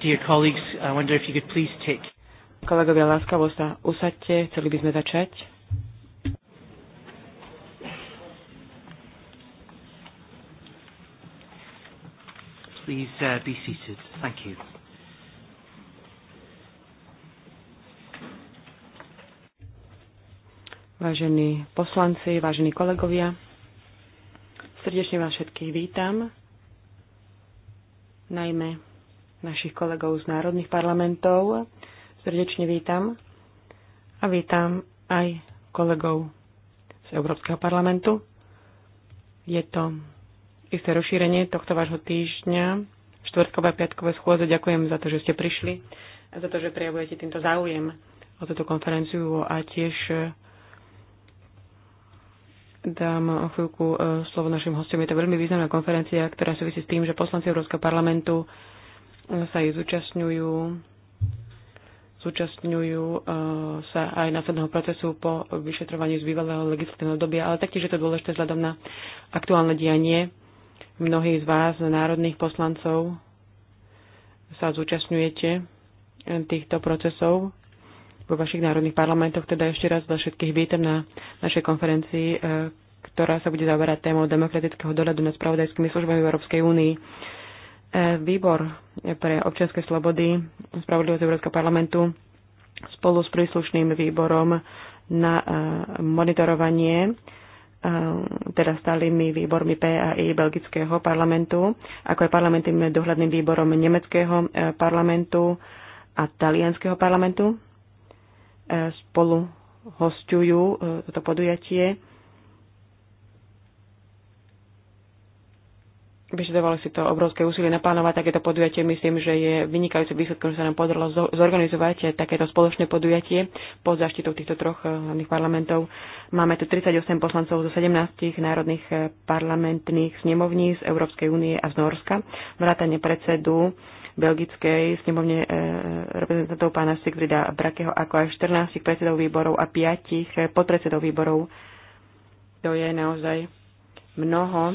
Dear colleagues, I wonder if you could please take... Kolegovia, láskavo sa usadte, chceli by sme začať. Please uh, be seated. Thank you. Vážení poslanci, vážení kolegovia, srdečne vás všetkých vítam, najmä našich kolegov z národných parlamentov. Srdečne vítam a vítam aj kolegov z Európskeho parlamentu. Je to isté rozšírenie tohto vášho týždňa, štvrtkové a piatkové schôze. Ďakujem za to, že ste prišli a za to, že prejavujete týmto záujem o túto konferenciu a tiež eh, dám o chvíľku eh, slovo našim hostom. Je to veľmi významná konferencia, ktorá súvisí s tým, že poslanci Európskeho parlamentu sa jej zúčastňujú, zúčastňujú e, sa aj následného procesu po vyšetrovaní z bývalého legislatívneho dobia, ale taktiež je to dôležité vzhľadom na aktuálne dianie. Mnohí z vás, národných poslancov, sa zúčastňujete e, týchto procesov vo vašich národných parlamentoch. Teda ešte raz za všetkých vítam na našej konferencii, e, ktorá sa bude zaoberať témou demokratického dohľadu nad spravodajskými službami v Európskej únii. E, výbor pre občianske slobody Spravodlivosť Európskeho parlamentu spolu s príslušným výborom na e, monitorovanie e, teda stálymi výbormi PAI belgického parlamentu, ako aj parlamentným dohľadným výborom nemeckého parlamentu a talianského parlamentu. Spolu hostujú toto podujatie Vyžadovalo si to obrovské úsilie naplánovať takéto podujatie. Myslím, že je vynikajúce výsledkom, že sa nám podarilo zorganizovať takéto spoločné podujatie pod záštitou týchto troch eh, hlavných parlamentov. Máme tu 38 poslancov zo 17 národných eh, parlamentných snemovní z Európskej únie a z Norska. Vrátane predsedu belgickej snemovne e, reprezentantov pána Sigrida Brakeho, ako aj 14 predsedov výborov a 5 podpredsedov výborov. To je naozaj mnoho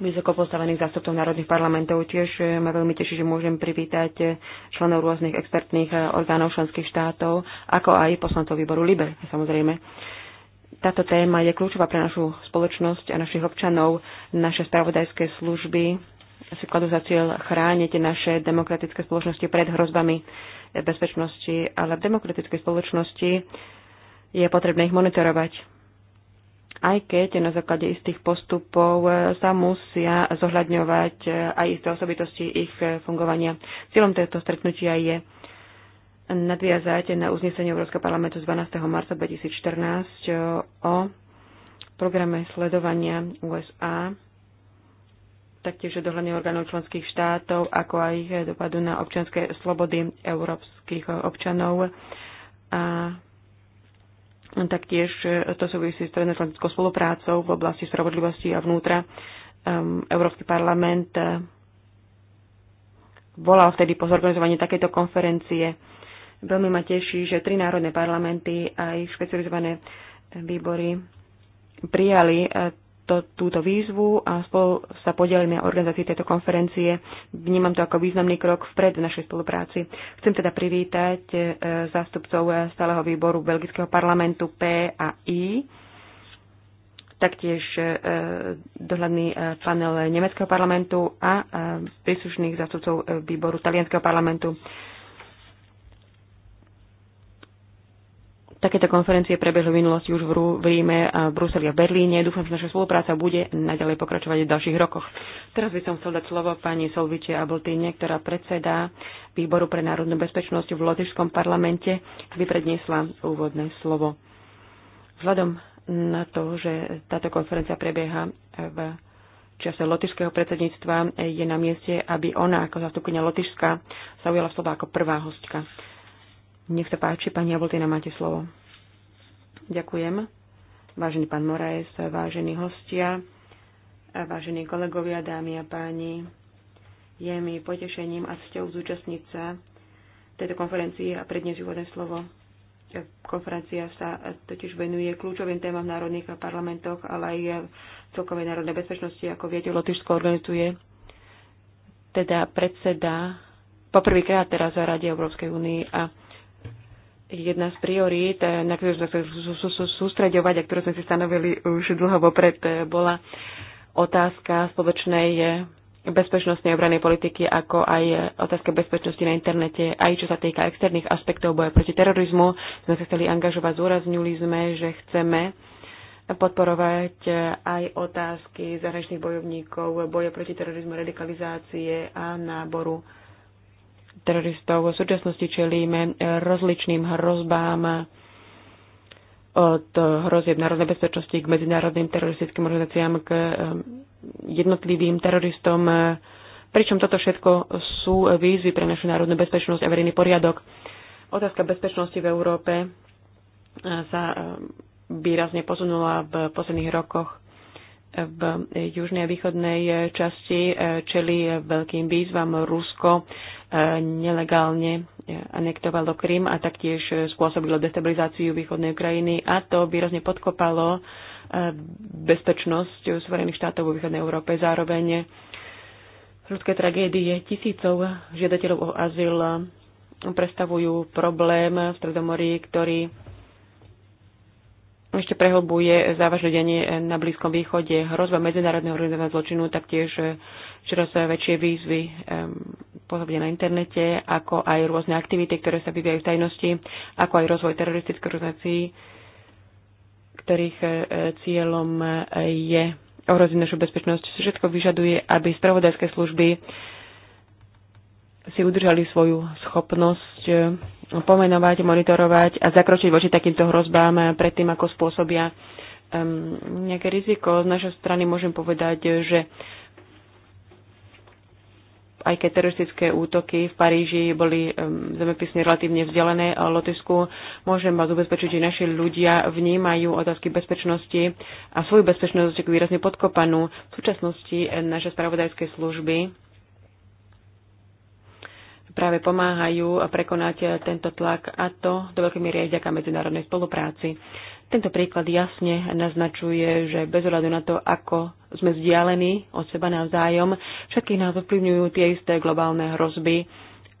vysoko postavených zástupcov národných parlamentov. Tiež eh, ma veľmi teší, že môžem privítať eh, členov rôznych expertných eh, orgánov členských štátov, ako aj poslancov výboru LIBE, samozrejme. Táto téma je kľúčová pre našu spoločnosť a našich občanov. Naše spravodajské služby si kladú za cieľ chrániť naše demokratické spoločnosti pred hrozbami bezpečnosti, ale v demokratickej spoločnosti je potrebné ich monitorovať aj keď na základe istých postupov e, sa musia zohľadňovať e, aj isté osobitosti ich e, fungovania. Cieľom tohto stretnutia je nadviazať na uznesenie Európskeho parlamentu z 12. marca 2014 o programe sledovania USA, taktiež dohľadne orgánov členských štátov, ako aj ich dopadu na občianske slobody európskych občanov a Taktiež e, to súvisí s transatlantickou spoluprácou v oblasti spravodlivosti a vnútra. Európsky parlament e, volal vtedy po zorganizovaní takéto konferencie. Veľmi ma teší, že tri národné parlamenty a ich špecializované výbory prijali e, to, túto výzvu a spolu sa podelíme o organizácii tejto konferencie. Vnímam to ako významný krok vpred v našej spolupráci. Chcem teda privítať e, zástupcov stáleho výboru Belgického parlamentu P a I, taktiež e, dohľadný e, panel Nemeckého parlamentu a príslušných zástupcov výboru Talianského parlamentu. Takéto konferencie prebehli v minulosti už v Ríme, v Bruseli a v Berlíne. Dúfam, že naša spolupráca bude naďalej pokračovať v ďalších rokoch. Teraz by som chcel dať slovo pani Solviče Abltine, ktorá predseda Výboru pre národnú bezpečnosť v Lotyšskom parlamente, aby predniesla úvodné slovo. Vzhľadom na to, že táto konferencia prebieha v čase lotyšského predsedníctva, je na mieste, aby ona ako zastupkynia Lotyšska sa ujala slova ako prvá hostka. Nech sa páči, pani Aboltina, máte slovo. Ďakujem. Vážený pán Moraes, vážení hostia, vážení kolegovia, dámy a páni, je mi potešením a cťou zúčastniť sa tejto konferencii a predniesť úvodné slovo. Konferencia sa totiž venuje kľúčovým témam v národných parlamentoch, ale aj celkovej národnej bezpečnosti, ako viete, Lotyšsko organizuje teda predseda poprvýkrát teraz v Rade Európskej únie a jedna z priorít, eh, na ktorú sme sa sústreďovať a ktorú sme si stanovili už dlho vopred, eh, bola otázka spoločnej eh, bezpečnostnej obranej politiky, ako aj otázka bezpečnosti na internete, aj čo sa týka externých aspektov boja proti terorizmu. Sme sa chceli angažovať, zúraznili sme, že chceme podporovať aj otázky zahraničných bojovníkov, boja proti terorizmu, radikalizácie a náboru teroristov. V súčasnosti čelíme rozličným hrozbám od hrozieb národnej bezpečnosti k medzinárodným teroristickým organizáciám, k ehm, jednotlivým teroristom. Pričom toto všetko sú výzvy pre našu národnú bezpečnosť a verejný poriadok. Otázka bezpečnosti v Európe ehm, sa ehm, výrazne posunula v posledných rokoch. V južnej a východnej časti čeli veľkým výzvam Rusko nelegálne e, anektovalo Krym a taktiež e, spôsobilo destabilizáciu východnej Ukrajiny a to výrazne podkopalo e, bezpečnosť Spojených štátov vo východnej Európe. Zároveň ľudské tragédie tisícov žiadateľov o azyl predstavujú problém v Stredomorí, ktorý ešte prehlbuje závažné denie na Blízkom východe. Hrozba medzinárodného organizovaného zločinu taktiež čoraz väčšie výzvy pôsobne na internete, ako aj rôzne aktivity, ktoré sa vyvíjajú v tajnosti, ako aj rozvoj teroristických organizácií, ktorých e, cieľom e, je ohroziť našu bezpečnosť. Všetko vyžaduje, aby spravodajské služby si udržali svoju schopnosť e, pomenovať, monitorovať a zakročiť voči takýmto hrozbám predtým, ako spôsobia um, nejaké riziko. Z našej strany môžem povedať, že aj keď teroristické útoky v Paríži boli um, zemepisne relatívne vzdelené. Lotisku môžem vás ubezpečiť, že naši ľudia vnímajú otázky bezpečnosti a svoju bezpečnosť výrazne podkopanú. V súčasnosti naše spravodajské služby práve pomáhajú prekonať tento tlak a to do veľkej miery aj vďaka medzinárodnej spolupráci. Tento príklad jasne naznačuje, že bez ohľadu na to, ako sme vzdialení od seba navzájom, všetkých nás ovplyvňujú tie isté globálne hrozby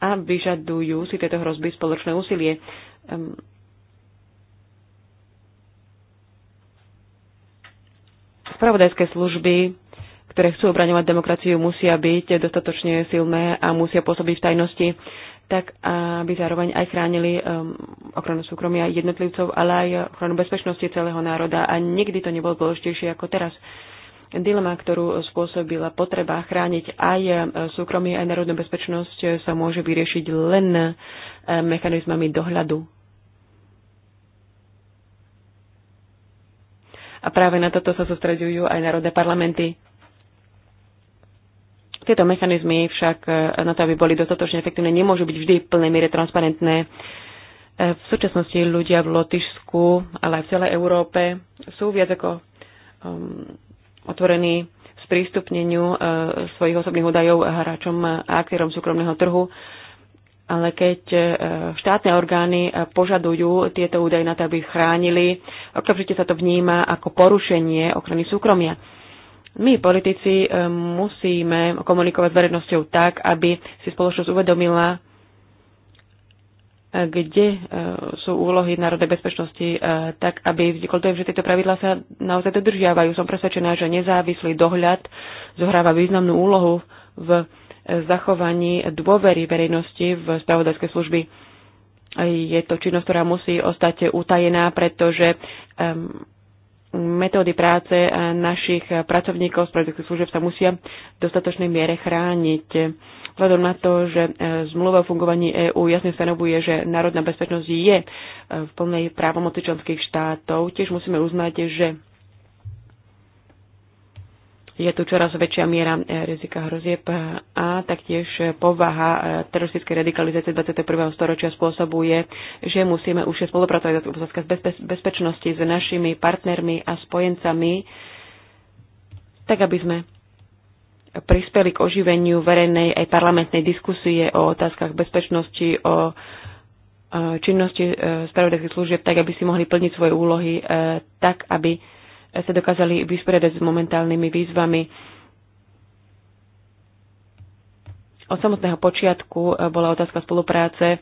a vyžadujú si tieto hrozby spoločné úsilie. Ehm, spravodajské služby, ktoré chcú obraňovať demokraciu, musia byť dostatočne silné a musia pôsobiť v tajnosti tak aby zároveň aj chránili um, ochranu súkromia jednotlivcov, ale aj ochranu bezpečnosti celého národa. A nikdy to nebolo dôležitejšie ako teraz. Dilema, ktorú spôsobila potreba chrániť aj eh, súkromie, aj národnú bezpečnosť, eh, sa môže vyriešiť len eh, mechanizmami dohľadu. A práve na toto sa sústredujú aj národné parlamenty. Tieto mechanizmy však e, na to, aby boli dostatočne efektívne, nemôžu byť vždy v plnej miere transparentné. E, v súčasnosti ľudia v Lotyšsku, ale aj v celej Európe sú viac ako um, otvorení sprístupneniu uh, svojich osobných údajov hráčom a aktérom súkromného trhu. Ale keď uh, štátne orgány požadujú tieto údaje na to, aby chránili, okamžite sa to vníma ako porušenie ochrany súkromia. Uh, my, politici, e, musíme komunikovať s verejnosťou tak, aby si spoločnosť uvedomila, e, kde e, sú úlohy národnej bezpečnosti, tak aby vznikol to, že tieto pravidlá sa naozaj dodržiavajú. Som presvedčená, že nezávislý dohľad zohráva významnú úlohu v zachovaní dôvery verejnosti v spravodajské služby. Je to činnosť, ktorá musí ostať utajená, pretože metódy práce eh, našich pracovníkov z projektu služieb sa musia v dostatočnej miere chrániť. Vzhľadom na to, že eh, zmluva o fungovaní EÚ jasne stanovuje, že národná bezpečnosť je eh, v plnej právomoci členských štátov, tiež musíme uznať, že je tu čoraz väčšia miera e, rizika hrozieb a taktiež povaha e, teroristickej radikalizácie 21. storočia spôsobuje, že musíme už spolupracovať v otázkach bezpečnosti s našimi partnermi a spojencami, tak aby sme prispeli k oživeniu verejnej aj parlamentnej diskusie o otázkach bezpečnosti, o e, činnosti spravodajských služieb, tak aby si mohli plniť svoje úlohy, tak aby sa dokázali vysporiadať s momentálnymi výzvami. Od samotného počiatku e, bola otázka spolupráce e,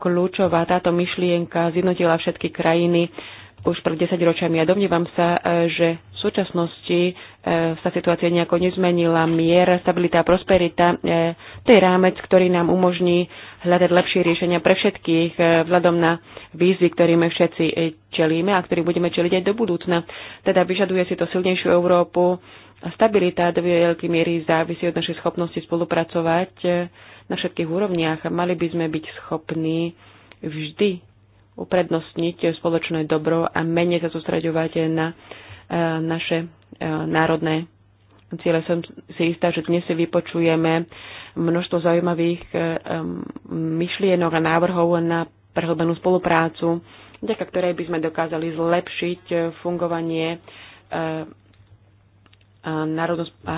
kľúčová. Táto myšlienka zjednotila všetky krajiny už pred 10 ročami. A domnievam sa, e, že v súčasnosti e, sa situácia nejako nezmenila. Mier, stabilita a prosperita, e, to je rámec, ktorý nám umožní hľadať lepšie riešenia pre všetkých vzhľadom na výzvy, ktorými všetci čelíme a ktorým budeme čeliť aj do budúcna. Teda vyžaduje si to silnejšiu Európu, a stabilita do veľkej miery závisí od našej schopnosti spolupracovať na všetkých úrovniach. Mali by sme byť schopní vždy uprednostniť spoločné dobro a menej sa sústraďovať na e, naše e, národné ciele. Som si istá, že dnes si vypočujeme množstvo zaujímavých e, myšlienok a návrhov na prehlbenú spoluprácu, vďaka ktorej by sme dokázali zlepšiť fungovanie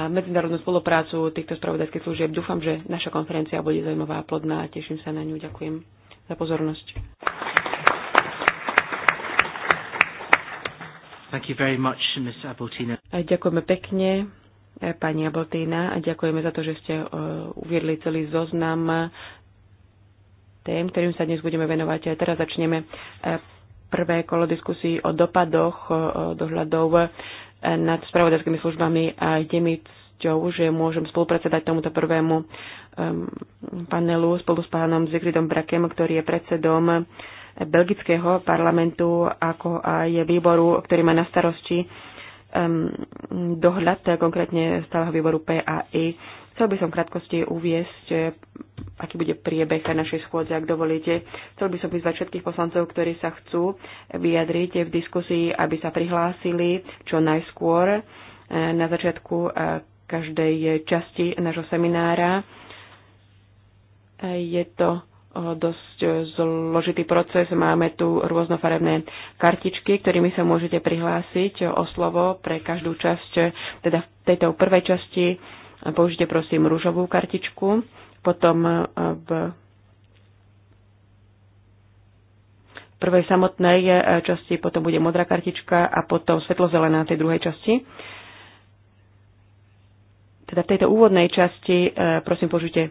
medzinárodnú spoluprácu týchto spravodajských služieb. Dúfam, že naša konferencia bude zaujímavá a plodná teším sa na ňu. Ďakujem za pozornosť. Thank you very much, Ms. Abotina. ďakujeme pekne, eh, pani Abotina, a ďakujeme za to, že ste eh, uviedli celý zoznam eh, tém, ktorým sa dnes budeme venovať. A Teraz začneme prvé kolo diskusí o dopadoch, dohľadov nad spravodajskými službami a ide mi cťou, že môžem spolupredsedať tomuto prvému um, panelu spolu s pánom Zigridom Brakem, ktorý je predsedom belgického parlamentu, ako aj výboru, ktorý má na starosti um, dohľad, eh, konkrétne stáleho výboru PAI. Chcel by som v krátkosti uviesť, eh, aký bude priebeh našej schôdze, ak dovolíte. Chcel by som vyzvať všetkých poslancov, ktorí sa chcú vyjadriť v diskusii, aby sa prihlásili čo najskôr eh, na začiatku každej časti nášho seminára. Je to dosť e, zložitý proces. Máme tu rôznofarebné kartičky, ktorými sa môžete prihlásiť e, o slovo pre každú časť. E, teda v tejto prvej časti použite prosím rúžovú kartičku, potom v prvej samotnej časti, potom bude modrá kartička a potom svetlozelená tej druhej časti. Teda v tejto úvodnej časti prosím použite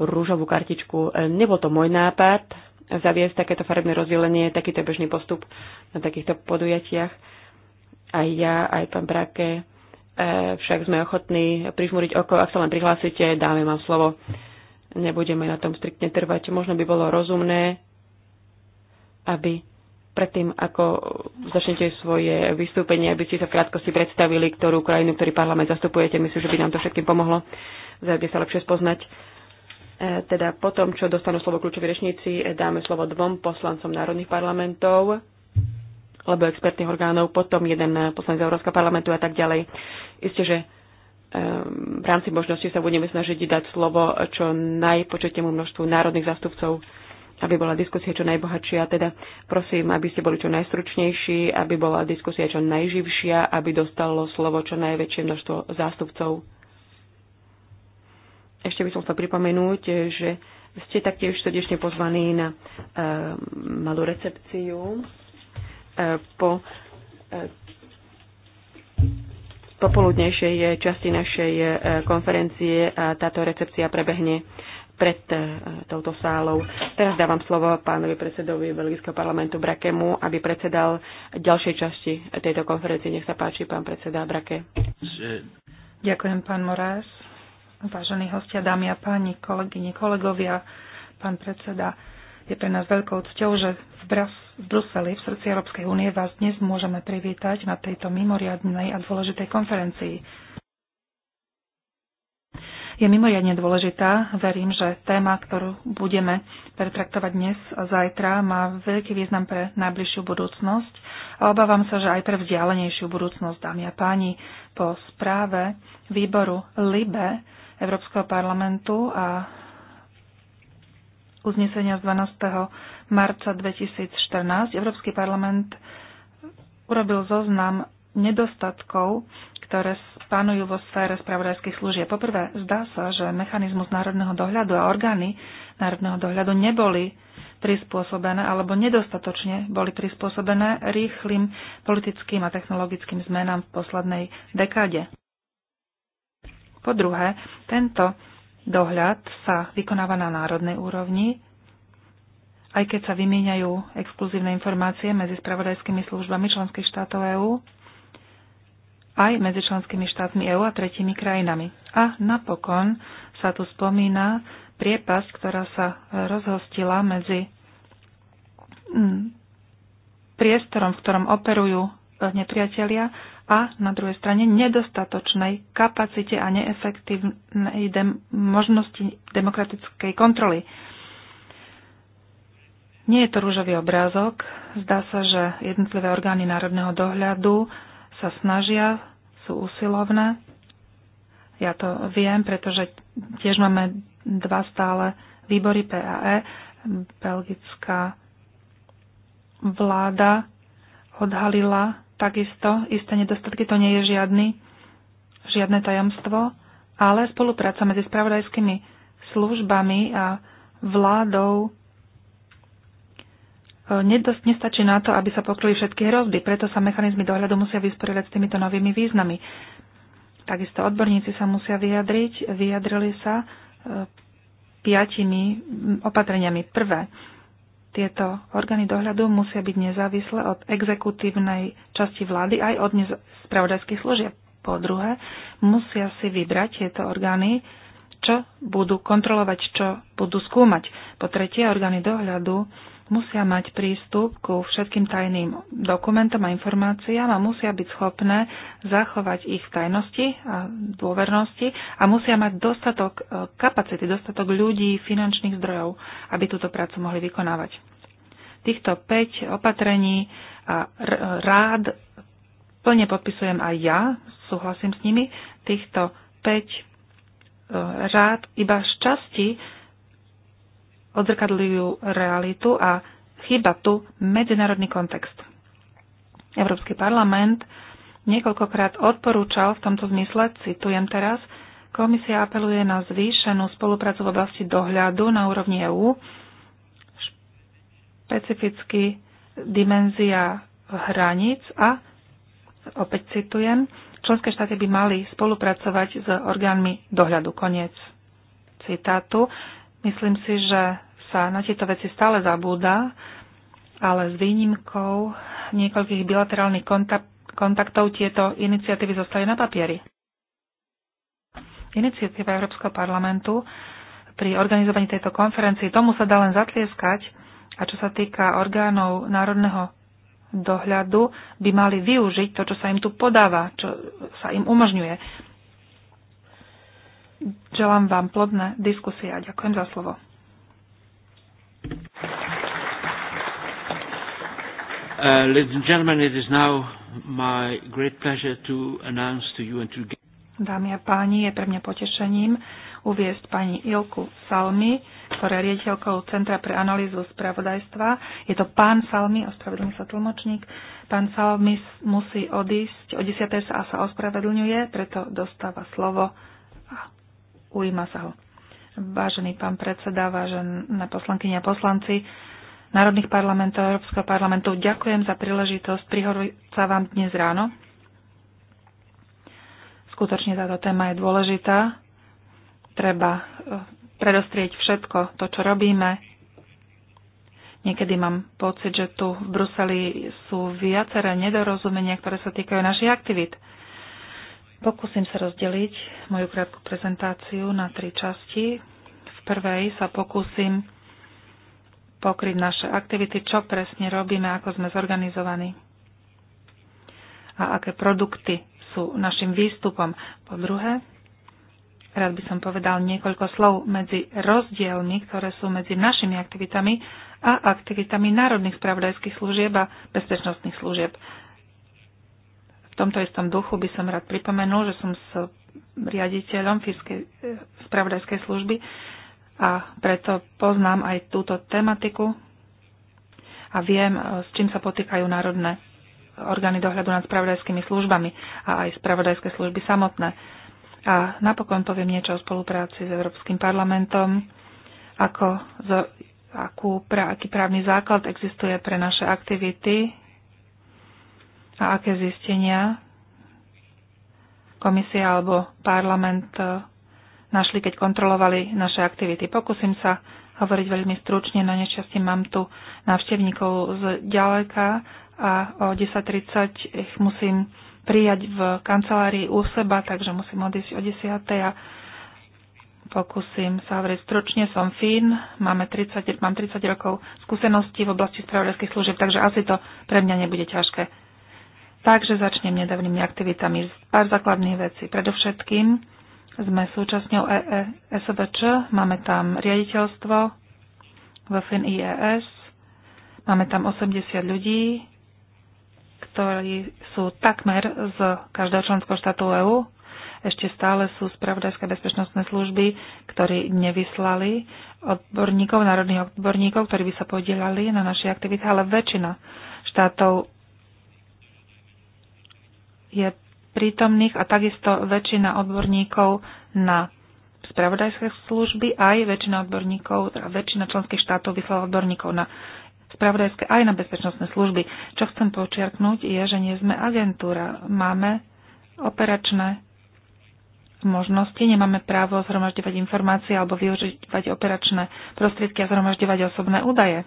rúžovú kartičku. E, nebol to môj nápad zaviesť takéto farebné rozdelenie, takýto bežný postup na takýchto podujatiach. Aj ja, aj pán Brake, e, však sme ochotní prižmúriť oko, ak sa len prihlásite, dáme vám slovo. Nebudeme na tom striktne trvať. Možno by bolo rozumné, aby predtým, ako začnete svoje vystúpenie, aby ste sa v krátkosti predstavili, ktorú krajinu, ktorý parlament zastupujete. Myslím, že by nám to všetkým pomohlo, zaujde sa lepšie spoznať. E, teda potom, čo dostanú slovo kľúčoví rečníci, e, dáme slovo dvom poslancom národných parlamentov alebo expertných orgánov, potom jeden e, poslanec Európskeho parlamentu a tak ďalej. Isté, že v rámci možnosti sa budeme snažiť dať slovo čo najpočetnemu množstvu národných zastupcov, aby bola diskusia čo najbohatšia. Teda prosím, aby ste boli čo najstručnejší, aby bola diskusia čo najživšia, aby dostalo slovo čo najväčšie množstvo zástupcov. Ešte by som chcel pripomenúť, že ste taktiež srdečne pozvaní na e, malú recepciu e, po e, popoludnejšej časti našej konferencie a táto recepcia prebehne pred touto sálou. Teraz dávam slovo pánovi predsedovi Belgického parlamentu Brakemu, aby predsedal ďalšej časti tejto konferencie. Nech sa páči, pán predseda Brake. Ďakujem, pán Morás. Vážení hostia, dámy a páni, kolegyne, kolegovia, pán predseda, je pre nás veľkou cťou, že v, Bras- v Bruseli, v srdci Európskej únie, vás dnes môžeme privítať na tejto mimoriadnej a dôležitej konferencii. Je mimoriadne dôležitá. Verím, že téma, ktorú budeme pretraktovať dnes a zajtra, má veľký význam pre najbližšiu budúcnosť a obávam sa, že aj pre vzdialenejšiu budúcnosť, dámy a páni, po správe výboru LIBE Európskeho parlamentu a uznesenia z 12. marca 2014 Európsky parlament urobil zoznam nedostatkov, ktoré panujú vo sfére spravodajských služieb. Poprvé, zdá sa, že mechanizmus národného dohľadu a orgány národného dohľadu neboli prispôsobené alebo nedostatočne boli prispôsobené rýchlym politickým a technologickým zmenám v poslednej dekáde. Po druhé, tento dohľad sa vykonáva na národnej úrovni, aj keď sa vymieňajú exkluzívne informácie medzi spravodajskými službami členských štátov EÚ, aj medzi členskými štátmi EÚ a tretími krajinami. A napokon sa tu spomína priepasť, ktorá sa rozhostila medzi mm, priestorom, v ktorom operujú eh, nepriatelia a na druhej strane nedostatočnej kapacite a neefektívnej dem- možnosti demokratickej kontroly. Nie je to rúžový obrázok. Zdá sa, že jednotlivé orgány národného dohľadu sa snažia, sú usilovné. Ja to viem, pretože tiež máme dva stále výbory PAE. Belgická vláda odhalila takisto isté nedostatky, to nie je žiadny, žiadne tajomstvo, ale spolupráca medzi spravodajskými službami a vládou e, nedosť nestačí na to, aby sa pokryli všetky hrozby, preto sa mechanizmy dohľadu musia vysporiadať s týmito novými významy. Takisto odborníci sa musia vyjadriť, vyjadrili sa e, piatimi opatreniami. Prvé, tieto orgány dohľadu musia byť nezávislé od exekutívnej časti vlády aj od spravodajských služieb. Po druhé, musia si vybrať tieto orgány, čo budú kontrolovať, čo budú skúmať. Po tretie, orgány dohľadu musia mať prístup ku všetkým tajným dokumentom a informáciám a musia byť schopné zachovať ich v tajnosti a dôvernosti a musia mať dostatok e, kapacity, dostatok ľudí, finančných zdrojov, aby túto prácu mohli vykonávať. Týchto 5 opatrení a rád plne podpisujem aj ja, súhlasím s nimi, týchto 5 e, rád iba z časti odzrkadľujú realitu a chyba tu medzinárodný kontext. Európsky parlament niekoľkokrát odporúčal v tomto zmysle, citujem teraz, komisia apeluje na zvýšenú spoluprácu v oblasti dohľadu na úrovni EÚ, špecificky dimenzia hraníc a, opäť citujem, členské štáty by mali spolupracovať s orgánmi dohľadu. Koniec citátu. Myslím si, že sa na tieto veci stále zabúda, ale s výnimkou niekoľkých bilaterálnych kontaktov tieto iniciatívy zostali na papieri. Iniciatíva Európskeho parlamentu pri organizovaní tejto konferencie, tomu sa dá len zatlieskať a čo sa týka orgánov národného dohľadu, by mali využiť to, čo sa im tu podáva, čo sa im umožňuje. Želám vám plodné diskusie a ďakujem za slovo. Uh, ladies and gentlemen, it is now my great pleasure to announce to you and to Dámy a páni, je pre mňa potešením uviesť pani Ilku Salmi, ktorá je riaditeľkou Centra pre analýzu spravodajstva. Je to pán Salmi, ospravedlňuje sa tlmočník. Pán Salmi musí odísť, o 10. sa ospravedlňuje, preto dostáva slovo a ujíma sa ho. Vážený pán predseda, vážené poslankyne a poslanci národných parlamentov a Európskeho parlamentu, ďakujem za príležitosť prihovoriť sa vám dnes ráno. Skutočne táto téma je dôležitá. Treba e, predostrieť všetko to, čo robíme. Niekedy mám pocit, že tu v Bruseli sú viaceré nedorozumenia, ktoré sa týkajú našich aktivít. Pokúsim sa rozdeliť moju krátku prezentáciu na tri časti. V prvej sa pokúsim pokryť naše aktivity, čo presne robíme, ako sme zorganizovaní a aké produkty sú našim výstupom. Po druhé, rád by som povedal niekoľko slov medzi rozdielmi, ktoré sú medzi našimi aktivitami a aktivitami národných spravodajských služieb a bezpečnostných služieb tomto istom duchu by som rád pripomenul, že som s riaditeľom Fiskej eh, spravodajskej služby a preto poznám aj túto tematiku a viem, eh, s čím sa potýkajú národné orgány dohľadu nad spravodajskými službami a aj spravodajské služby samotné. A napokon poviem niečo o spolupráci s Európskym parlamentom, ako, akú, aký právny základ existuje pre naše aktivity a aké zistenia komisia alebo parlament e, našli, keď kontrolovali naše aktivity. Pokúsim sa hovoriť veľmi stručne, na nešťastie mám tu návštevníkov z ďaleka a o 10.30 ich musím prijať v kancelárii u seba, takže musím odísť o 10. a pokúsim sa hovoriť stručne. Som Fín, máme 30, mám 30 rokov skúseností v oblasti spravodajských služieb, takže asi to pre mňa nebude ťažké. Takže začnem nedávnymi aktivitami. Pár základných vecí. Predovšetkým sme súčasňou EESVČ, máme tam riaditeľstvo v FINIES, máme tam 80 ľudí, ktorí sú takmer z každého členského štátu EÚ. Ešte stále sú spravodajské bezpečnostné služby, ktorí nevyslali odborníkov, národných odborníkov, ktorí by sa podielali na našej aktivite, ale väčšina štátov je prítomných a takisto väčšina odborníkov na spravodajské služby, aj väčšina odborníkov, teda väčšina členských štátov vyslala odborníkov na spravodajské aj na bezpečnostné služby. Čo chcem počiarknúť je, že nie sme agentúra. Máme operačné možnosti, nemáme právo zhromažďovať informácie alebo využívať operačné prostriedky a zhromažďovať osobné údaje.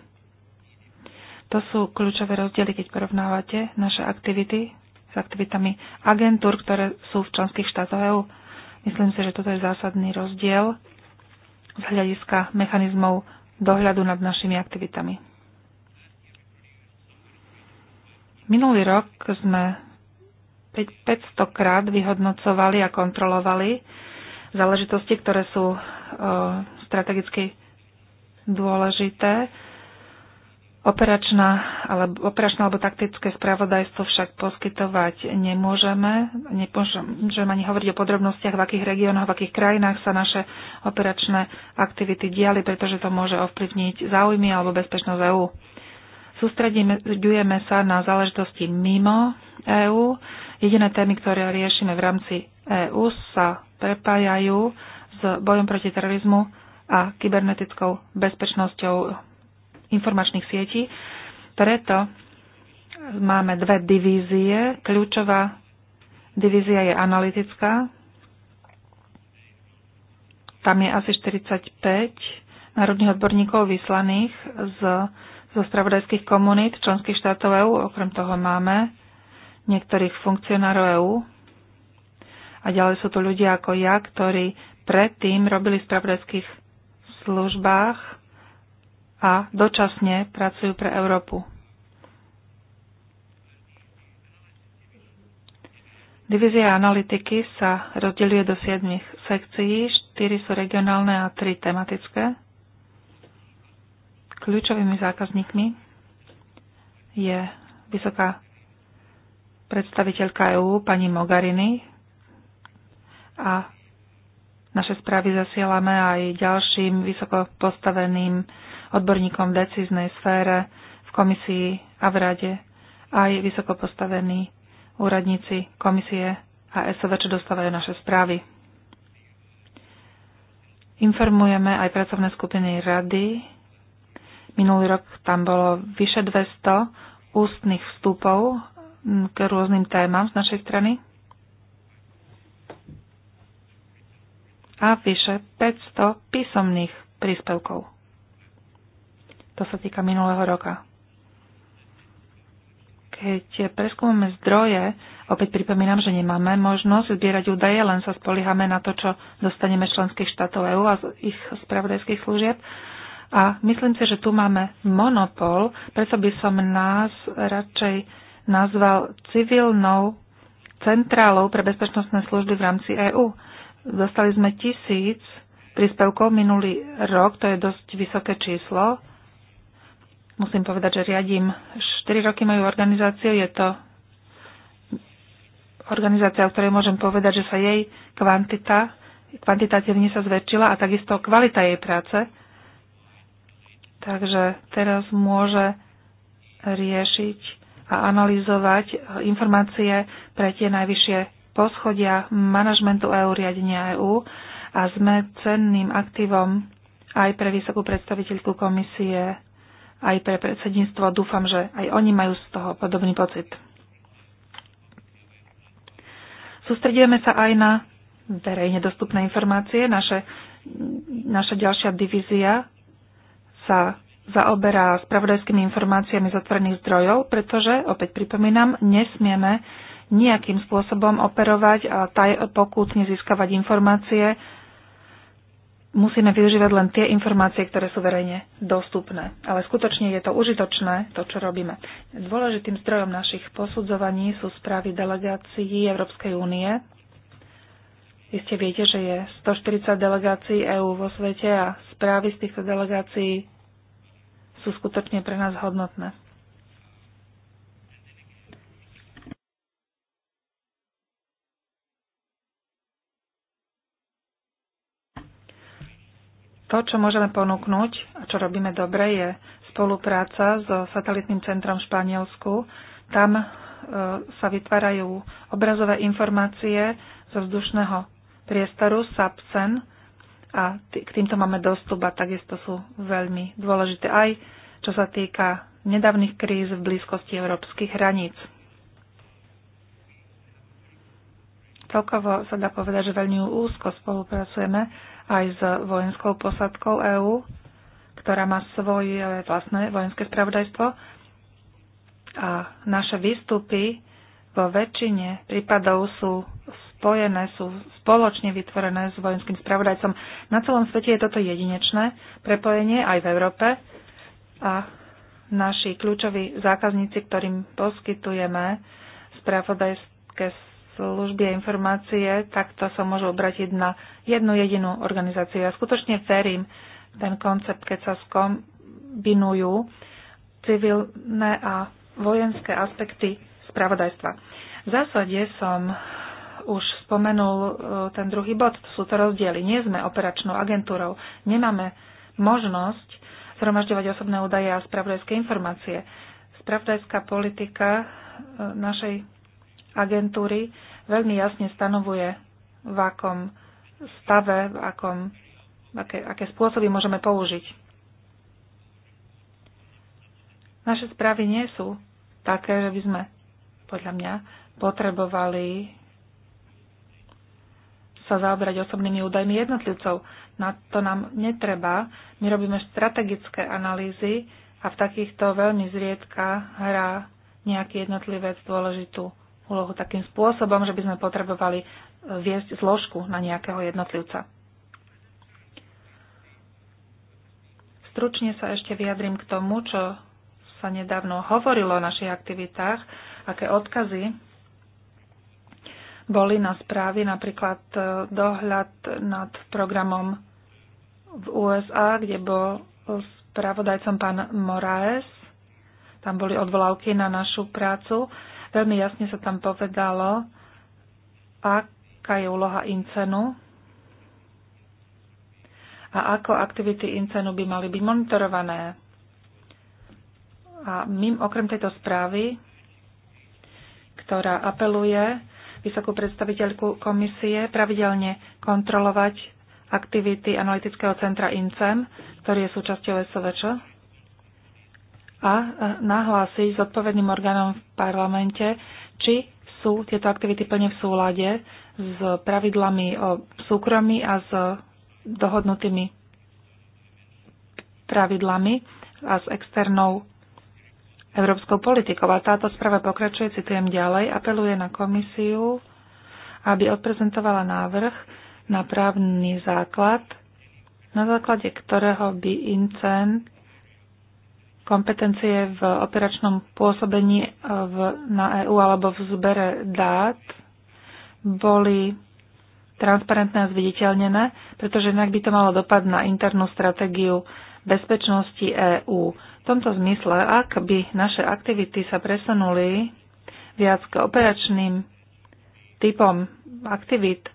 To sú kľúčové rozdiely, keď porovnávate naše aktivity s aktivitami agentúr, ktoré sú v členských štátoch EÚ. Myslím si, že toto je zásadný rozdiel z hľadiska mechanizmov dohľadu nad našimi aktivitami. Minulý rok sme 500 krát vyhodnocovali a kontrolovali záležitosti, ktoré sú e, strategicky dôležité Operačná, alebo, operačné alebo taktické spravodajstvo však poskytovať nemôžeme. Nemôžeme ani hovoriť o podrobnostiach, v akých regiónoch, v akých krajinách sa naše operačné aktivity diali, pretože to môže ovplyvniť záujmy alebo bezpečnosť EÚ. Sústredíme sa na záležitosti mimo EÚ. Jediné témy, ktoré riešime v rámci EÚ, sa prepájajú s bojom proti terorizmu a kybernetickou bezpečnosťou informačných sietí. Preto máme dve divízie. Kľúčová divízia je analytická. Tam je asi 45 národných odborníkov vyslaných z, zo spravodajských komunít členských štátov EÚ. Okrem toho máme niektorých funkcionárov EÚ. A ďalej sú tu ľudia ako ja, ktorí predtým robili v spravodajských službách a dočasne pracujú pre Európu. Divízia analytiky sa rozdeľuje do 7 sekcií, 4 sú regionálne a 3 tematické. Kľúčovými zákazníkmi je vysoká predstaviteľka EÚ pani Mogarini a naše správy zasielame aj ďalším vysoko postaveným odborníkom v decíznej sfére, v komisii a v rade, aj vysoko postavení úradníci komisie a SV, čo dostávajú naše správy. Informujeme aj pracovné skupiny rady. Minulý rok tam bolo vyše 200 ústnych vstupov k rôznym témam z našej strany. A vyše 500 písomných príspevkov. To sa týka minulého roka. Keď preskúmame zdroje, opäť pripomínam, že nemáme možnosť zbierať údaje, len sa spoliehame na to, čo dostaneme z členských štátov EÚ a z ich spravodajských služieb. A myslím si, že tu máme monopol, preto by som nás radšej nazval civilnou centrálou pre bezpečnostné služby v rámci EÚ. Dostali sme tisíc príspevkov minulý rok, to je dosť vysoké číslo musím povedať, že riadím 4 roky moju organizáciu. Je to organizácia, o ktorej môžem povedať, že sa jej kvantita, kvantitatívne sa zväčšila a takisto kvalita jej práce. Takže teraz môže riešiť a analyzovať informácie pre tie najvyššie poschodia manažmentu EÚ, riadenia EU a sme cenným aktívom aj pre vysokú predstaviteľku komisie aj pre predsedníctvo. Dúfam, že aj oni majú z toho podobný pocit. Sústredujeme sa aj na verejne dostupné informácie. Naše, naša ďalšia divízia sa zaoberá spravodajskými informáciami z otvorených zdrojov, pretože, opäť pripomínam, nesmieme nejakým spôsobom operovať a taj, pokút nezískavať informácie musíme využívať len tie informácie, ktoré sú verejne dostupné. Ale skutočne je to užitočné, to, čo robíme. Dôležitým zdrojom našich posudzovaní sú správy delegácií Európskej únie. Vy ste viete, že je 140 delegácií EÚ vo svete a správy z týchto delegácií sú skutočne pre nás hodnotné. To, čo môžeme ponúknuť a čo robíme dobre, je spolupráca so satelitným centrom v Španielsku. Tam e, sa vytvárajú obrazové informácie zo vzdušného priestoru SAPCEN a k týmto máme dostup a takisto sú veľmi dôležité aj čo sa týka nedávnych kríz v blízkosti európskych hraníc. Celkovo sa dá povedať, že veľmi úzko spolupracujeme aj s vojenskou posadkou EÚ, ktorá má svoje vlastné vojenské spravodajstvo. A naše výstupy vo väčšine prípadov sú spojené, sú spoločne vytvorené s vojenským spravodajcom. Na celom svete je toto jedinečné prepojenie aj v Európe a naši kľúčoví zákazníci, ktorým poskytujeme spravodajské služby a informácie, takto sa môžu obratiť na jednu jedinú organizáciu. Ja skutočne verím ten koncept, keď sa skombinujú civilné a vojenské aspekty spravodajstva. V zásade som už spomenul e, ten druhý bod, to sú to rozdiely. Nie sme operačnou agentúrou, nemáme možnosť zhromažďovať osobné údaje a spravodajské informácie. Spravodajská politika e, našej agentúry veľmi jasne stanovuje, v akom stave, v akom, aké, aké spôsoby môžeme použiť. Naše správy nie sú také, že by sme, podľa mňa, potrebovali sa zaoberať osobnými údajmi jednotlivcov. Na to nám netreba. My robíme strategické analýzy a v takýchto veľmi zriedka hrá nejaký jednotlivec dôležitú úlohu takým spôsobom, že by sme potrebovali e, viesť zložku na nejakého jednotlivca. Stručne sa ešte vyjadrím k tomu, čo sa nedávno hovorilo o našich aktivitách, aké odkazy boli na správy, napríklad e, dohľad nad programom v USA, kde bol spravodajcom pán Moraes. Tam boli odvolávky na našu prácu. Veľmi jasne sa tam povedalo, aká je úloha Incenu a ako aktivity Incenu by mali byť monitorované. A mým okrem tejto správy, ktorá apeluje vysokú predstaviteľku komisie pravidelne kontrolovať aktivity analytického centra INCEM, ktorý je súčasťou SOVČ, a e, nahlási zodpovedným orgánom v parlamente, či sú tieto aktivity plne v súlade s pravidlami o súkromí a s dohodnutými pravidlami a s externou európskou politikou. A táto správa pokračuje, citujem ďalej, apeluje na komisiu, aby odprezentovala návrh na právny základ, na základe ktorého by incent kompetencie v operačnom pôsobení e, v, na EÚ alebo v zbere dát boli transparentné a zviditeľnené, pretože inak by to malo dopad na internú stratégiu bezpečnosti EÚ. V tomto zmysle, ak by naše aktivity sa presunuli viac k operačným typom aktivít,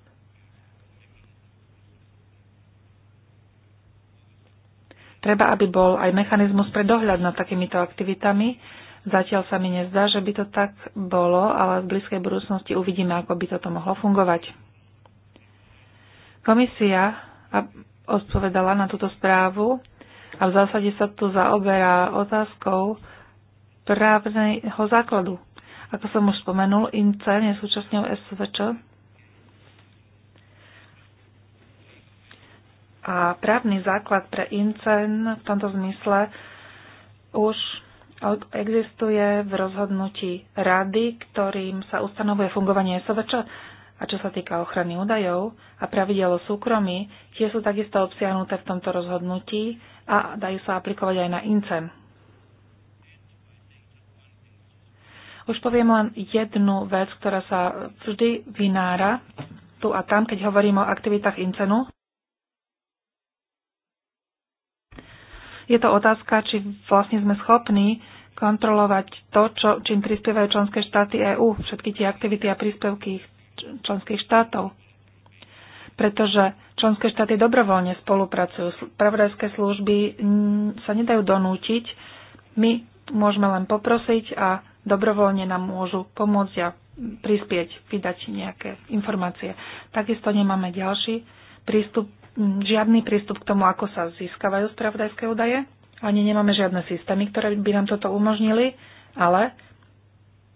Treba, aby bol aj mechanizmus pre dohľad nad takýmito aktivitami. Zatiaľ sa mi nezdá, že by to tak bolo, ale v blízkej budúcnosti uvidíme, ako by toto mohlo fungovať. Komisia odpovedala na túto správu a v zásade sa tu zaoberá otázkou právneho základu. Ako som už spomenul, INCE je súčasťou SVČ, A právny základ pre INCEN v tomto zmysle už existuje v rozhodnutí rady, ktorým sa ustanovuje fungovanie SVČ a čo sa týka ochrany údajov a pravidel o súkromí, tie sú takisto obsiahnuté v tomto rozhodnutí a dajú sa aplikovať aj na INCEN. Už poviem len jednu vec, ktorá sa vždy vynára tu a tam, keď hovorím o aktivitách INCENu. Je to otázka, či vlastne sme schopní kontrolovať to, čo, čím prispievajú členské štáty EÚ, všetky tie aktivity a príspevky členských štátov. Pretože členské štáty dobrovoľne spolupracujú. Pravodajské služby sa nedajú donútiť. My môžeme len poprosiť a dobrovoľne nám môžu pomôcť a prispieť, vydať nejaké informácie. Takisto nemáme ďalší prístup žiadny prístup k tomu, ako sa získavajú spravodajské údaje. Ani nemáme žiadne systémy, ktoré by nám toto umožnili, ale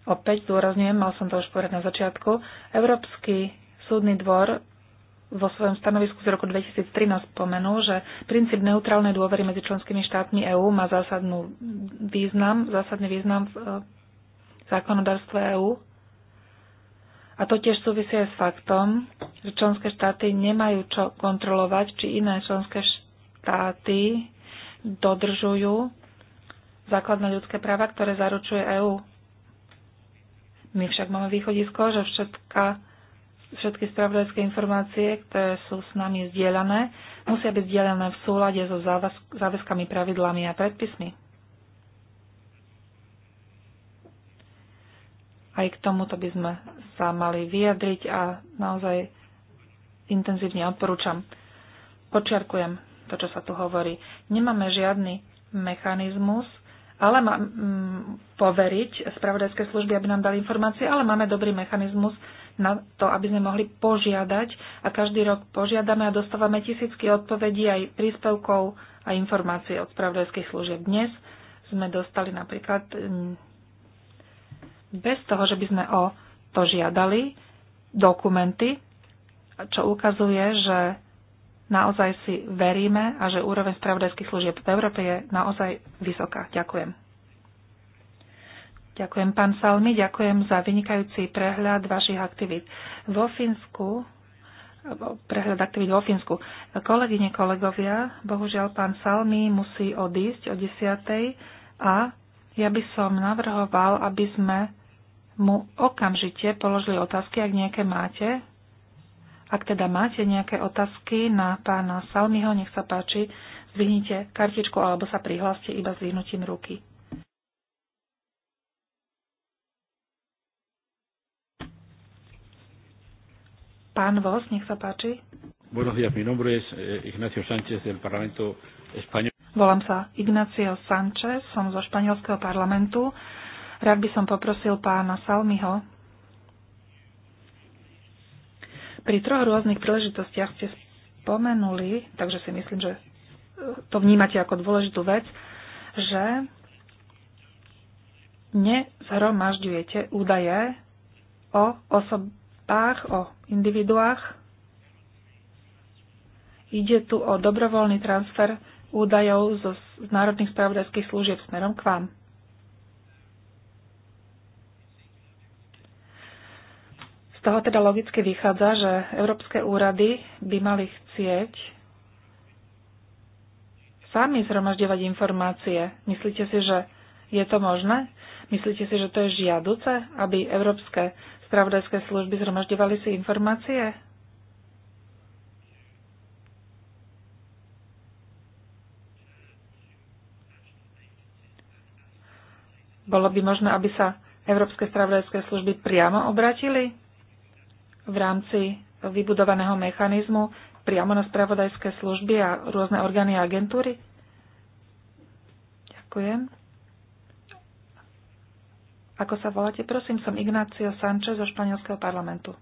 opäť zdôrazňujem, mal som to už povedať na začiatku, Európsky súdny dvor vo svojom stanovisku z roku 2013 spomenul, že princíp neutrálnej dôvery medzi členskými štátmi EÚ má zásadnú význam, zásadný význam v eh, zákonodárstve EÚ a to tiež súvisí aj s faktom, že členské štáty nemajú čo kontrolovať, či iné členské štáty dodržujú základné ľudské práva, ktoré zaručuje EÚ. My však máme východisko, že všetka, všetky spravodajské informácie, ktoré sú s nami zdieľané, musia byť zdieľané v súlade so záväzkami, pravidlami a predpismi. Aj k tomuto by sme sa mali vyjadriť a naozaj intenzívne odporúčam. Počiarkujem to, čo sa tu hovorí. Nemáme žiadny mechanizmus, ale má, m, poveriť spravodajské služby, aby nám dali informácie, ale máme dobrý mechanizmus na to, aby sme mohli požiadať a každý rok požiadame a dostávame tisícky odpovedí aj príspevkov a informácie od spravodajských služieb. Dnes sme dostali napríklad bez toho, že by sme o to žiadali, dokumenty, čo ukazuje, že naozaj si veríme a že úroveň spravodajských služieb v Európe je naozaj vysoká. Ďakujem. Ďakujem, pán Salmi, ďakujem za vynikajúci prehľad vašich aktivít. Vo Fínsku prehľad aktivít vo Fínsku. Kolegyne, kolegovia, bohužiaľ pán Salmi musí odísť o 10. a ja by som navrhoval, aby sme mu okamžite položili otázky, ak nejaké máte. Ak teda máte nejaké otázky na pána Salmiho, nech sa páči, zvihnite kartičku alebo sa prihláste iba zvihnutím ruky. Pán Vos, nech sa páči. Buenos días, mi nombre es eh, Ignacio Sánchez del Parlamento Español. Volám sa Ignacio Sánchez, som zo španielského parlamentu Rád by som poprosil pána Salmiho. Pri troch rôznych príležitostiach ste spomenuli, takže si myslím, že e, to vnímate ako dôležitú vec, že nezhromažďujete údaje o osobách, o individuách. Ide tu o dobrovoľný transfer údajov zo, z národných spravodajských služieb smerom k vám. Z toho teda logicky vychádza, že európske úrady by mali chcieť sami zhromažďovať informácie. Myslíte si, že je to možné? Myslíte si, že to je žiaduce, aby európske spravodajské služby zhromažďovali si informácie? Bolo by možné, aby sa európske spravodajské služby priamo obratili v rámci vybudovaného mechanizmu priamo na spravodajské služby a rôzne orgány a agentúry? Ďakujem. Ako sa voláte? Prosím, som Ignácio Sanchez zo Španielského parlamentu.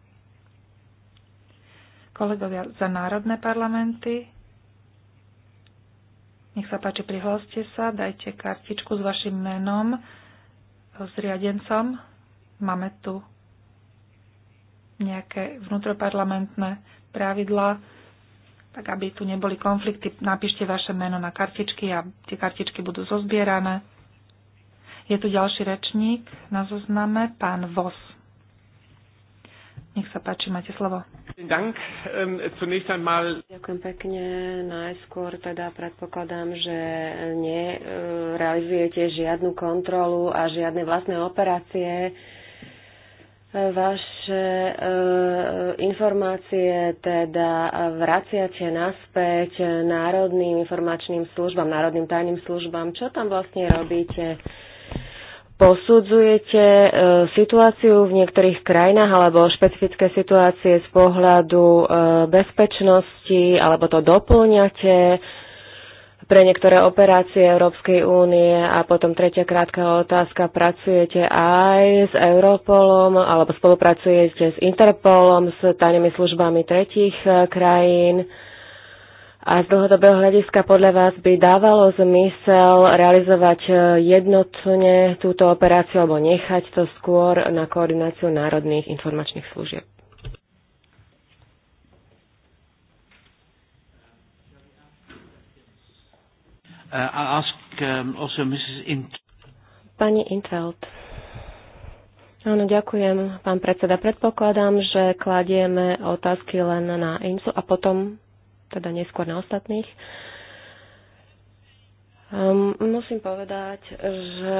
Kolegovia za národné parlamenty, nech sa páči, prihláste sa, dajte kartičku s vašim menom, s riadencom. Máme tu nejaké vnútroparlamentné pravidlá, tak aby tu neboli konflikty, napíšte vaše meno na kartičky a tie kartičky budú zozbierané. Je tu ďalší rečník na zozname, pán Vos. Nech sa páči, máte slovo. Ähm, Ďakujem pekne. Najskôr teda predpokladám, že nerealizujete žiadnu kontrolu a žiadne vlastné operácie vaše e, informácie teda vraciate naspäť národným informačným službám, národným tajným službám. Čo tam vlastne robíte? Posudzujete e, situáciu v niektorých krajinách alebo špecifické situácie z pohľadu e, bezpečnosti alebo to doplňate? pre niektoré operácie Európskej únie a potom tretia krátka otázka, pracujete aj s Europolom alebo spolupracujete s Interpolom, s tajnými službami tretich eh, krajín? A z dlhodobého hľadiska podľa vás by dávalo zmysel realizovať eh, jednotne túto operáciu alebo nechať to skôr na koordináciu národných informačných služieb? Uh, ask um, also Mrs. Int Pani Intveld. Áno, ďakujem, pán predseda. Predpokladám, že kladieme otázky len na Incu a potom, teda neskôr na ostatných. Um, musím povedať, že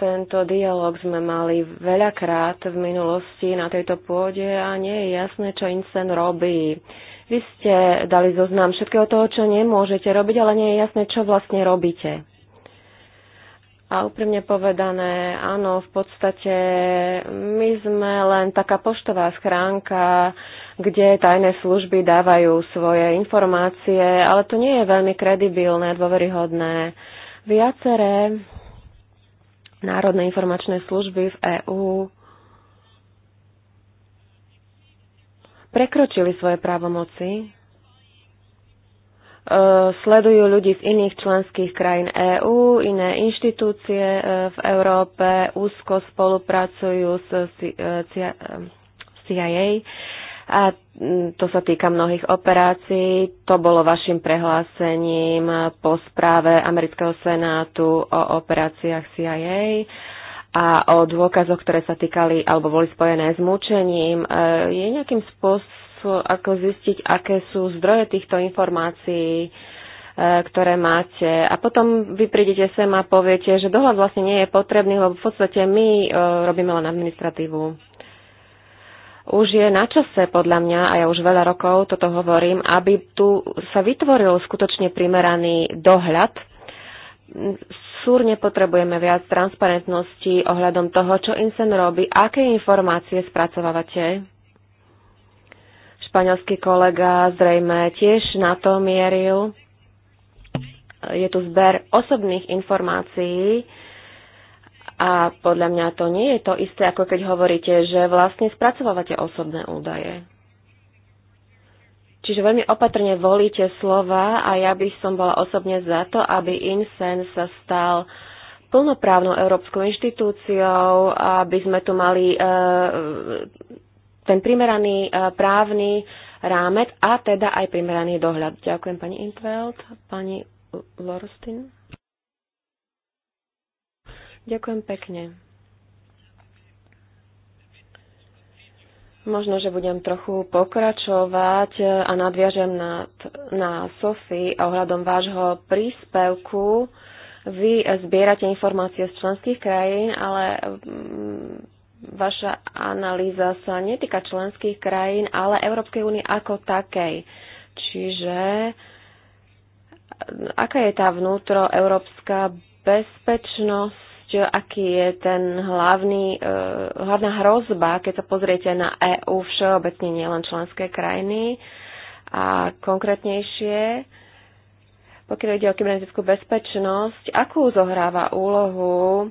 tento dialog sme mali veľakrát v minulosti na tejto pôde a nie je jasné, čo Incen robí. Vy ste dali zoznam všetkého toho, čo nemôžete robiť, ale nie je jasné, čo vlastne robíte. A úprimne povedané, áno, v podstate my sme len taká poštová schránka, kde tajné služby dávajú svoje informácie, ale to nie je veľmi kredibilné, dôveryhodné. Viaceré národné informačné služby v EÚ prekročili svoje právomoci, e, sledujú ľudí z iných členských krajín EÚ, iné inštitúcie e, v Európe, úzko spolupracujú s e, CIA a to sa týka mnohých operácií. To bolo vašim prehlásením po správe Amerického senátu o operáciách CIA a o dôkazoch, ktoré sa týkali alebo boli spojené s mučením. E, je nejakým spôsobom, ako zistiť, aké sú zdroje týchto informácií, e, ktoré máte. A potom vy prídete sem a poviete, že dohľad vlastne nie je potrebný, lebo v podstate my e, robíme len administratívu. Už je na čase, podľa mňa, a ja už veľa rokov toto hovorím, aby tu sa vytvoril skutočne primeraný dohľad súrne potrebujeme viac transparentnosti ohľadom toho, čo Insen robí, aké informácie spracovávate. Španielský kolega zrejme tiež na to mieril. Je tu zber osobných informácií, a podľa mňa to nie je to isté, ako keď hovoríte, že vlastne spracovávate osobné údaje. Čiže veľmi opatrne volíte slova a ja by som bola osobne za to, aby INSEN sa stal plnoprávnou európskou inštitúciou, aby sme tu mali e, ten primeraný e, právny rámec a teda aj primeraný dohľad. Ďakujem pani Intveld, pani Lorstin. Ďakujem pekne. Možno, že budem trochu pokračovať a nadviažem na, na Sofy ohľadom vášho príspevku. Vy zbierate informácie z členských krajín, ale mm, vaša analýza sa netýka členských krajín, ale Európskej únie ako takej. Čiže aká je tá vnútroeurópska bezpečnosť dosť, aký je ten hlavný, e, hlavná hrozba, keď sa pozriete na EÚ všeobecne, nielen členské krajiny. A konkrétnejšie, pokiaľ ide o kybernetickú bezpečnosť, akú zohráva úlohu,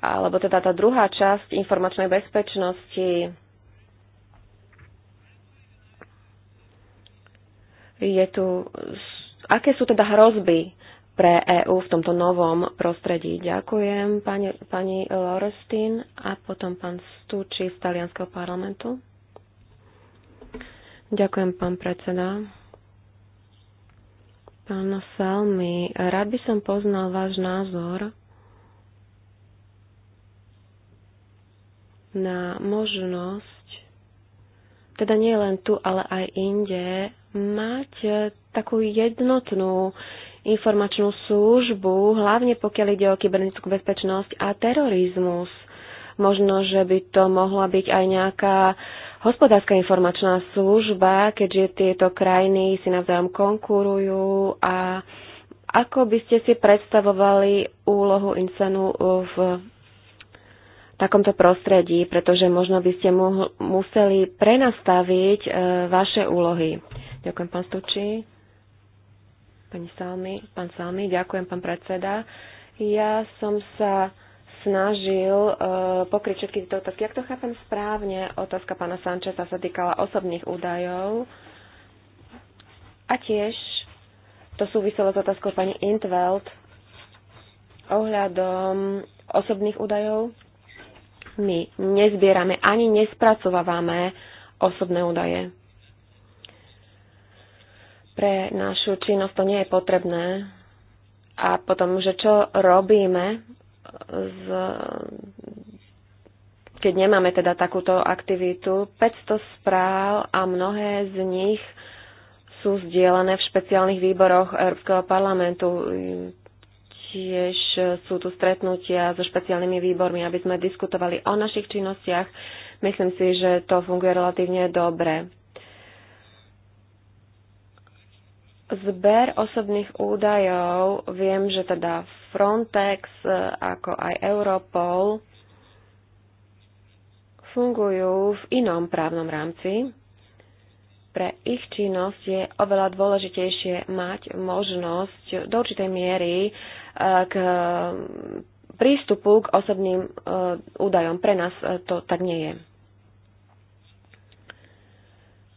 alebo teda tá druhá časť informačnej bezpečnosti, je tu, aké sú teda hrozby pre EÚ v tomto novom prostredí. Ďakujem pani, pani Lorestin a potom pán Stúči z Talianského parlamentu. Ďakujem, pán predseda. Pán Salmi, rád by som poznal váš názor na možnosť, teda nie len tu, ale aj inde, mať takú jednotnú informačnú službu, hlavne pokiaľ ide o kybernetickú bezpečnosť a terorizmus. Možno, že by to mohla byť aj nejaká hospodárska informačná služba, keďže tieto krajiny si navzájom konkurujú a ako by ste si predstavovali úlohu Incenu v takomto prostredí, pretože možno by ste museli prenastaviť e, vaše úlohy. Ďakujem, pán Stučí. Pani Salmy, pán Salmy, ďakujem, pán predseda. Ja som sa snažil uh, pokryť všetky tieto otázky. Ak to chápem správne, otázka pána Sančesa sa týkala osobných údajov a tiež to súviselo s otázkou pani Intveld ohľadom osobných údajov. My nezbierame ani nespracovávame osobné údaje. Pre našu činnosť to nie je potrebné. A potom, že čo robíme, z, keď nemáme teda takúto aktivitu, 500 správ a mnohé z nich sú zdieľané v špeciálnych výboroch Európskeho parlamentu. Tiež sú tu stretnutia so špeciálnymi výbormi, aby sme diskutovali o našich činnostiach. Myslím si, že to funguje relatívne dobre. Zber osobných údajov, viem, že teda Frontex e, ako aj Europol fungujú v inom právnom rámci. Pre ich činnosť je oveľa dôležitejšie mať možnosť do určitej miery e, k prístupu k osobným e, údajom. Pre nás to tak nie je.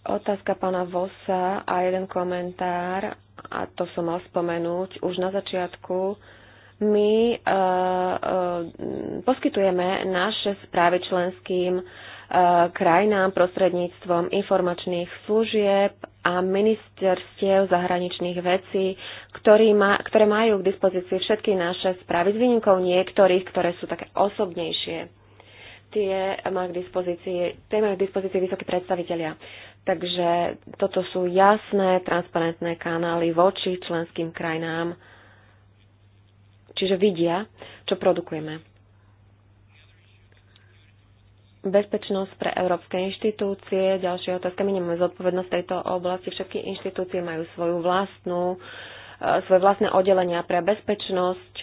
Otázka pána Vosa a jeden komentár, a to som mal spomenúť už na začiatku. My e, e, poskytujeme naše správy členským e, krajinám prostredníctvom informačných služieb a ministerstiev zahraničných vecí, ktorý ma, ktoré majú k dispozícii všetky naše správy, s výnimkou niektorých, ktoré sú také osobnejšie tie má k dispozícii, tie majú k dispozícii vysokí predstavitelia. Takže toto sú jasné, transparentné kanály voči členským krajinám. Čiže vidia, čo produkujeme. Bezpečnosť pre európske inštitúcie. Ďalšia otázka. My nemáme zodpovednosť v tejto oblasti. Všetky inštitúcie majú svoju vlastnú, e, svoje vlastné oddelenia pre bezpečnosť.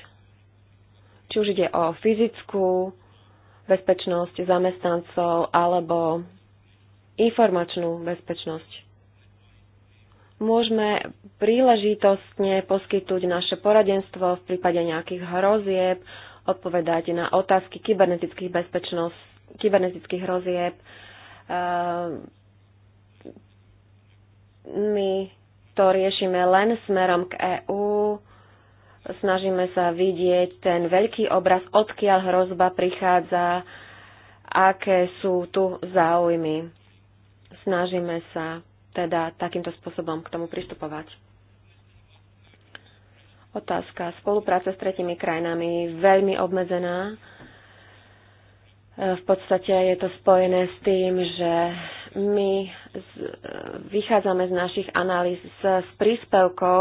Či už ide o fyzickú bezpečnosť zamestnancov alebo informačnú bezpečnosť. Môžeme príležitostne poskytnúť naše poradenstvo v prípade nejakých hrozieb, odpovedať na otázky kybernetických bezpečnosť, kybernetických hrozieb. Ehm, my to riešime len smerom k EÚ, snažíme sa vidieť ten veľký obraz, odkiaľ hrozba prichádza, aké sú tu záujmy snažíme sa teda takýmto spôsobom k tomu pristupovať. Otázka. Spolupráca s tretimi krajinami je veľmi obmedzená. E, v podstate je to spojené s tým, že my z, e, vychádzame z našich analýz, z, z príspevkov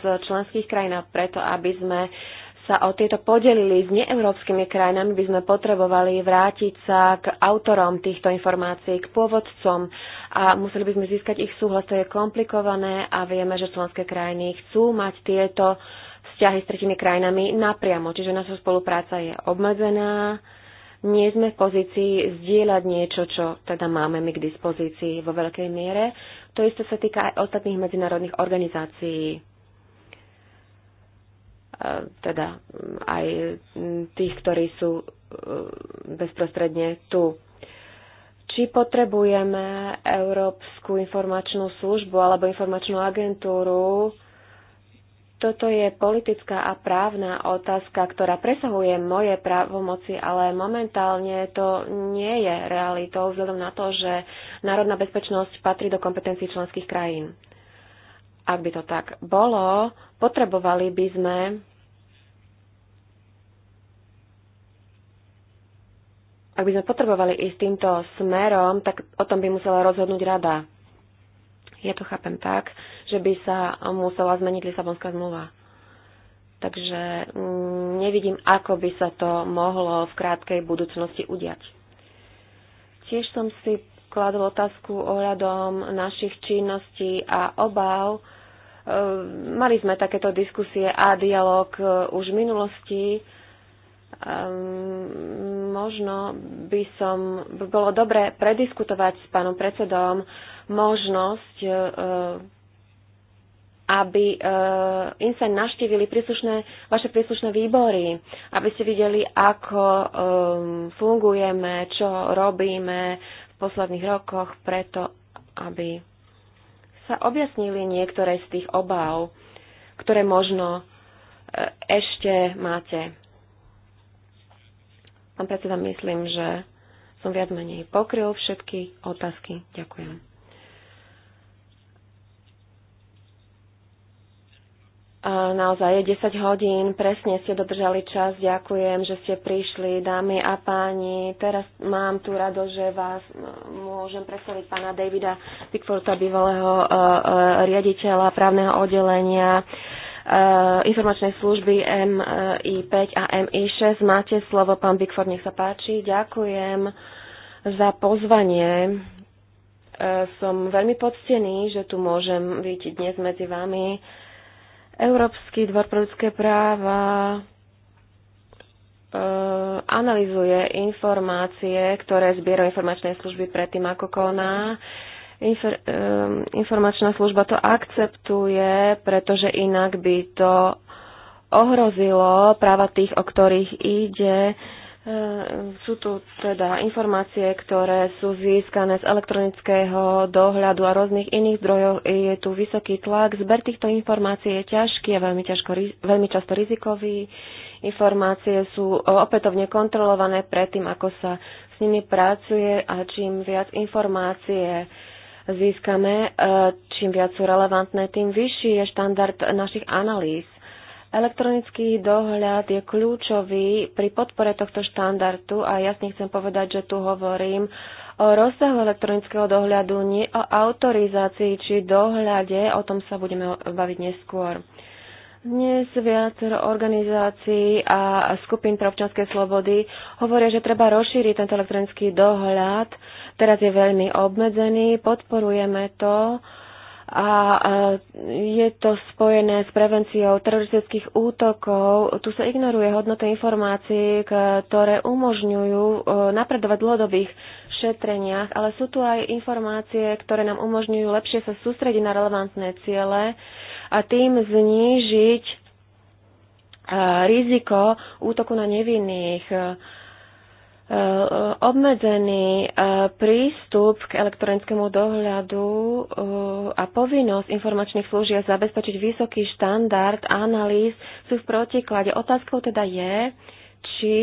z členských krajín preto, aby sme uh, sa o tieto podelili s neeurópskymi krajinami, by sme potrebovali vrátiť sa k autorom týchto informácií, k pôvodcom a museli by sme získať ich súhlas. To je komplikované a vieme, že členské krajiny chcú mať tieto vzťahy s tretimi krajinami napriamo, čiže naša spolupráca je obmedzená. Nie sme v pozícii zdieľať niečo, čo teda máme my k dispozícii vo veľkej miere. To isté sa týka aj ostatných medzinárodných organizácií teda aj tých, ktorí sú e, bezprostredne tu. Či potrebujeme Európsku informačnú službu alebo informačnú agentúru, toto je politická a právna otázka, ktorá presahuje moje právomoci, ale momentálne to nie je realitou vzhľadom na to, že národná bezpečnosť patrí do kompetencií členských krajín. Ak by to tak bolo, potrebovali by sme Ak by sme potrebovali ísť týmto smerom, tak o tom by musela rozhodnúť rada. Ja to chápem tak, že by sa musela zmeniť Lisabonská zmluva. Takže mm, nevidím, ako by sa to mohlo v krátkej budúcnosti udiať. Tiež som si kladol otázku ohľadom našich činností a obav, Ehm, mali sme takéto diskusie a dialog e, už v minulosti. Ehm, možno by som, by bolo dobre prediskutovať s pánom predsedom možnosť, e, aby e, sa naštívili príslušné, vaše príslušné výbory, aby ste videli, ako ehm, fungujeme, čo robíme v posledných rokoch preto, aby sa objasnili niektoré z tých obáv, ktoré možno e, ešte máte. Pán predseda, myslím, že som viac menej pokryl všetky otázky. Ďakujem. naozaj je 10 hodín, presne ste dodržali čas, ďakujem, že ste prišli, dámy a páni. Teraz mám tú rado, že vás môžem predstaviť pána Davida Pickforda, bývalého e, e, riaditeľa právneho oddelenia e, informačnej služby MI5 a MI6. Máte slovo, pán Bigford, nech sa páči. Ďakujem za pozvanie. Som veľmi poctený, že tu môžem byť dnes medzi vami. Európsky dvor pre ľudské práva e, analizuje informácie, ktoré zbierajú informačné služby predtým, ako koná. Infor, e, informačná služba to akceptuje, pretože inak by to ohrozilo práva tých, o ktorých ide. E, sú tu teda informácie, ktoré sú získané z elektronického dohľadu a rôznych iných zdrojov. Je tu vysoký tlak. Zber týchto informácií je ťažký a veľmi, ťažko, veľmi často rizikový. Informácie sú opätovne kontrolované predtým, ako sa s nimi pracuje a čím viac informácie získame, e, čím viac sú relevantné, tým vyšší je štandard našich analýz. Elektronický dohľad je kľúčový pri podpore tohto štandardu a jasne chcem povedať, že tu hovorím o rozsahu elektronického dohľadu, nie o autorizácii či dohľade, o tom sa budeme baviť neskôr. Dnes viacero organizácií a skupín pre občanské slobody hovoria, že treba rozšíriť tento elektronický dohľad. Teraz je veľmi obmedzený, podporujeme to a je to spojené s prevenciou teroristických útokov. Tu sa ignoruje hodnota informácií, ktoré umožňujú e, napredovať v dlhodobých šetreniach, ale sú tu aj informácie, ktoré nám umožňujú lepšie sa sústrediť na relevantné ciele a tým znížiť e, riziko útoku na nevinných. Eh, obmedzený eh, prístup k elektronickému dohľadu eh, a povinnosť informačných služieb zabezpečiť vysoký štandard analýz sú v protiklade. Otázkou teda je, či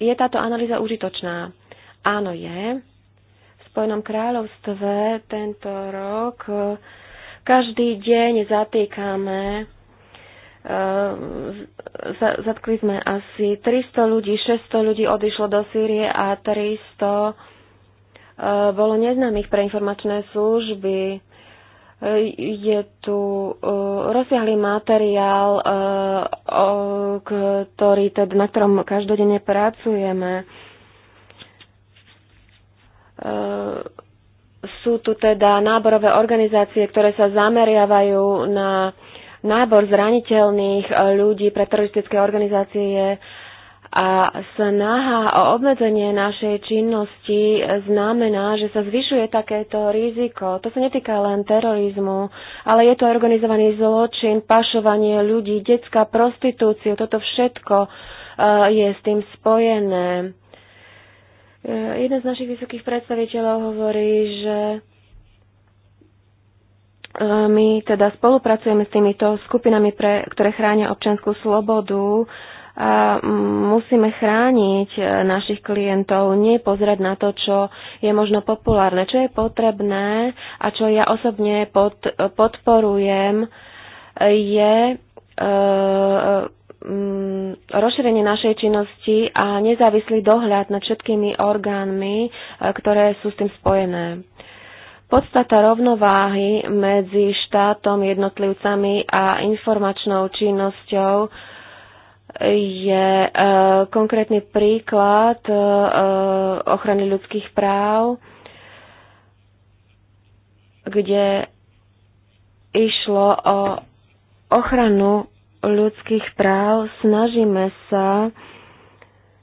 je táto analýza užitočná. Áno, je. V Spojenom kráľovstve tento rok každý deň zatýkame Eh, zatkli sme asi 300 ľudí, 600 ľudí odišlo do Sýrie a 300 eh, bolo neznámych pre informačné služby. Eh, je tu rozsiahlý materiál, ktorý, teda, na ktorom každodenne pracujeme. Sú tu teda náborové organizácie, ktoré sa zameriavajú na nábor zraniteľných e, ľudí pre teroristické organizácie a snaha o obmedzenie našej činnosti znamená, že sa zvyšuje takéto riziko. To sa netýka len terorizmu, ale je to organizovaný zločin, pašovanie ľudí, detská prostitúcia, toto všetko e, je s tým spojené. E, jeden z našich vysokých predstaviteľov hovorí, že E, my teda spolupracujeme s týmito skupinami, pre, ktoré chránia občianskú slobodu a musíme chrániť e, našich klientov, nie pozrieť na to, čo je možno populárne, čo je potrebné a čo ja osobne pod, podporujem, je e, e mm, rozšírenie našej činnosti a nezávislý dohľad nad všetkými orgánmi, ktoré sú s tým spojené. Podstata rovnováhy medzi štátom, jednotlivcami a informačnou činnosťou je e, konkrétny príklad e, ochrany ľudských práv, kde išlo o ochranu ľudských práv. Snažíme sa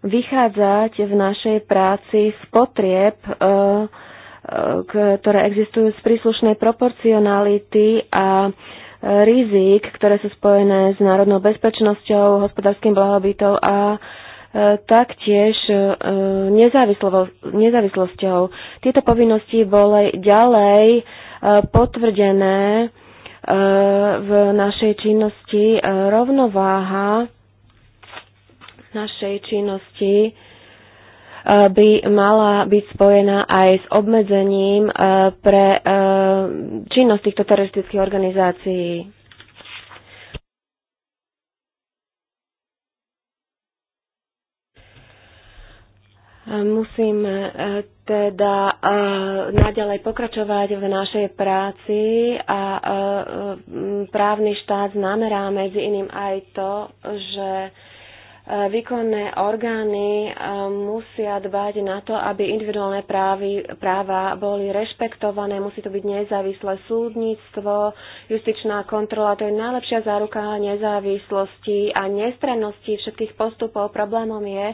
vychádzať v našej práci z potrieb e, ktoré existujú z príslušnej proporcionality a e, rizik, ktoré sú spojené s národnou bezpečnosťou, hospodárskym blahobytom a e, taktiež e, nezávislosťou. Tieto povinnosti boli ďalej potvrdené v našej činnosti rovnováha našej činnosti by mala byť spojená aj s obmedzením eh, pre eh, činnosť týchto teroristických organizácií. Musím eh, teda naďalej pokračovať v našej práci a právny štát znamená medzi iným aj to, že Eh, výkonné orgány eh, musia dbať na to, aby individuálne právy, práva boli rešpektované, musí to byť nezávislé súdnictvo, justičná kontrola, to je najlepšia záruka nezávislosti a nestrannosti všetkých postupov. Problémom je,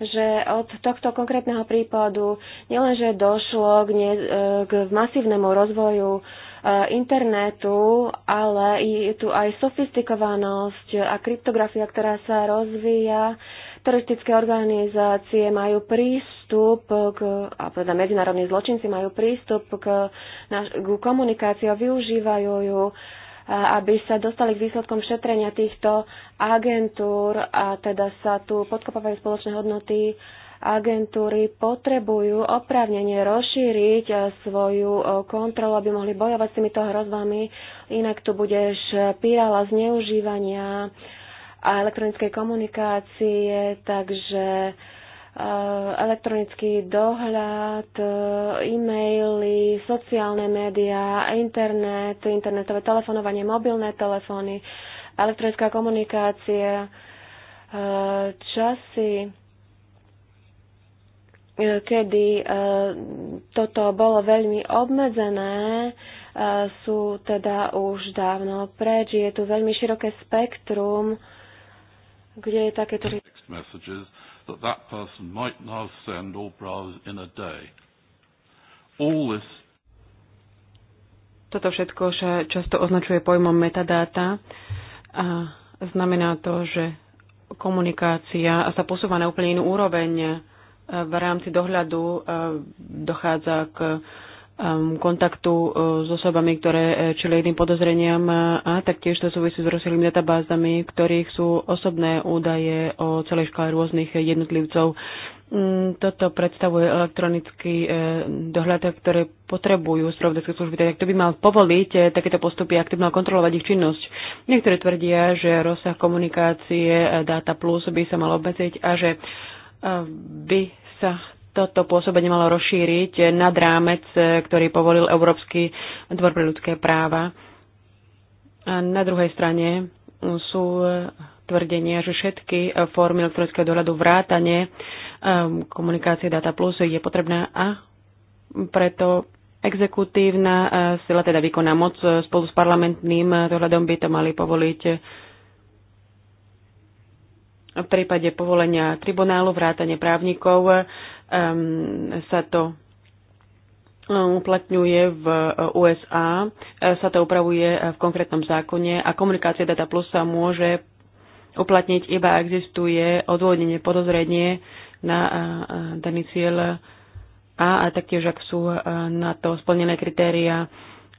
že od tohto konkrétneho prípadu nielenže došlo k, ne, eh, k masívnemu rozvoju Eh, internetu, ale je tu aj sofistikovanosť a kryptografia, ktorá sa rozvíja. Teroristické organizácie majú prístup k, a teda medzinárodní zločinci majú prístup k, na, k komunikácii a využívajú ju eh, aby sa dostali k výsledkom šetrenia týchto agentúr a teda sa tu podkopávajú spoločné hodnoty agentúry potrebujú opravnenie rozšíriť eh, svoju eh, kontrolu, aby mohli bojovať s týmito hrozbami. Inak tu bude špirála eh, zneužívania a elektronickej komunikácie, takže elektronický dohľad, e-maily, sociálne médiá, internet, internetové telefonovanie, mobilné telefóny, elektronická komunikácia, časy E, kedy e, toto bolo veľmi obmedzené, e, sú teda už dávno preč. Je tu veľmi široké spektrum, kde je takéto... That that person might now send all browsers in a day. All this toto všetko sa často označuje pojmom metadáta a znamená to, že komunikácia sa posúva na úplne inú úroveň v rámci dohľadu e, dochádza k e, kontaktu e, s osobami, ktoré čili iným podozreniam a taktiež to súvisí s rozsielými databázami, ktorých sú osobné údaje o celej škále rôznych jednotlivcov. Mm, toto predstavuje elektronický dohľad, ktoré potrebujú spravodajské služby. Tak to by mal povoliť takéto postupy, ak by mal kontrolovať ich činnosť. Niektorí tvrdia, že rozsah komunikácie dáta plus by sa mal obmedziť a že by sa toto pôsobenie malo rozšíriť nad rámec, ktorý povolil Európsky dvor pre ľudské práva. A na druhej strane sú tvrdenia, že všetky formy elektronického dohľadu vrátane um, komunikácie Data Plus je potrebná a preto exekutívna uh, sila, teda výkonná moc uh, spolu s parlamentným uh, dohľadom by to mali povoliť v prípade povolenia tribunálu, vrátane právnikov um, sa to um, uplatňuje v USA, uh, uh, sa to upravuje uh, v konkrétnom zákone a komunikácia Data Plus sa môže uplatniť iba existuje odvodnenie podozrenie na daný cieľ a, a taktiež, ak sú na to splnené kritéria.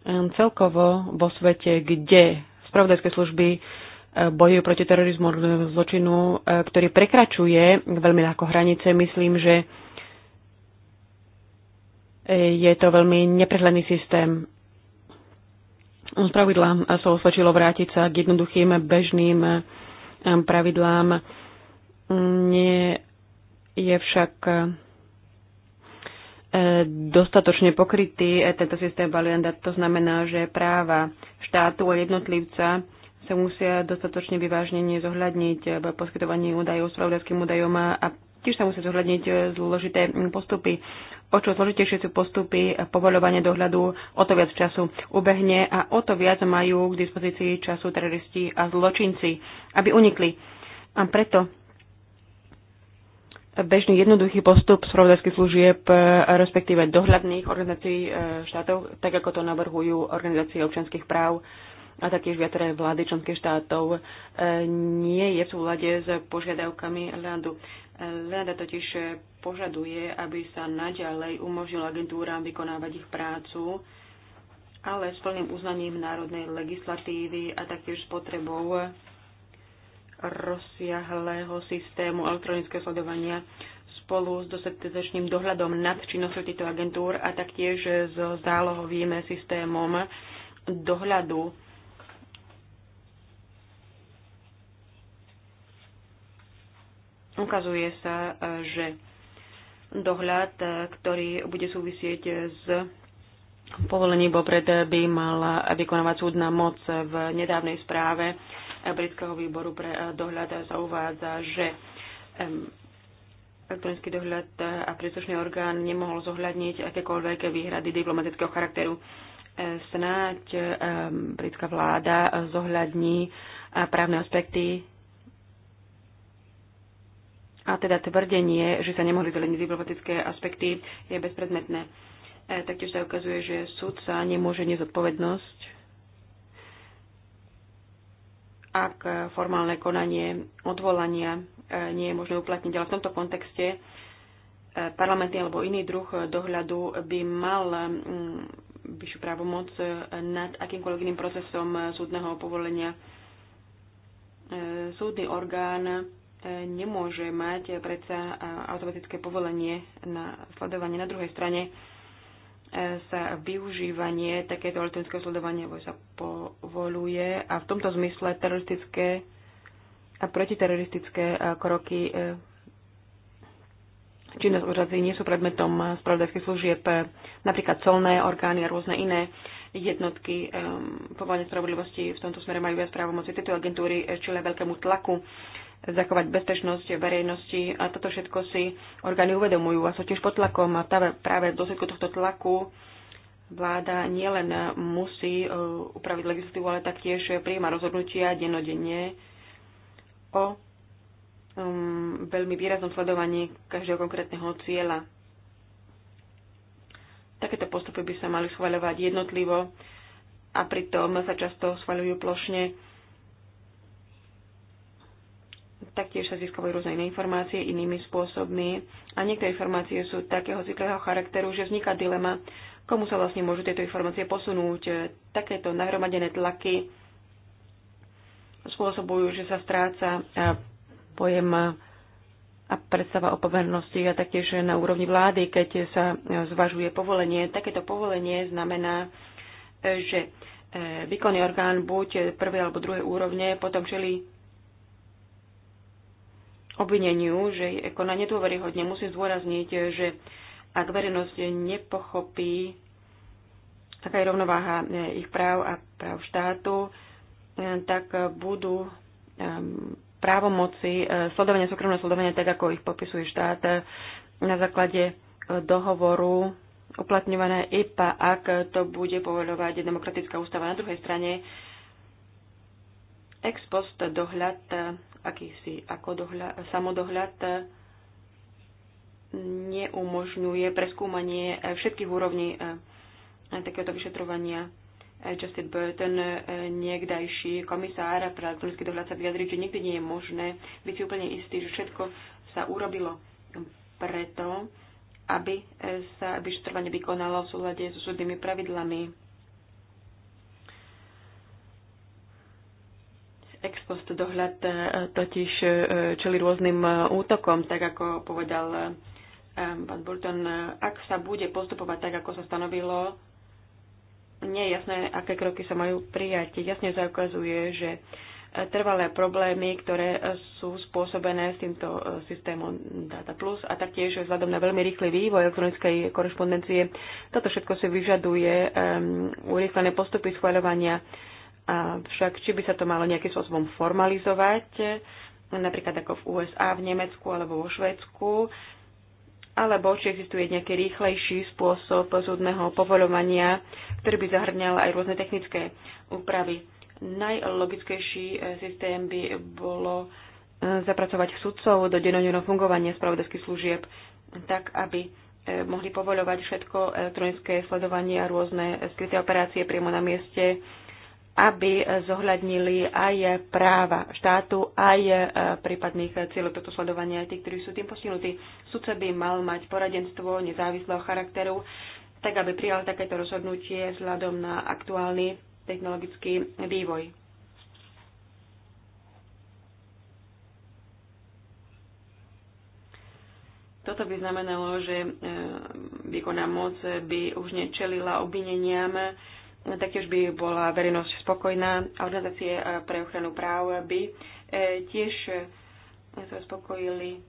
Um, celkovo vo svete, kde spravodajské služby boju proti terorizmu zločinu, e, ktorý prekračuje veľmi ľahko hranice. Myslím, že e, je to veľmi neprehľadný systém. Z pravidla sa osvedčilo vrátiť sa k jednoduchým bežným e, pravidlám. Nie je však dostatočne pokrytý tento systém Valianda. To znamená, že práva štátu a jednotlivca sa musia dostatočne vyvážnenie zohľadniť v poskytovaní údajov, spravodajským údajom a tiež sa musia zohľadniť zložité postupy. O čo zložitejšie sú postupy povoľovania dohľadu, o to viac času ubehne a o to viac majú k dispozícii času teroristi a zločinci, aby unikli. A preto bežný jednoduchý postup spravodajských služieb, respektíve dohľadných organizácií e, štátov, tak ako to navrhujú organizácie občanských práv, a taktiež viaceré vlády členských štátov e, nie je v súlade s požiadavkami ľadu. E, Rada totiž požaduje, aby sa naďalej umožnil agentúram vykonávať ich prácu, ale s plným uznaním národnej legislatívy a taktiež s potrebou rozsiahlého systému elektronického sledovania spolu s dostatočným dohľadom nad činnosťou týchto agentúr a taktiež s zálohovým systémom dohľadu Ukazuje sa, e, že dohľad, e, ktorý bude súvisieť s povolením vopred, e, by mala vykonávať súdna moc. V nedávnej správe Britského výboru pre dohľad sa uvádza, že elektronický dohľad a príslušný orgán nemohol zohľadniť akékoľvek výhrady diplomatického charakteru. Snáď britská vláda zohľadní právne aspekty a teda tvrdenie, že sa nemohli zeleniť diplomatické aspekty, je bezpredmetné. E, taktiež sa ukazuje, že sudca nemôže nezodpovednosť, ak formálne konanie odvolania e, nie je možné uplatniť. Ale v tomto kontexte e, parlamentný alebo iný druh dohľadu by mal mm, vyššiu právomoc nad akýmkoľvek iným procesom súdneho povolenia. Súdny orgán nemôže mať predsa automatické povolenie na sledovanie. Na druhej strane e, sa využívanie takéto elektronického sledovania sa povoluje a v tomto zmysle teroristické a protiteroristické e, kroky e, činnosť úradí nie sú predmetom spravodajských služieb, napríklad colné orgány a rôzne iné jednotky um, povolenia spravodlivosti v tomto smere majú viac právomoci. Tieto agentúry čelia veľkému tlaku zachovať bezpečnosť verejnosti a toto všetko si orgány uvedomujú a sú tiež pod tlakom a práve v dôsledku tohto tlaku vláda nielen musí e, upraviť legislatívu, ale taktiež prijíma rozhodnutia denodenne o um, veľmi výraznom sledovaní každého konkrétneho cieľa. Takéto postupy by sa mali schvaľovať jednotlivo a pritom sa často schváľujú plošne taktiež sa získavajú rôzne iné informácie inými spôsobmi a niektoré informácie sú takého citlivého charakteru, že vzniká dilema, komu sa vlastne môžu tieto informácie posunúť. Takéto nahromadené tlaky spôsobujú, že sa stráca e, pojem e, a predstava o povernosti a taktiež na úrovni vlády, keď sa e, zvažuje povolenie. Takéto povolenie znamená, že výkonný orgán buď prvej alebo druhej úrovne potom čeli obvineniu, že je koná nedôveryhodne. Musím zdôrazniť, že ak verejnosť nepochopí, taká je rovnováha eh, ich práv a práv štátu, eh, tak budú ehm, právomoci eh, sledovania, súkromného sledovania, tak ako ich popisuje štát, na základe dohovoru uplatňované iba ak to bude povoľovať demokratická ústava. Na druhej strane ex post dohľad akýsi ako dohľa, samodohľad e, neumožňuje preskúmanie e, všetkých úrovní e, takéhoto vyšetrovania. Justin Burton, niekdajší komisár pre elektronický dohľad sa vyjadriť, že nikdy nie je možné byť si úplne istý, že všetko sa urobilo preto, aby sa vyšetrovanie vykonalo v súlade so súdnymi pravidlami. Ex post dohľad e, totiž e, čeli rôznym e, útokom, tak ako povedal pán Burton. Ak sa bude postupovať tak, ako sa stanovilo, nie je jasné, aké kroky sa majú prijať. Jasne sa ukazuje, že trvalé problémy, ktoré sú spôsobené s týmto systémom Data Plus a taktiež vzhľadom na veľmi rýchly vývoj elektronickej korešpondencie. Toto všetko si vyžaduje um, urýchlené postupy schváľovania a však či by sa to malo nejakým spôsobom formalizovať, napríklad ako v USA, v Nemecku alebo vo Švedsku, alebo či existuje nejaký rýchlejší spôsob súdneho povoľovania, ktorý by zahrňal aj rôzne technické úpravy. Najlogickejší e, systém by bolo e, zapracovať sudcov do denodenného fungovania spravodajských služieb, tak aby e, mohli povoľovať všetko elektronické sledovanie a rôzne skryté operácie priamo na mieste, aby zohľadnili aj práva štátu, aj e, prípadných cieľov toto sledovania, aj tých, ktorí sú tým postihnutí. Sudca by mal mať poradenstvo nezávislého charakteru, tak aby prijal takéto rozhodnutie vzhľadom na aktuálny technologický vývoj. Toto by znamenalo, že e, výkonná moc by už nečelila obvineniam, Taktiež by bola verejnosť spokojná a organizácie eh, pre ochranu práv by eh, tiež eh, sa spokojili.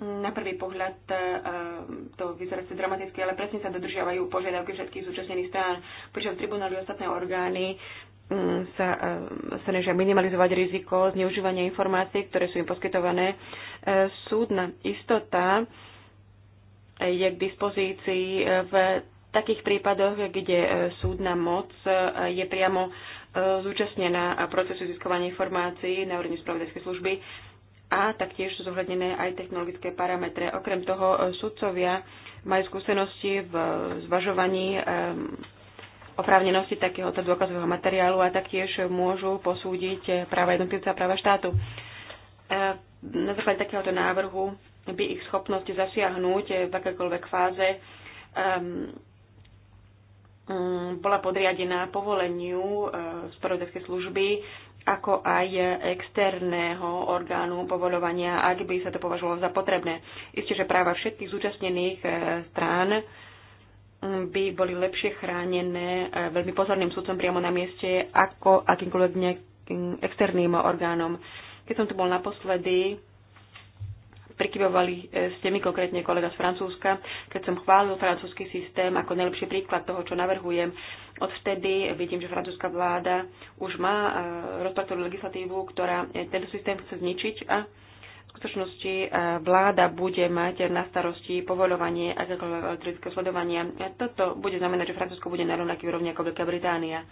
Na prvý pohľad to vyzerá sa dramaticky, ale presne sa dodržiavajú požiadavky všetkých zúčastnených strán, pričom tribunály ostatné orgány mm, sa snažia minimalizovať riziko zneužívania informácií, ktoré sú im poskytované. Súdna istota je k dispozícii v takých prípadoch, kde e, súdna moc e, je priamo e, zúčastnená procesu získovania informácií na úrovni spravodajskej služby a taktiež sú zohľadnené aj technologické parametre. Okrem toho sudcovia majú skúsenosti v zvažovaní oprávnenosti takéhoto dôkazového materiálu a taktiež môžu posúdiť práva jednotlivca a práva štátu. Na základe takéhoto návrhu by ich schopnosť zasiahnuť v akékoľvek fáze ehm, Mm, bola podriadená povoleniu e, spravodajskej služby ako aj externého orgánu povolovania, ak by sa to považovalo za potrebné. Isté, že práva všetkých zúčastnených e, strán mm, by boli lepšie chránené e, veľmi pozorným sudcom priamo na mieste ako akýmkoľvek externým orgánom. Keď som tu bol naposledy, prikyvovali e, ste mi konkrétne kolega z Francúzska, keď som chválil francúzsky systém ako najlepší príklad toho, čo navrhujem. Odvtedy vidím, že francúzska vláda už má e, rozpracovanú legislatívu, ktorá e, tento systém chce zničiť a v skutočnosti vláda bude mať na starosti povoľovanie akékoľvek elektrického sledovania. Toto bude znamenať, že Francúzsko bude na rovnaký úrovni ako Veľká Británia.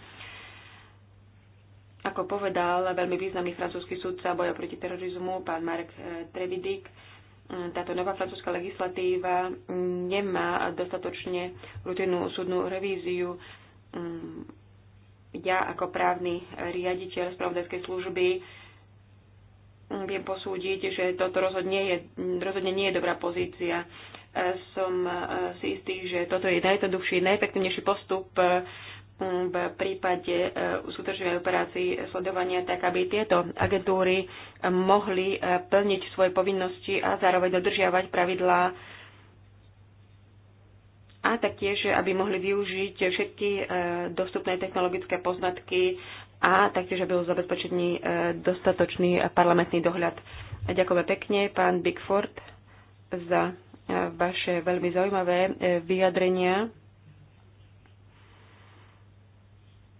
Ako povedal veľmi významný francúzsky sudca boja proti terorizmu, pán Marek Trevidik, Mm, táto nová francúzska legislatíva mm, nemá dostatočne rutinnú súdnu revíziu. Mm, ja ako právny riaditeľ spravodajskej služby viem posúdiť, že toto rozhodne, je, rozhodne nie je dobrá pozícia. E, som e, si istý, že toto je najjednoduchší, najefektívnejší postup e, v prípade e, uskutočňovania operácií sledovania, tak aby tieto agentúry e, mohli e, plniť svoje povinnosti a zároveň dodržiavať pravidlá a taktiež, aby mohli využiť všetky dostupné technologické poznatky a taktiež, aby bol zabezpečený dostatočný parlamentný dohľad. Ďakujem pekne, pán Bigford, za vaše veľmi zaujímavé vyjadrenia.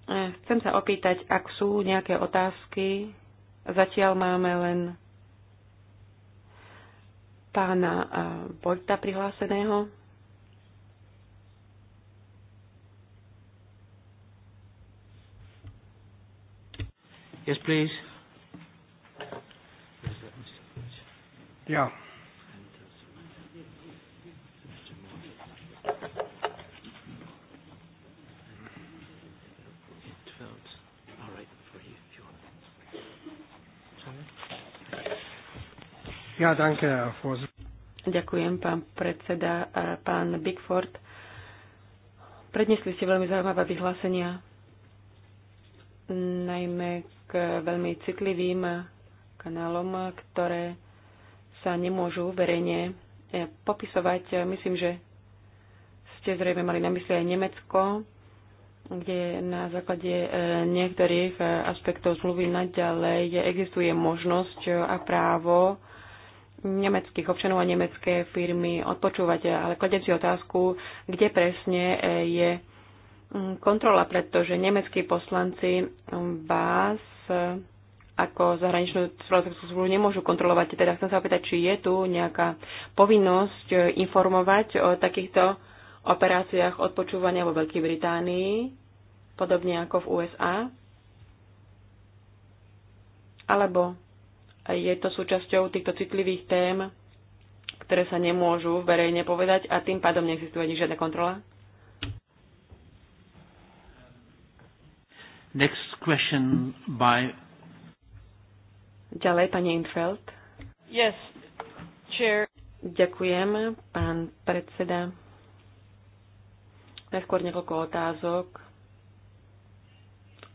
Eh, chcem sa opýtať, ak sú nejaké otázky. Zatiaľ máme len pána eh, Bojta prihláseného. Yes, please. Yeah. Ja, danke, Ďakujem, pán predseda. Pán Bigford, prednesli ste veľmi zaujímavé vyhlásenia, najmä k veľmi citlivým kanálom, ktoré sa nemôžu verejne e, popisovať. Myslím, že ste zrejme mali na mysli aj Nemecko, kde na základe e, niektorých e, aspektov zmluvy naďalej existuje možnosť a právo nemeckých občanov a nemecké firmy odpočúvať, ale kladem si otázku, kde presne e, je mm, kontrola, pretože nemeckí poslanci vás e, ako zahraničnú spravodajskú službu nemôžu kontrolovať. Teda chcem sa opýtať, či je tu nejaká povinnosť e, informovať o takýchto operáciách odpočúvania vo Veľkej Británii, podobne ako v USA? Alebo je to súčasťou týchto citlivých tém, ktoré sa nemôžu verejne povedať a tým pádom neexistuje ani žiadna kontrola? Next question by... Ďalej, pani Infeld. Yes, chair. Ďakujem, pán predseda. Najskôr niekoľko otázok.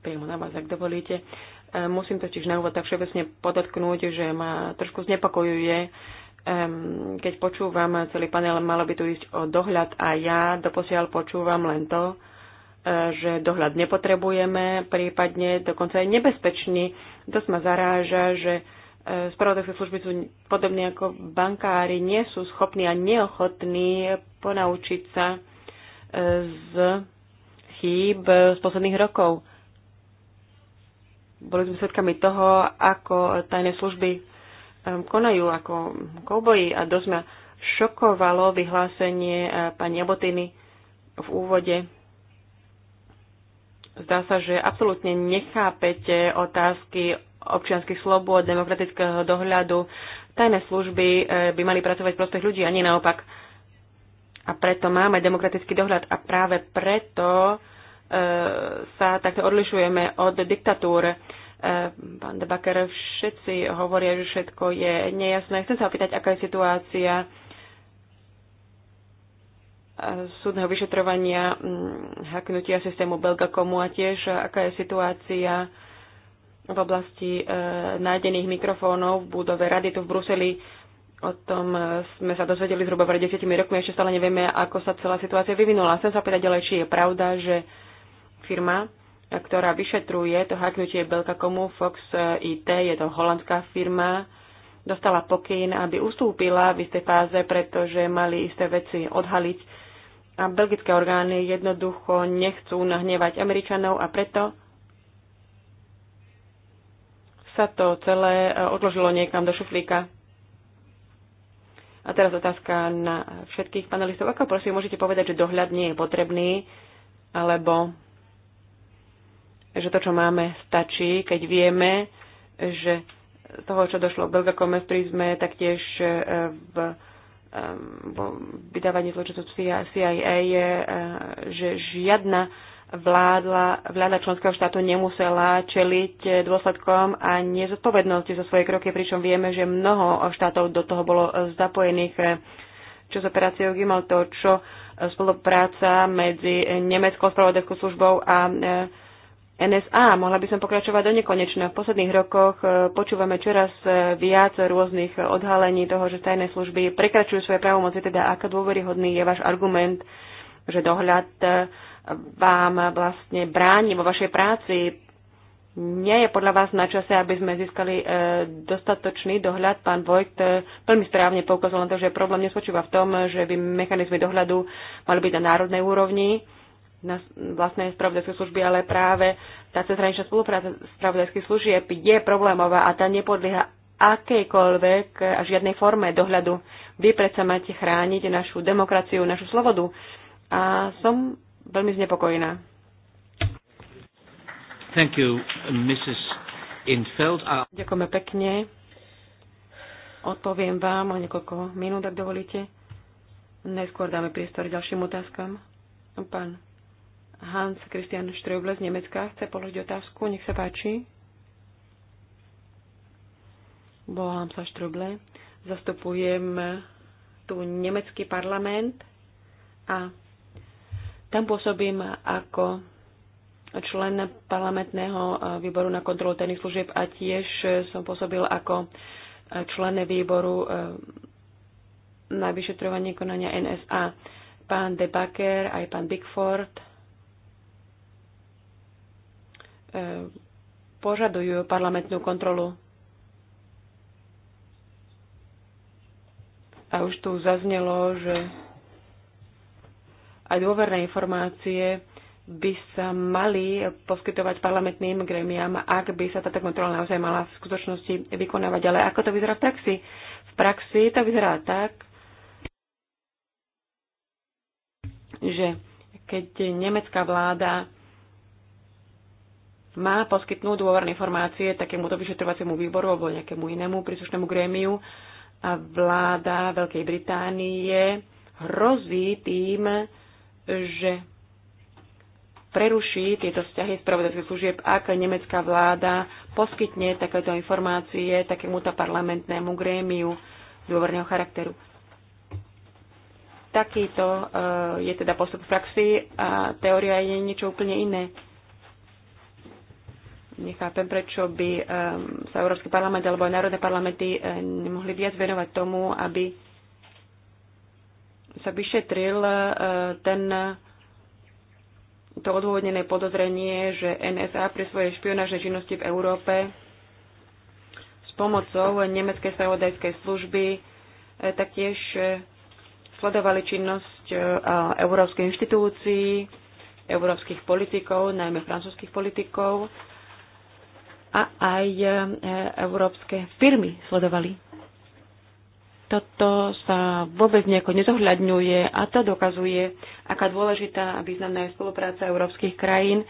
Priamo na vás, ak dovolíte. Uh, Musím totiž na úvod tak všeobecne podotknúť, že ma trošku znepokojuje, keď počúvam celý panel, malo by tu ísť o dohľad a ja doposiaľ počúvam len to, eh, že dohľad nepotrebujeme, prípadne dokonca je nebezpečný. Dosť ma zaráža, že eh, spravodajské služby sú podobne ako bankári, nie sú schopní a neochotní ponaučiť sa eh, z chýb z posledných rokov boli sme svedkami toho, ako tajné služby konajú ako kouboji a dosť ma šokovalo vyhlásenie eh, pani Abotiny v úvode. Zdá sa, že absolútne nechápete otázky občianských slobôd, demokratického dohľadu. Tajné služby eh, by mali pracovať prospech ľudí a nie naopak. A preto máme demokratický dohľad a práve preto sa takto odlišujeme od diktatúr. E, pán Debaker, všetci hovoria, že všetko je nejasné. Chcem sa opýtať, aká je situácia e, súdneho vyšetrovania mm, haknutia systému Belgakomu a tiež aká je situácia v oblasti e, nájdených mikrofónov v budove rady tu v Bruseli. O tom e, sme sa dozvedeli zhruba pred 10 rokmi, ešte stále nevieme, ako sa celá situácia vyvinula. Chcem sa opýtať ďalej, či je pravda, že firma, ktorá vyšetruje to hacknutie Belkakomu Fox e, IT, je to holandská firma, dostala pokyn, aby ustúpila v istej fáze, pretože mali isté veci odhaliť a belgické orgány jednoducho nechcú nahnevať Američanov a preto sa to celé e, odložilo niekam do šuflíka. A teraz otázka na všetkých panelistov. Ako prosím, môžete povedať, že dohľad nie je potrebný, alebo že to, čo máme, stačí, keď vieme, že z toho, čo došlo v Belgakom sme taktiež e, v, e, vydávaní zločinov CIA, e, že žiadna vládla, vláda členského štátu nemusela čeliť dôsledkom a nezodpovednosti za svoje kroky, pričom vieme, že mnoho štátov do toho bolo zapojených čo s operáciou Gimel, to, čo spolupráca medzi Nemeckou spravodajskou službou a NSA. Mohla by som pokračovať do nekonečna. V posledných rokoch e, počúvame čoraz e, viac rôznych odhalení toho, že tajné služby prekračujú svoje právomoci, teda aká dôveryhodný je váš argument, že dohľad e, vám vlastne bráni vo vašej práci. Nie je podľa vás na čase, aby sme získali dostatočný dohľad. Pán Vojt veľmi správne poukázal na to, že problém nespočíva v tom, že by mechanizmy dohľadu mali byť na národnej úrovni, na vlastné spravodajské služby, ale práve tá cezhraničná spolupráca spravodajských služieb je problémová a tá nepodlieha akejkoľvek a žiadnej forme dohľadu. Vy predsa máte chrániť našu demokraciu, našu slobodu. A som veľmi znepokojená. Thank you, Mrs. Infeld. Uh, Ďakujeme pekne. Odpoviem vám o niekoľko minút, ak dovolíte. Neskôr dáme priestor ďalším otázkam. Pán Hans Christian Ströble z Nemecka chce položiť otázku. Nech sa páči. Volám sa Ströble. Zastupujem tu nemecký parlament a tam pôsobím ako člen parlamentného eh, výboru na kontrolu tajných služieb a tiež som pôsobil ako eh, člen výboru eh, na vyšetrovanie konania NSA. Pán De aj pán Bigford E, požadujú parlamentnú kontrolu. A už tu zaznelo, že aj dôverné informácie by sa mali poskytovať parlamentným gremiám, ak by sa táto kontrola naozaj mala v skutočnosti vykonávať. Ale ako to vyzerá v praxi? V praxi to vyzerá tak, že keď nemecká vláda má poskytnúť dôverné informácie takémuto vyšetrovaciemu výboru alebo nejakému inému príslušnému grémiu. A vláda Veľkej Británie hrozí tým, že preruší tieto vzťahy spravodajských služieb, ak nemecká vláda poskytne takéto informácie takémuto parlamentnému grémiu dôverného charakteru. Takýto eh, je teda postup v praxi a teória je niečo úplne iné nechápem, prečo by sa Európsky parlament alebo aj národné parlamenty nemohli viac venovať tomu, aby sa vyšetril ten, to odôvodnené podozrenie, že NSA pri svojej špionážnej činnosti v Európe s pomocou nemeckej spravodajskej služby e, taktiež e, sledovali činnosť e, európskej inštitúcií, európskych politikov, najmä francúzských politikov a aj e, európske firmy sledovali. Toto sa vôbec nejako nezohľadňuje a to dokazuje, aká dôležitá a významná je spolupráca európskych krajín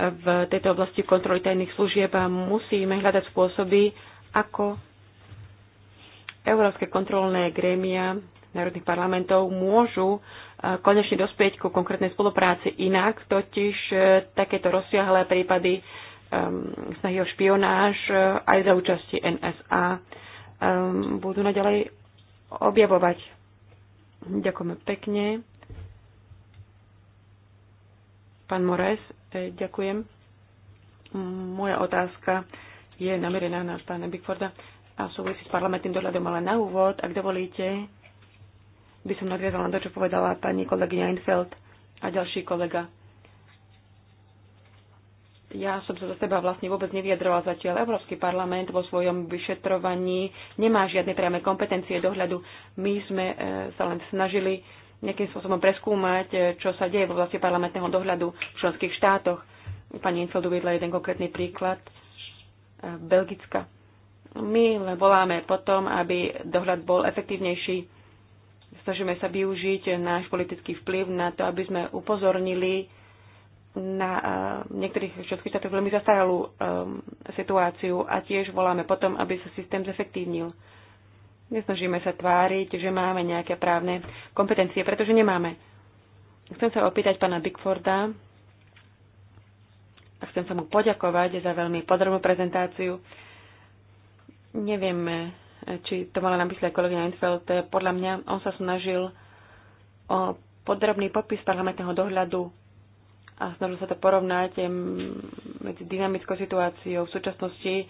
v tejto oblasti kontroly tajných služieb a musíme hľadať spôsoby, ako európske kontrolné grémia národných parlamentov môžu e, konečne dospieť ku konkrétnej spolupráci. Inak totiž e, takéto rozsiahlé prípady Ehm, snahy o špionáž e, aj za účasti NSA ehm, budú naďalej objavovať. Ďakujeme pekne. Pán Mores, e, ďakujem. Moja otázka je namerená na pána Bigforda a súvisí s parlamentným dohľadom, ale na úvod, ak dovolíte, by som nadviazala na to, čo povedala pani kolegyňa Einfeld a ďalší kolega ja som sa za seba vlastne vôbec nevyjadrovala zatiaľ. Európsky parlament vo svojom vyšetrovaní nemá žiadne priame kompetencie dohľadu. My sme e, sa len snažili nejakým spôsobom preskúmať, e, čo sa deje vo vlasti parlamentného dohľadu v členských štátoch. Pani Infeld uviedla jeden konkrétny príklad e, Belgicka. My len voláme potom, aby dohľad bol efektívnejší. Snažíme sa využiť náš politický vplyv na to, aby sme upozornili na eh, niektorých všetkých štátoch veľmi zastaralú um, situáciu a tiež voláme potom, aby sa systém zefektívnil. Nesnažíme sa tváriť, že máme nejaké právne kompetencie, pretože nemáme. Chcem sa opýtať pána Bigforda a chcem sa mu poďakovať za veľmi podrobnú prezentáciu. Neviem, eh, či to mala na mysle kolegyňa Infeld. Podľa mňa on sa snažil o podrobný popis parlamentného dohľadu a snažím sa to porovnať medzi dynamickou situáciou v súčasnosti, e,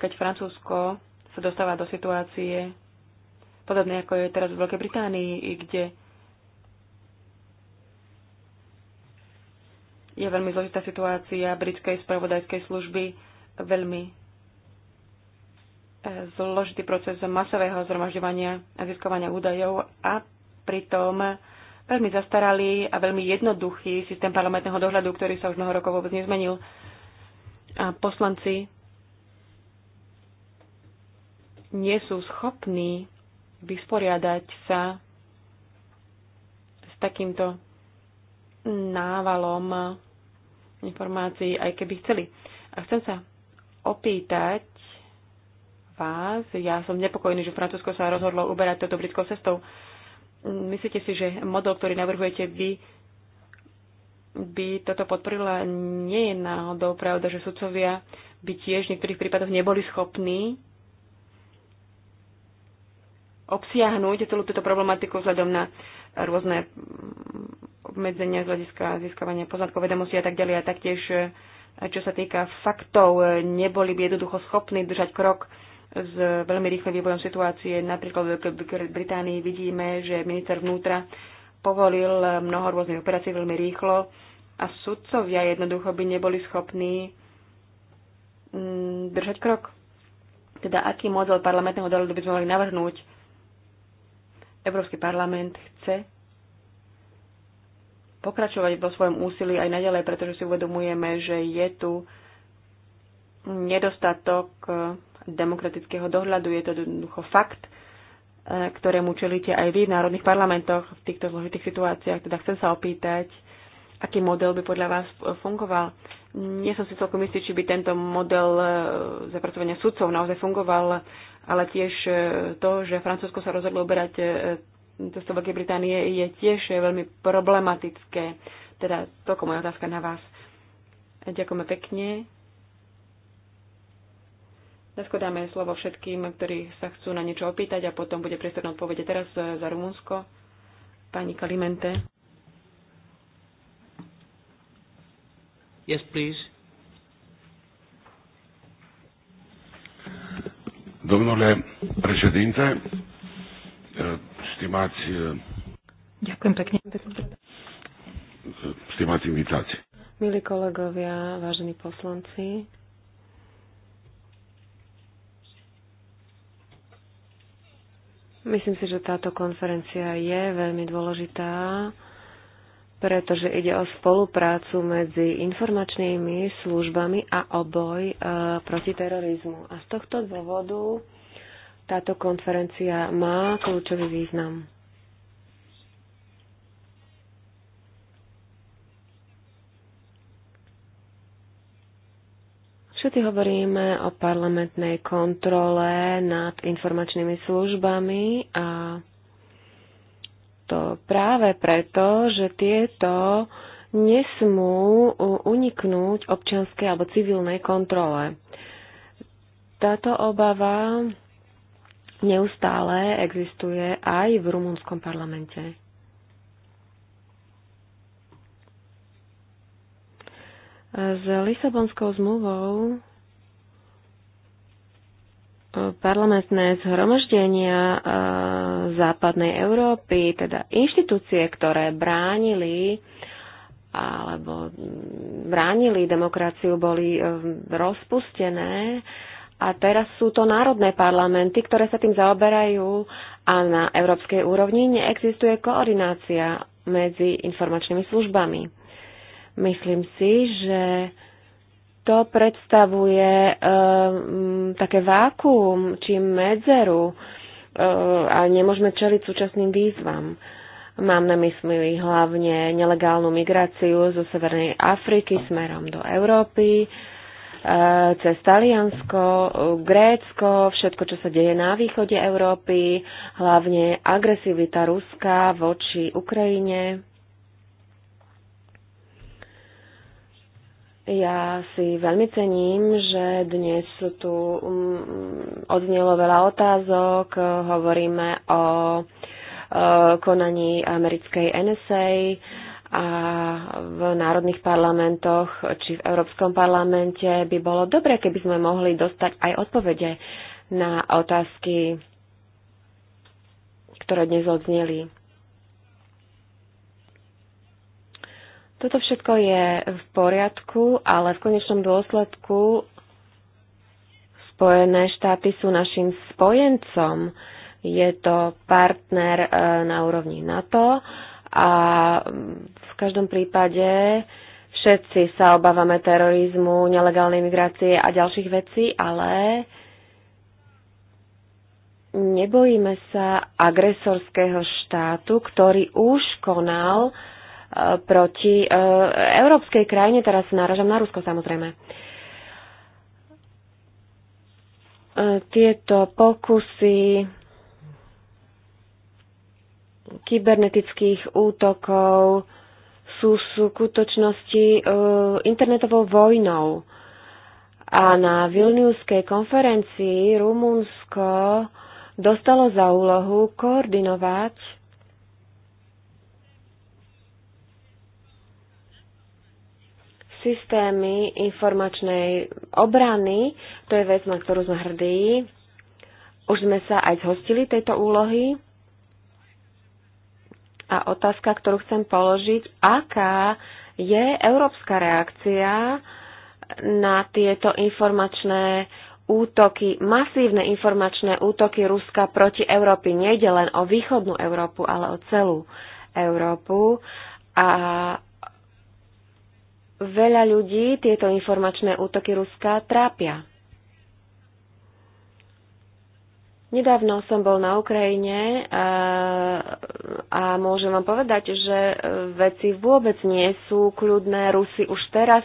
keď Francúzsko sa dostáva do situácie podobné ako je teraz v Veľkej Británii, kde je veľmi zložitá situácia britskej spravodajskej služby, veľmi e, zložitý proces masového zhromažďovania a získovania údajov a pritom veľmi zastaralý a veľmi jednoduchý systém parlamentného dohľadu, ktorý sa už mnoho rokov vôbec nezmenil. A poslanci nie sú schopní vysporiadať sa s takýmto návalom informácií, aj keby chceli. A chcem sa opýtať vás, ja som nepokojný, že Francúzsko sa rozhodlo uberať toto britskou cestou. Myslíte si, že model, ktorý navrhujete vy, by toto podporila? Nie je náhodou pravda, že sudcovia by tiež v niektorých prípadoch neboli schopní obsiahnuť celú túto problematiku vzhľadom na rôzne obmedzenia z hľadiska získavania poznatkov, vedomostí a tak ďalej. A taktiež, čo sa týka faktov, neboli by jednoducho schopní držať krok s veľmi rýchlym vývojom situácie. Napríklad v Británii vidíme, že minister vnútra povolil mnoho rôznych operácií veľmi rýchlo a sudcovia jednoducho by neboli schopní mm, držať krok. Teda aký model parlamentného dohľadu by sme mohli navrhnúť? Európsky parlament chce pokračovať vo svojom úsilí aj naďalej, pretože si uvedomujeme, že je tu nedostatok demokratického dohľadu. Je to jednoducho fakt, e, ktorému čelíte aj vy v národných parlamentoch v týchto zložitých situáciách. Teda chcem sa opýtať, aký model by podľa vás fungoval. Nie som si celkom istý, či by tento model e, zapracovania sudcov naozaj fungoval, ale tiež e, to, že Francúzsko sa rozhodlo uberať cestou Veľkej Británie, je tiež veľmi problematické. Teda toľko moja otázka na vás. Ďakujeme pekne. Dnesko dáme slovo všetkým, ktorí sa chcú na niečo opýtať a potom bude priestor na odpovede. Teraz za Rumunsko, pani Kalimente. Yes, please. Domnule președinte, stimați... Ďakujem pekne. Stimați invitați. Milí kolegovia, vážení poslanci, Myslím si, že táto konferencia je veľmi dôležitá, pretože ide o spoluprácu medzi informačnými službami a oboj e, proti terorizmu. A z tohto dôvodu táto konferencia má kľúčový význam. Všetci hovoríme o parlamentnej kontrole nad informačnými službami a to práve preto, že tieto nesmú uniknúť občianskej alebo civilnej kontrole. Táto obava neustále existuje aj v rumunskom parlamente. S Lisabonskou zmluvou parlamentné zhromaždenia e, západnej Európy, teda inštitúcie, ktoré bránili alebo bránili demokraciu, boli e, rozpustené a teraz sú to národné parlamenty, ktoré sa tým zaoberajú a na európskej úrovni neexistuje koordinácia medzi informačnými službami. Myslím si, že to predstavuje um, také vákuum či medzeru um, a nemôžeme čeliť súčasným výzvam. Mám na mysli hlavne nelegálnu migráciu zo Severnej Afriky smerom do Európy, e, cez Taliansko, Grécko, všetko, čo sa deje na východe Európy, hlavne agresivita Ruska voči Ukrajine. Ja si veľmi cením, že dnes sú tu mm, odznelo veľa otázok, hovoríme o e, konaní americkej NSA a v národných parlamentoch či v Európskom parlamente by bolo dobre, keby sme mohli dostať aj odpovede na otázky, ktoré dnes odzneli. Toto všetko je v poriadku, ale v konečnom dôsledku Spojené štáty sú našim spojencom. Je to partner e, na úrovni NATO a v každom prípade všetci sa obávame terorizmu, nelegálnej migrácie a ďalších vecí, ale nebojíme sa agresorského štátu, ktorý už konal uh, proti e, európskej krajine, teraz náražam na Rusko samozrejme. E, tieto pokusy kybernetických útokov sú v skutočnosti e, internetovou vojnou. A na Vilniuskej konferencii Rumunsko dostalo za úlohu koordinovať systémy informačnej obrany, to je vec, na ktorú sme hrdí. Už sme sa aj zhostili tejto úlohy. A otázka, ktorú chcem položiť, aká je európska reakcia na tieto informačné útoky, masívne informačné útoky Ruska proti Európy. Nejde len o východnú Európu, ale o celú Európu. A Veľa ľudí tieto informačné útoky Ruska trápia. Nedávno som bol na Ukrajine a, eh, a môžem vám povedať, že eh, veci vôbec nie sú kľudné. Rusi už teraz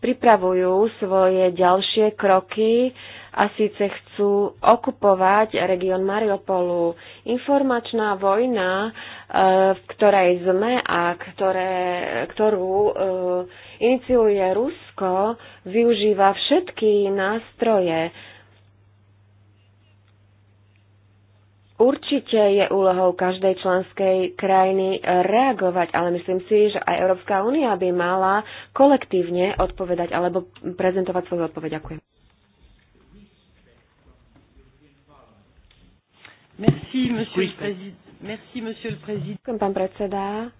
pripravujú svoje ďalšie kroky a síce chcú okupovať región Mariupolu. Informačná vojna, eh, v ktorej sme a ktoré, ktorú iniciuje Rusko, využíva všetky nástroje. Určite je úlohou každej členskej krajiny reagovať, ale myslím si, že aj Európska únia by mala kolektívne odpovedať alebo prezentovať svoju odpoveď. Ďakujem. Merci, monsieur le président. Merci, monsieur le président. Ďakujem, pán predseda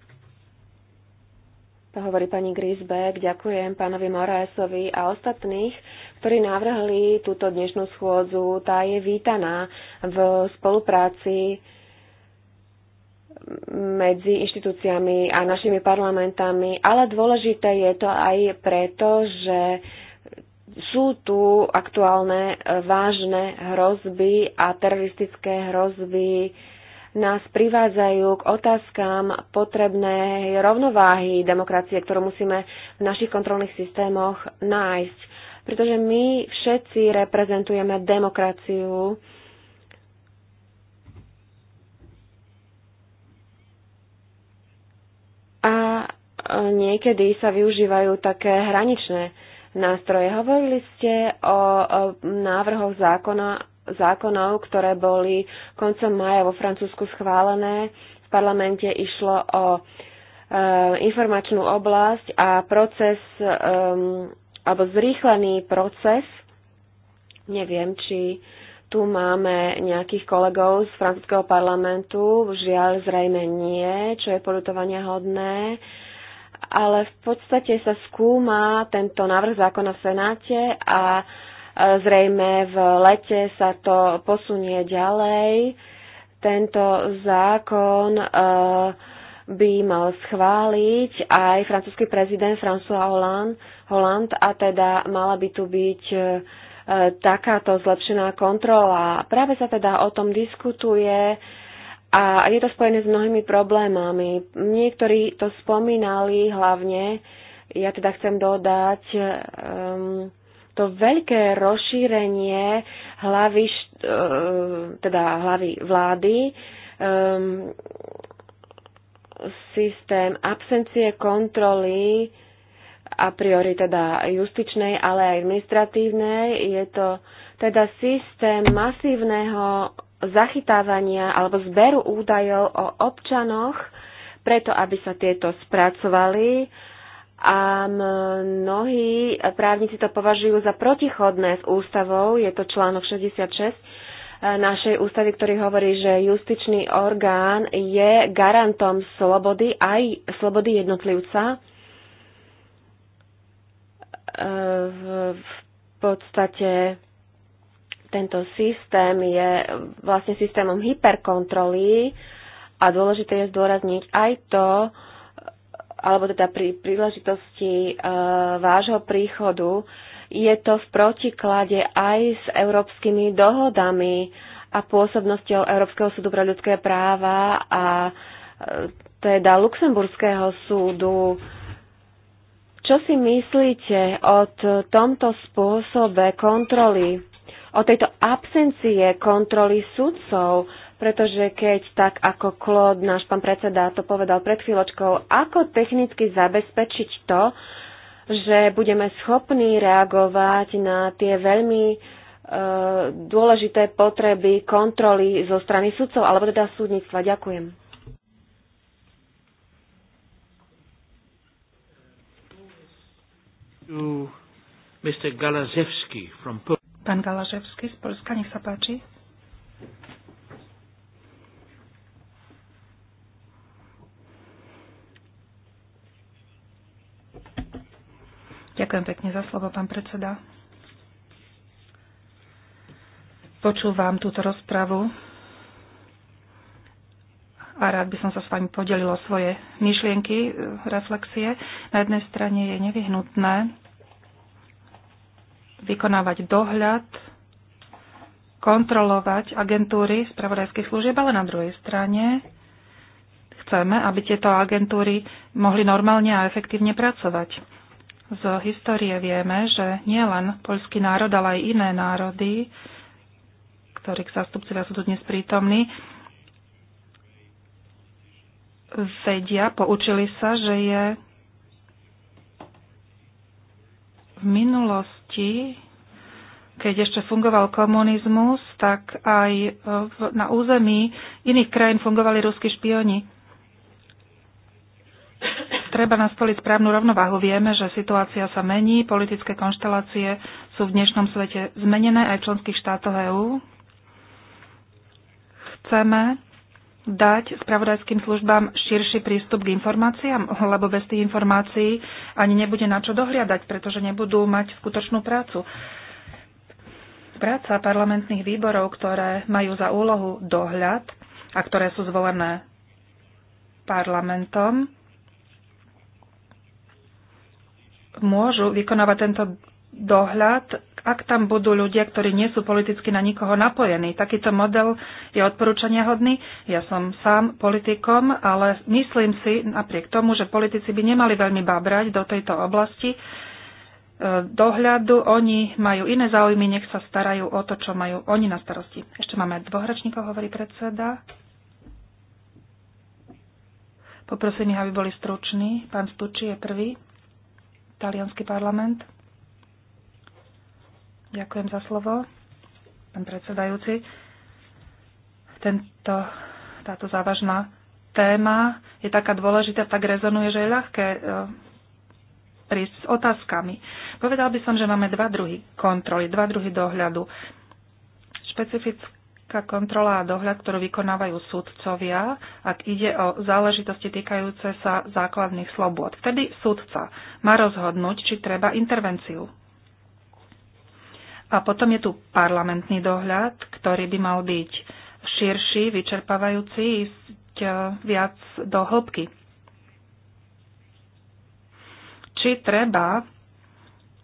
to hovorí pani Grisbeck, ďakujem pánovi Moraesovi a ostatných, ktorí navrhli túto dnešnú schôdzu. Tá je vítaná v spolupráci medzi inštitúciami a našimi parlamentami, ale dôležité je to aj preto, že sú tu aktuálne vážne hrozby a teroristické hrozby nás privádzajú k otázkam potrebnej rovnováhy demokracie, ktorú musíme v našich kontrolných systémoch nájsť. Pretože my všetci reprezentujeme demokraciu. A niekedy sa využívajú také hraničné nástroje. Hovorili ste o návrhoch zákona zákonov, ktoré boli koncom maja vo Francúzsku schválené. V parlamente išlo o e, informačnú oblasť a proces, e, alebo zrýchlený proces. Neviem, či tu máme nejakých kolegov z francúzského parlamentu, žiaľ zrejme nie, čo je poľutovania hodné, ale v podstate sa skúma tento návrh zákona v Senáte a Zrejme v lete sa to posunie ďalej. Tento zákon e, by mal schváliť aj francúzsky prezident François Hollande, Hollande a teda mala by tu byť e, takáto zlepšená kontrola. Práve sa teda o tom diskutuje a je to spojené s mnohými problémami. Niektorí to spomínali hlavne, ja teda chcem dodať, um, to veľké rozšírenie hlavy, e, teda hlavy vlády, um, systém absencie kontroly a priori teda justičnej, ale aj administratívnej. Je to teda systém masívneho zachytávania alebo zberu údajov o občanoch, preto aby sa tieto spracovali a mnohí právnici to považujú za protichodné s ústavou, je to článok 66 e, našej ústavy, ktorý hovorí, že justičný orgán je garantom slobody aj slobody jednotlivca. E, v podstate tento systém je vlastne systémom hyperkontroly a dôležité je zdôrazniť aj to, alebo teda pri príležitosti e, vášho príchodu, je to v protiklade aj s európskymi dohodami a pôsobnosťou Európskeho súdu pre ľudské práva a e, teda Luxemburského súdu. Čo si myslíte o tomto spôsobe kontroly, o tejto absencie kontroly sudcov? pretože keď tak, ako klod náš pán predseda, to povedal pred chvíľočkou, ako technicky zabezpečiť to, že budeme schopní reagovať na tie veľmi e, dôležité potreby kontroly zo strany sudcov, alebo teda súdnictva. Ďakujem. Pán Galaževský z Polska, nech sa páči. Ďakujem pekne za slovo, pán predseda. Počúvam túto rozpravu a rád by som sa s vami podelilo svoje myšlienky, e, reflexie. Na jednej strane je nevyhnutné vykonávať dohľad, kontrolovať agentúry spravodajských služieb, ale na druhej strane chceme, aby tieto agentúry mohli normálne a efektívne pracovať. Z histórie vieme, že nielen poľský národ, ale aj iné národy, ktorých zastupcovia sú tu dnes prítomní, vedia, poučili sa, že je v minulosti, keď ešte fungoval komunizmus, tak aj na území iných krajín fungovali ruskí špioni treba nastoliť správnu rovnováhu. Vieme, že situácia sa mení, politické konštelácie sú v dnešnom svete zmenené aj v členských štátoch EÚ. Chceme dať spravodajským službám širší prístup k informáciám, lebo bez tých informácií ani nebude na čo dohliadať, pretože nebudú mať skutočnú prácu. Práca parlamentných výborov, ktoré majú za úlohu dohľad a ktoré sú zvolené parlamentom, môžu vykonávať tento dohľad, ak tam budú ľudia, ktorí nie sú politicky na nikoho napojení. Takýto model je odporúčania hodný. Ja som sám politikom, ale myslím si napriek tomu, že politici by nemali veľmi bábrať do tejto oblasti e, dohľadu. Oni majú iné záujmy, nech sa starajú o to, čo majú oni na starosti. Ešte máme dvoch rečníkov, hovorí predseda. Poprosím ich, aby boli struční. Pán stučí je prvý talianský parlament. Ďakujem za slovo, pán predsedajúci. Tento, táto závažná téma je taká dôležitá, tak rezonuje, že je ľahké e, prísť s otázkami. Povedal by som, že máme dva druhy kontroly, dva druhy dohľadu. Špecifické Aká kontrola a dohľad, ktorú vykonávajú súdcovia, ak ide o záležitosti týkajúce sa základných slobôd? Vtedy súdca má rozhodnúť, či treba intervenciu. A potom je tu parlamentný dohľad, ktorý by mal byť širší, vyčerpávajúci, ísť e, viac do hĺbky. Či treba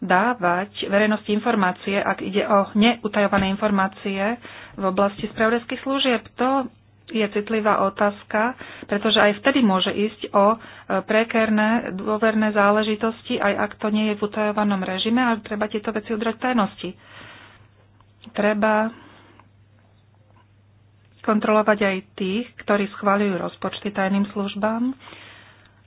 dávať verejnosti informácie, ak ide o neutajované informácie v oblasti spravodajských služieb. To je citlivá otázka, pretože aj vtedy môže ísť o e, prekerné dôverné záležitosti, aj ak to nie je v utajovanom režime, ale treba tieto veci udrať v tajnosti. Treba kontrolovať aj tých, ktorí schváľujú rozpočty tajným službám,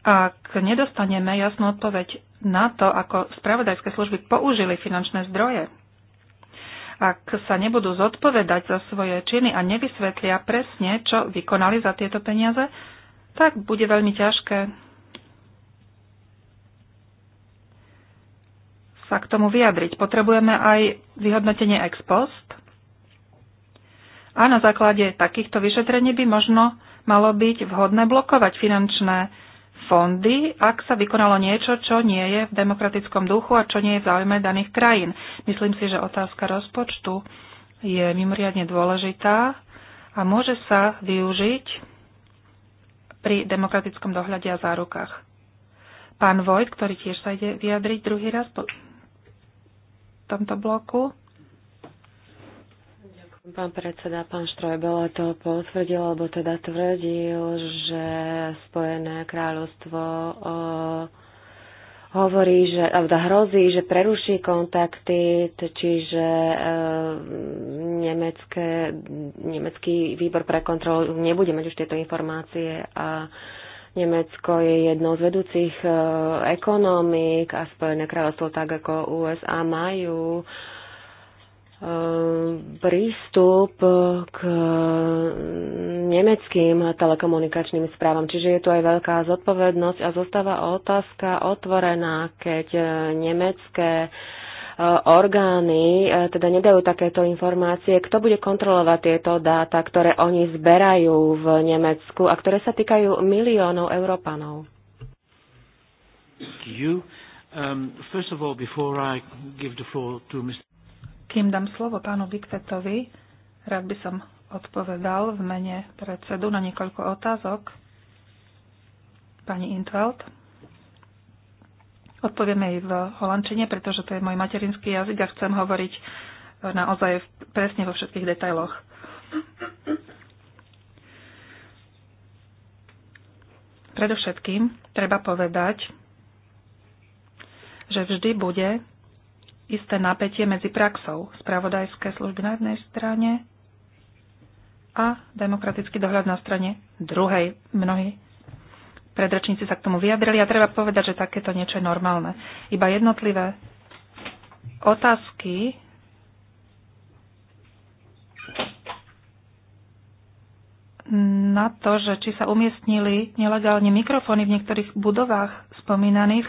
ak nedostaneme jasnú odpoveď na to, ako spravodajské služby použili finančné zdroje, ak sa nebudú zodpovedať za svoje činy a nevysvetlia presne, čo vykonali za tieto peniaze, tak bude veľmi ťažké sa k tomu vyjadriť. Potrebujeme aj vyhodnotenie ex post a na základe takýchto vyšetrení by možno malo byť vhodné blokovať finančné fondy, ak sa vykonalo niečo, čo nie je v demokratickom duchu a čo nie je v záujme daných krajín. Myslím si, že otázka rozpočtu je mimoriadne dôležitá a môže sa využiť pri demokratickom dohľade a zárukách. Pán Vojt, ktorý tiež sa ide vyjadriť druhý raz po tomto bloku. Pán predseda, pán Štrojbel to potvrdil, alebo teda tvrdil, že Spojené kráľovstvo o, hovorí, že, alebo teda hrozí, že preruší kontakty, čiže e, nemecké, nemecký výbor pre kontrolu nebude mať už tieto informácie a Nemecko je jednou z vedúcich e, ekonomík a Spojené kráľovstvo tak ako USA majú e, E, prístup k nemeckým telekomunikačným správam. Čiže je tu aj veľká zodpovednosť a zostáva otázka otvorená, keď nemecké e, orgány e, teda nedajú takéto informácie, kto bude kontrolovať tieto dáta, ktoré oni zberajú v Nemecku a ktoré sa týkajú miliónov Európanov. Um, first of all, before I give the floor to Mr. Kým dám slovo pánu Vikvetovi, rád by som odpovedal v mene predsedu na niekoľko otázok. Pani Intveld. Odpoviem jej v holandčine, pretože to je môj materinský jazyk a chcem hovoriť naozaj presne vo všetkých detailoch. Predovšetkým treba povedať, že vždy bude isté napätie medzi praxou spravodajské služby na jednej strane a demokratický dohľad na strane druhej. Mnohí predračníci sa k tomu vyjadrili a treba povedať, že takéto niečo je normálne. Iba jednotlivé otázky na to, že či sa umiestnili nelegálne mikrofóny v niektorých budovách spomínaných,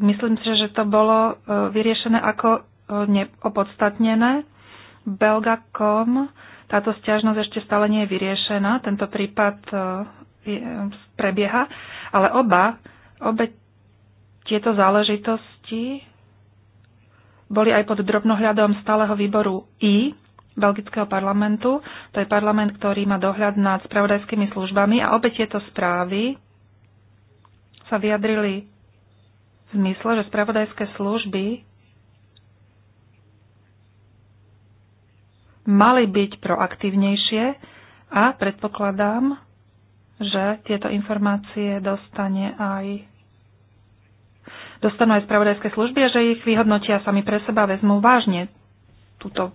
Myslím si, že to bolo e, vyriešené ako e, neopodstatnené. Belga.com, táto stiažnosť ešte stále nie je vyriešená, tento prípad e, prebieha, ale oba, obe tieto záležitosti boli aj pod drobnohľadom stáleho výboru I belgického parlamentu. To je parlament, ktorý má dohľad nad spravodajskými službami a obe tieto správy sa vyjadrili v zmysle, že spravodajské služby mali byť proaktívnejšie a predpokladám, že tieto informácie dostane aj dostanú aj spravodajské služby a že ich vyhodnotia sami pre seba vezmú vážne túto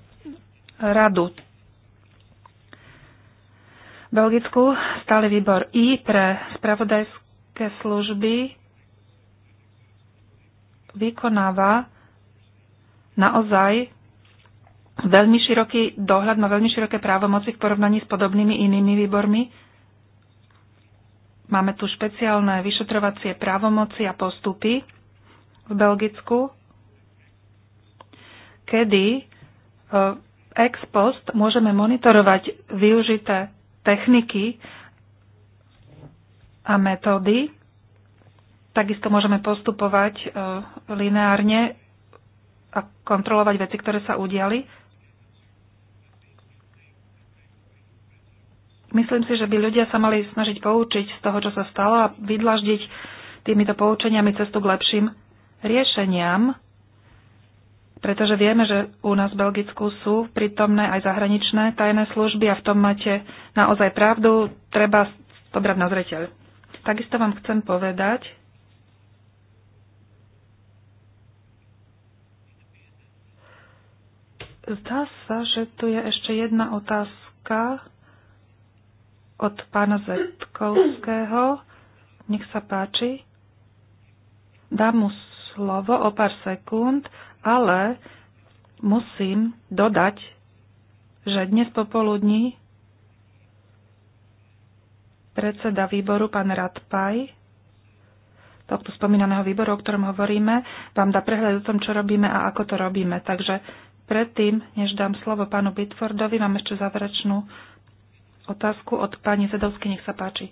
radu. V Belgicku stály výbor I pre spravodajské služby vykonáva naozaj veľmi široký dohľad, má veľmi široké právomoci v porovnaní s podobnými inými výbormi. Máme tu špeciálne vyšetrovacie právomoci a postupy v Belgicku, kedy e, ex post môžeme monitorovať využité techniky a metódy Takisto môžeme postupovať e, lineárne a kontrolovať veci, ktoré sa udiali. Myslím si, že by ľudia sa mali snažiť poučiť z toho, čo sa stalo a vydlaždiť týmito poučeniami cestu k lepším riešeniam, pretože vieme, že u nás v Belgicku sú prítomné aj zahraničné tajné služby a v tom máte naozaj pravdu, treba to brať na zreteľ. Takisto vám chcem povedať, Zdá sa, že tu je ešte jedna otázka od pána Zetkovského. Nech sa páči. Dám mu slovo o pár sekúnd, ale musím dodať, že dnes popoludní predseda výboru, pán Radpaj, tohto spomínaného výboru, o ktorom hovoríme, vám dá prehľad o tom, čo robíme a ako to robíme. Takže Predtým, než dám slovo pánu Bitfordovi, mám ešte záverečnú otázku od pani Zedovsky. Nech sa páči.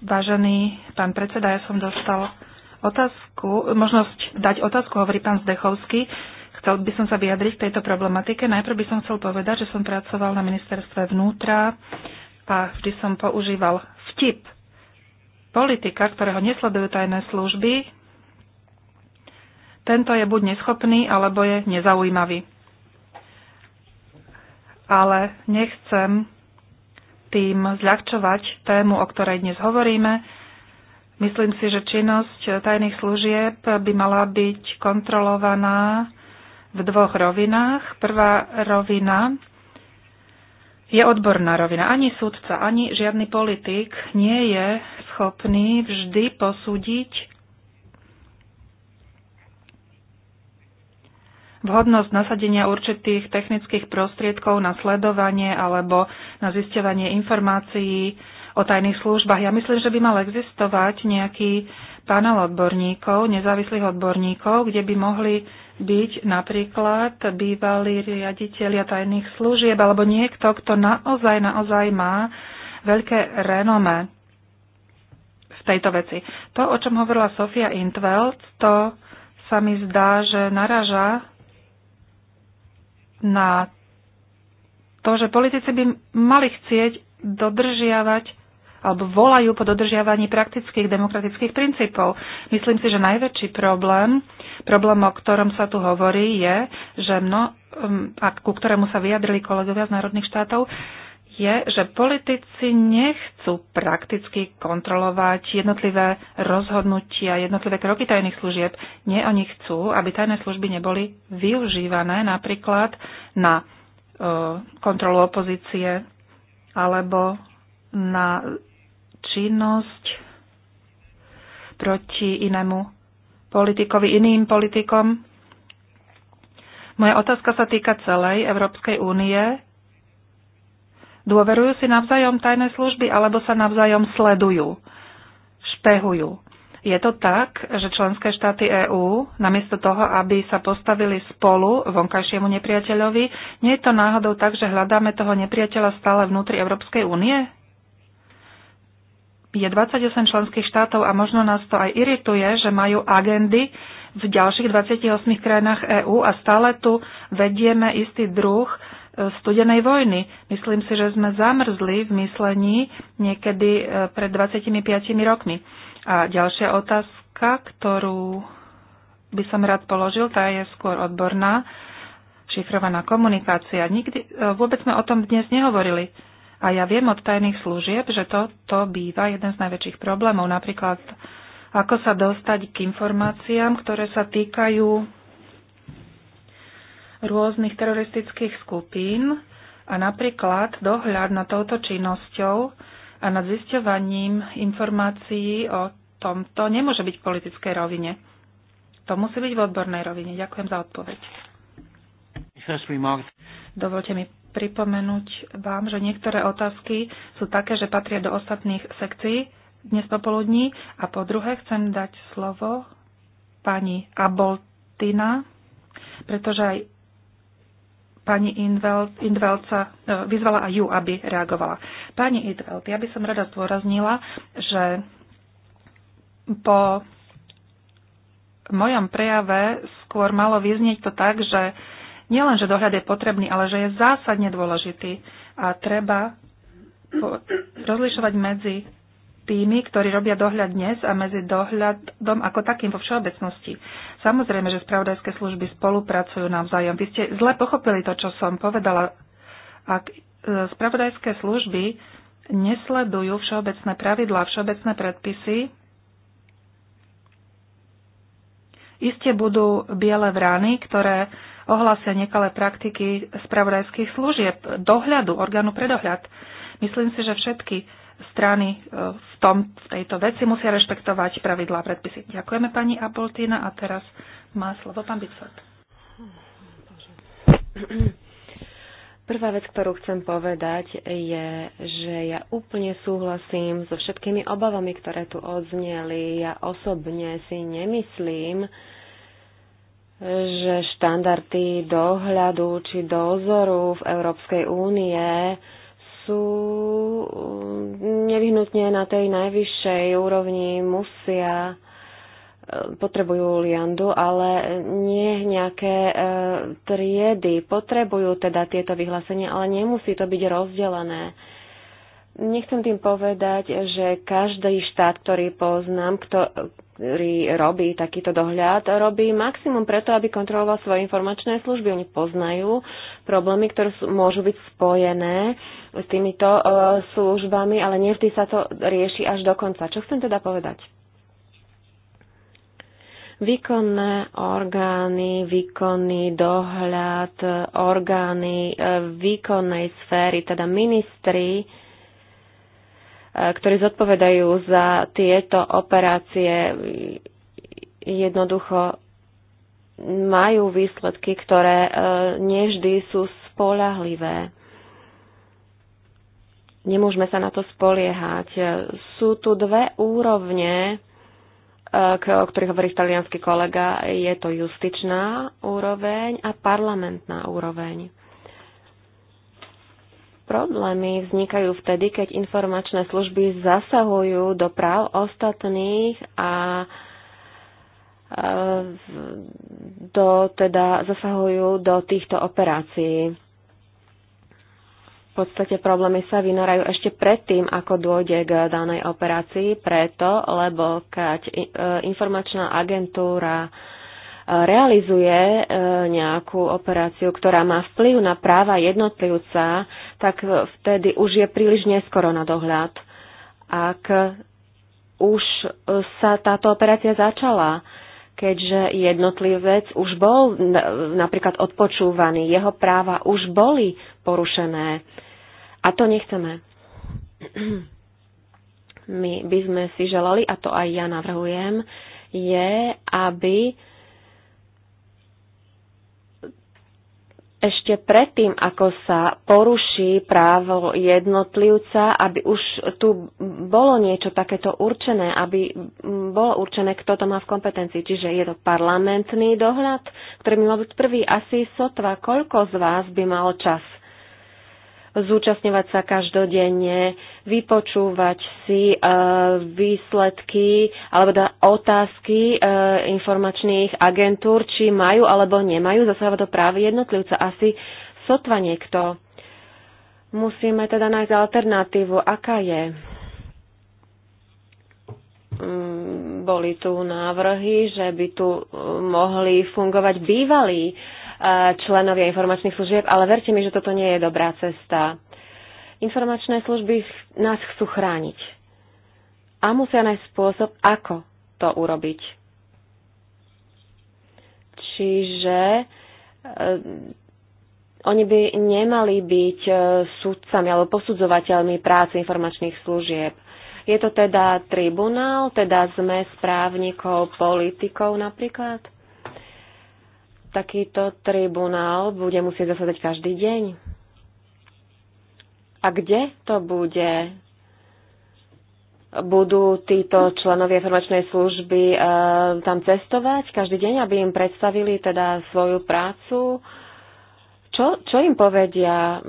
Vážený pán predseda, ja som dostal otázku, možnosť dať otázku, hovorí pán Zdechovský. Chcel by som sa vyjadriť k tejto problematike. Najprv by som chcel povedať, že som pracoval na ministerstve vnútra a vždy som používal vtip. Politika, ktorého nesledujú tajné služby, tento je buď neschopný, alebo je nezaujímavý. Ale nechcem tým zľahčovať tému, o ktorej dnes hovoríme. Myslím si, že činnosť tajných služieb by mala byť kontrolovaná v dvoch rovinách. Prvá rovina je odborná rovina. Ani súdca, ani žiadny politik nie je schopný vždy posúdiť vhodnosť nasadenia určitých technických prostriedkov na sledovanie alebo na zisťovanie informácií o tajných službách. Ja myslím, že by mal existovať nejaký panel odborníkov, nezávislých odborníkov, kde by mohli byť napríklad bývalí riaditeľia tajných služieb alebo niekto, kto naozaj, naozaj má veľké renome v tejto veci. To, o čom hovorila Sofia Intveld, to sa mi zdá, že naraža na to, že politici by mali chcieť dodržiavať alebo volajú po dodržiavaní praktických demokratických princípov. Myslím si, že najväčší problém, problém, o ktorom sa tu hovorí, je, že mno, a ku ktorému sa vyjadrili kolegovia z národných štátov, je, že politici nechcú prakticky kontrolovať jednotlivé rozhodnutia, jednotlivé kroky tajných služieb. Nie, oni chcú, aby tajné služby neboli využívané napríklad na e, kontrolu opozície alebo na činnosť proti inému politikovi, iným politikom. Moja otázka sa týka celej Európskej únie Dôverujú si navzájom tajné služby alebo sa navzájom sledujú, špehujú. Je to tak, že členské štáty EÚ, namiesto toho, aby sa postavili spolu vonkajšiemu nepriateľovi, nie je to náhodou tak, že hľadáme toho nepriateľa stále vnútri Európskej únie? Je 28 členských štátov a možno nás to aj irituje, že majú agendy v ďalších 28 krajinách EÚ a stále tu vedieme istý druh E, studenej vojny. Myslím si, že sme zamrzli v myslení niekedy e, pred 25 rokmi. A ďalšia otázka, ktorú by som rád položil, tá je skôr odborná, šifrovaná komunikácia. Nikdy, e, vôbec sme o tom dnes nehovorili. A ja viem od tajných služieb, že toto býva jeden z najväčších problémov. Napríklad, ako sa dostať k informáciám, ktoré sa týkajú rôznych teroristických skupín a napríklad dohľad na touto činnosťou a nad zisťovaním informácií o tomto nemôže byť v politickej rovine. To musí byť v odbornej rovine. Ďakujem za odpoveď. Dovolte mi pripomenúť vám, že niektoré otázky sú také, že patria do ostatných sekcií dnes popoludní. A po druhé chcem dať slovo pani Aboltina, pretože aj pani Inveld, Indvelca, e, vyzvala aj ju, aby reagovala. Pani Indveld, ja by som rada zdôraznila, že po mojom prejave skôr malo vyznieť to tak, že nielen, že dohľad je potrebný, ale že je zásadne dôležitý a treba rozlišovať medzi tými, ktorí robia dohľad dnes a medzi dohľadom ako takým vo všeobecnosti. Samozrejme, že spravodajské služby spolupracujú navzájom. Vy ste zle pochopili to, čo som povedala. Ak e, spravodajské služby nesledujú všeobecné pravidlá, všeobecné predpisy, iste budú biele vrany, ktoré ohlásia nekalé praktiky spravodajských služieb, dohľadu, orgánu predohľad. Myslím si, že všetky strany e, v, tom, v tejto veci musia rešpektovať pravidlá a predpisy. Ďakujeme pani Apoltína a teraz má slovo pán Bicot. Prvá vec, ktorú chcem povedať, je, že ja úplne súhlasím so všetkými obavami, ktoré tu odzneli. Ja osobne si nemyslím, že štandardy dohľadu či dozoru v Európskej únie sú mm, nevyhnutne na tej najvyššej úrovni, musia, e, potrebujú liandu, ale nie nejaké e, triedy. Potrebujú teda tieto vyhlásenia, ale nemusí to byť rozdelené Nechcem tým povedať, že každý štát, ktorý poznám, ktorý robí takýto dohľad, robí maximum preto, aby kontroloval svoje informačné služby. Oni poznajú problémy, ktoré sú, môžu byť spojené s týmito uh, službami, ale nevždy sa to rieši až do konca. Čo chcem teda povedať? Výkonné orgány, výkonný dohľad, orgány e, výkonnej sféry, teda ministri, ktorí zodpovedajú za tieto operácie, jednoducho majú výsledky, ktoré e, nevždy sú spolahlivé. Nemôžeme sa na to spoliehať. Sú tu dve úrovne, e, o ktorých hovorí italianský kolega. Je to justičná úroveň a parlamentná úroveň. Problémy vznikajú vtedy, keď informačné služby zasahujú do práv ostatných a e, do, teda zasahujú do týchto operácií. V podstate problémy sa vynorajú ešte predtým, ako dôjde k danej operácii, preto, lebo keď e, informačná agentúra realizuje e, nejakú operáciu, ktorá má vplyv na práva jednotlivca, tak vtedy už je príliš neskoro na dohľad. Ak už sa táto operácia začala, keďže jednotlivec už bol napríklad odpočúvaný, jeho práva už boli porušené. A to nechceme. My by sme si želali, a to aj ja navrhujem, je, aby ešte predtým, ako sa poruší právo jednotlivca, aby už tu bolo niečo takéto určené, aby bolo určené, kto to má v kompetencii. Čiže je to parlamentný dohľad, ktorý by mal byť prvý asi sotva. Koľko z vás by mal čas zúčastňovať sa každodenne, vypočúvať si e, výsledky alebo da teda otázky e, informačných agentúr, či majú alebo nemajú zasahovať do práve jednotlivca. Asi sotva niekto. Musíme teda nájsť alternatívu. Aká je? Mm, boli tu návrhy, že by tu e, mohli fungovať bývalí členovia informačných služieb, ale verte mi, že toto nie je dobrá cesta. Informačné služby nás chcú chrániť a musia nájsť spôsob, ako to urobiť. Čiže eh, oni by nemali byť eh, sudcami alebo posudzovateľmi práce informačných služieb. Je to teda tribunál, teda sme správnikov, politikov napríklad? takýto tribunál bude musieť zasadať každý deň. A kde to bude? Budú títo členovia informačnej služby e, tam cestovať každý deň, aby im predstavili teda svoju prácu? Čo, čo im povedia?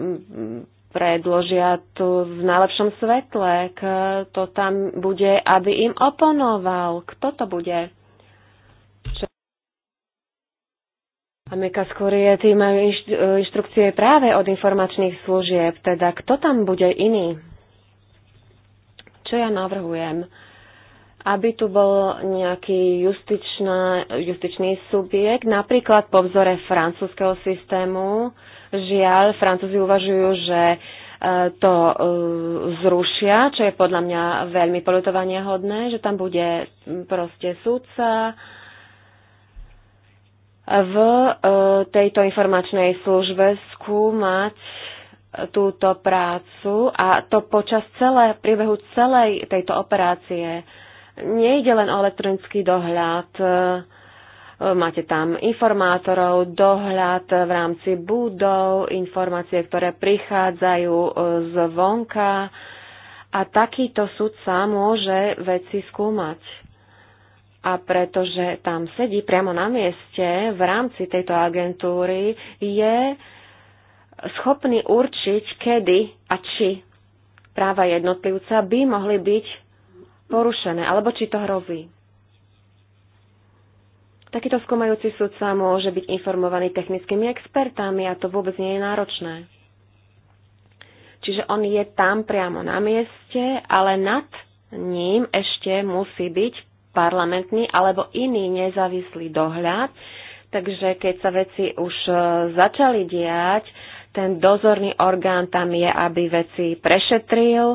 Predložia tu v najlepšom svetle, kto tam bude, aby im oponoval. Kto to bude? A skôr je, tí majú e, inštrukcie práve od informačných služieb, teda kto tam bude iný? Čo ja navrhujem? Aby tu bol nejaký justičná, justičný subjekt, napríklad po vzore francúzského systému. Žiaľ, Francúzi uvažujú, že e, to e, zrušia, čo je podľa mňa veľmi polutovanie hodné, že tam bude proste súdca, v e, tejto informačnej službe skúmať túto prácu a to počas celé, priebehu celej tejto operácie. Nejde len o elektronický dohľad, e, máte tam informátorov, dohľad v rámci budov, informácie, ktoré prichádzajú e, zvonka a takýto sudca môže veci skúmať a pretože tam sedí priamo na mieste v rámci tejto agentúry, je schopný určiť, kedy a či práva jednotlivca by mohli byť porušené, alebo či to hrozí. Takýto skúmajúci sudca môže byť informovaný technickými expertami a to vôbec nie je náročné. Čiže on je tam priamo na mieste, ale nad ním ešte musí byť parlamentný alebo iný nezávislý dohľad. Takže keď sa veci už e, začali diať, ten dozorný orgán tam je, aby veci prešetril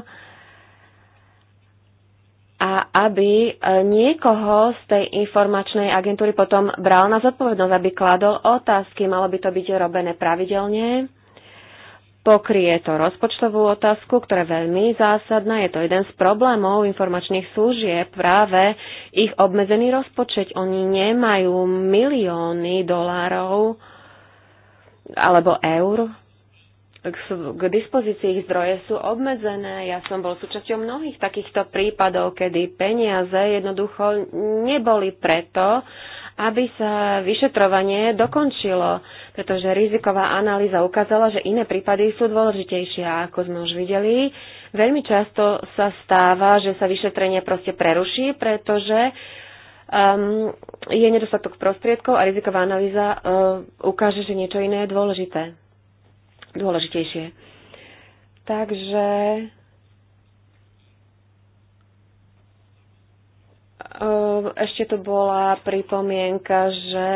a aby e, niekoho z tej informačnej agentúry potom bral na zodpovednosť, aby kladol otázky. Malo by to byť robené pravidelne pokrie to rozpočtovú otázku, ktorá je veľmi zásadná. Je to jeden z problémov informačných služieb, práve ich obmedzený rozpočet. Oni nemajú milióny dolárov alebo eur k dispozícii ich zdroje sú obmedzené. Ja som bol súčasťou mnohých takýchto prípadov, kedy peniaze jednoducho neboli preto, aby sa vyšetrovanie dokončilo, pretože riziková analýza ukázala, že iné prípady sú dôležitejšie. A ako sme už videli, veľmi často sa stáva, že sa vyšetrenie proste preruší, pretože um, je nedostatok prostriedkov a riziková analýza uh, ukáže, že niečo iné je dôležité. Dôležitejšie. Takže Ehm, ešte tu bola pripomienka, že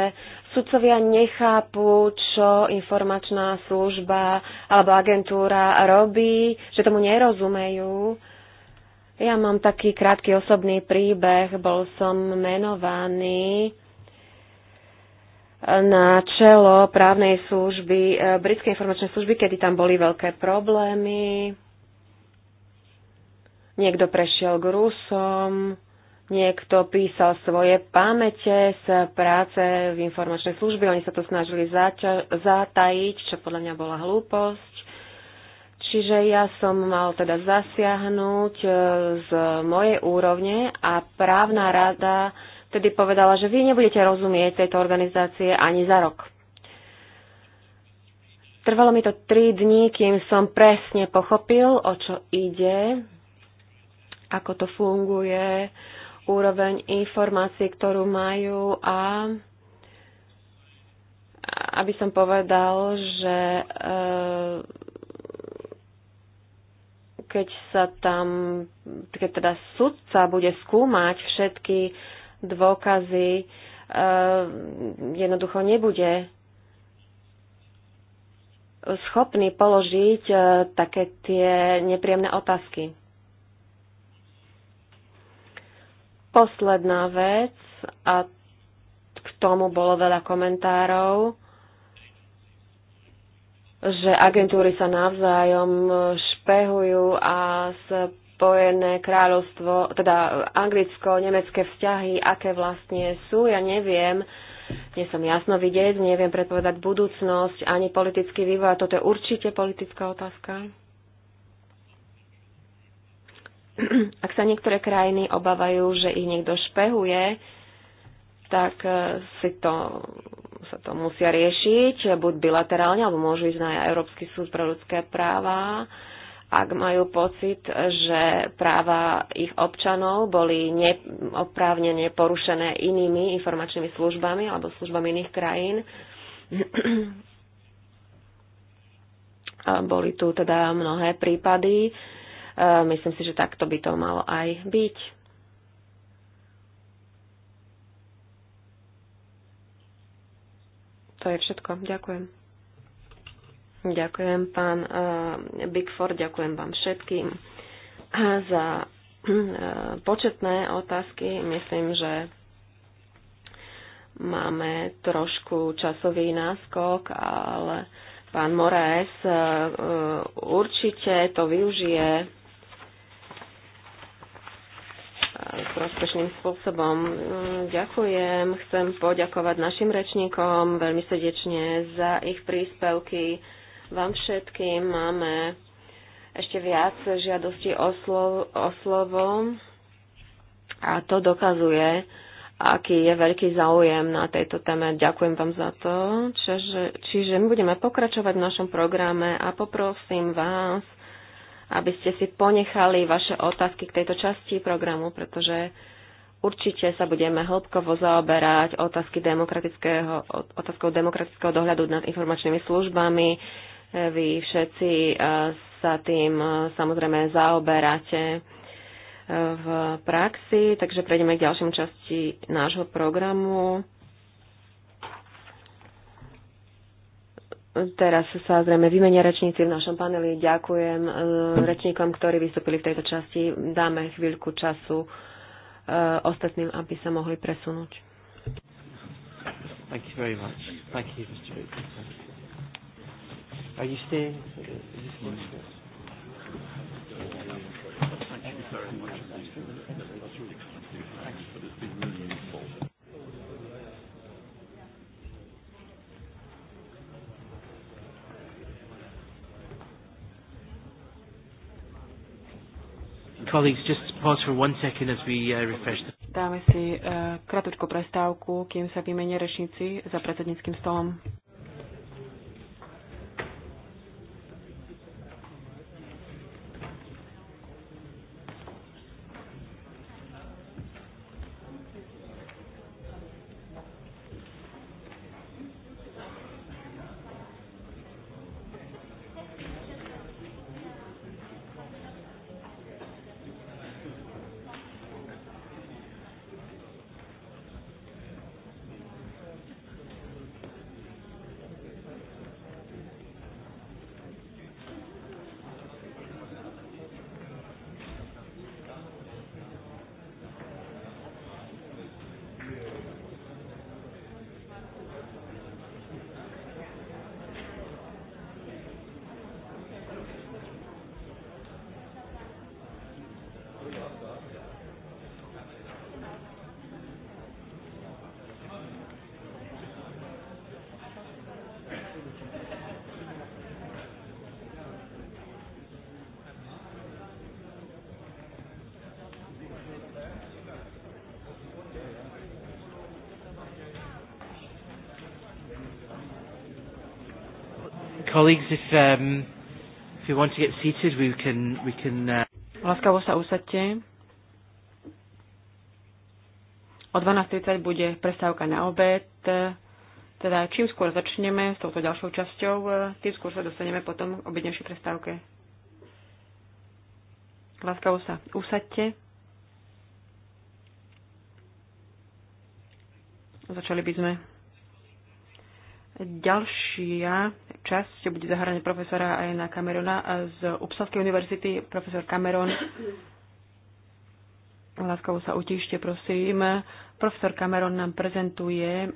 sudcovia nechápu, čo informačná služba alebo agentúra robí, že tomu nerozumejú. Ja mám taký krátky osobný príbeh. Bol som menovaný na čelo právnej služby, e, britskej informačnej služby, kedy tam boli veľké problémy. Niekto prešiel k Rusom, Niekto písal svoje pamäte z práce v informačnej službe, oni sa to snažili zatajiť, čo podľa mňa bola hlúposť. Čiže ja som mal teda zasiahnuť e, z mojej úrovne a právna rada vtedy povedala, že vy nebudete rozumieť tejto organizácie ani za rok. Trvalo mi to tri dní, kým som presne pochopil, o čo ide, ako to funguje, úroveň informácií, ktorú majú a aby som povedal, že e, keď sa tam, keď teda sudca bude skúmať všetky dôkazy, e, jednoducho nebude schopný položiť e, také tie nepríjemné otázky. Posledná vec, a k tomu bolo veľa komentárov, že agentúry sa navzájom špehujú a Spojené kráľovstvo, teda anglicko-nemecké vzťahy, aké vlastne sú, ja neviem. Nie som jasno vidieť, neviem predpovedať budúcnosť ani politický vývoj, a toto je určite politická otázka. Ak sa niektoré krajiny obávajú, že ich niekto špehuje, tak e, si to, sa to musia riešiť, buď bilaterálne, alebo môžu ísť na Európsky súd pre ľudské práva, ak majú pocit, že práva ich občanov boli neoprávnene porušené inými informačnými službami alebo službami iných krajín. boli tu teda mnohé prípady E, myslím si, že takto by to malo aj byť. To je všetko. Ďakujem. Ďakujem, pán e, Bigford, ďakujem vám všetkým za e, početné otázky. Myslím, že máme trošku časový náskok, ale pán Moraes určite to využije prospešným spôsobom. Mm, Ďakujem, chcem poďakovať našim rečníkom veľmi srdečne za ich príspevky. Vám všetkým máme ešte viac žiadosti o slovo, o slovo a to dokazuje, aký je veľký záujem na tejto téme. Ďakujem vám za to. Čiže, čiže my budeme pokračovať v našom programe a poprosím vás, aby ste si ponechali vaše otázky k tejto časti programu, pretože určite sa budeme hĺbkovo zaoberať otázky demokratického, otázkou demokratického dohľadu nad informačnými službami. Vy všetci eh, sa tým eh, samozrejme zaoberáte eh, v praxi, takže prejdeme k ďalším časti nášho programu. Teraz sa zrejme vymenia rečníci v našom paneli. Ďakujem eh, rečníkom, ktorí vystúpili v tejto časti. Dáme chvíľku času eh, ostatným, aby sa mohli presunúť. Thank you very much. Thank you, Mr. Are you staying? Uh, is this Colleagues, just pause for one second as we uh, refresh Dáme si uh, kratučku prestávku, kým sa vymenia rečníci za predsedníckým stolom. Colleagues, if, um, if you want to get seated, we can... We can uh... Láskavo sa usadte. O 12.30 bude prestávka na obed. Teda čím skôr začneme s touto ďalšou časťou, tým skôr sa dostaneme potom k obednejšej prestávke. Láskavo sa usadte. Začali by sme ďalšia časť bude zahrania profesora Ajena Camerona z Upsovskej univerzity. Profesor Cameron, láskavo sa utište, prosím. Profesor Cameron nám prezentuje eh,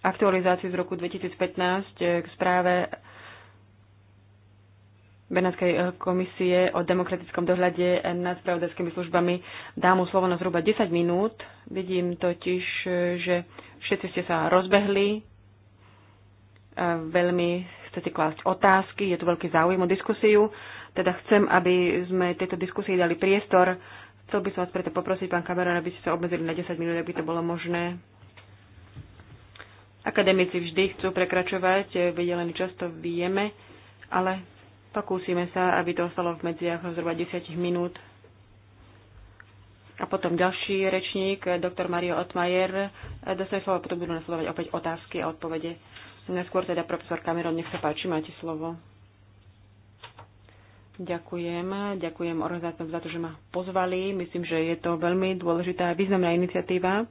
aktualizáciu z roku 2015 eh, k správe Benátskej eh, komisie o demokratickom dohľade nad spravodajskými službami. Dám mu slovo na zhruba 10 minút. Vidím totiž, že všetci ste sa rozbehli, veľmi chcete klásť otázky, je tu veľký záujem o diskusiu, teda chcem, aby sme tejto diskusii dali priestor. Chcel by som vás preto poprosiť, pán Kamerán, aby ste sa obmedzili na 10 minút, aby to bolo možné. Akademici vždy chcú prekračovať, videlený často vieme, ale pokúsime sa, aby to ostalo v medziach zhruba 10 minút. A potom ďalší rečník, doktor Mario Otmajer, dostane slovo, potom budú nasledovať opäť otázky a odpovede. Neskôr teda profesor Cameron, nech sa páči, máte slovo. Ďakujem. Ďakujem organizátorom za to, že ma pozvali. Myslím, že je to veľmi dôležitá a významná iniciatíva.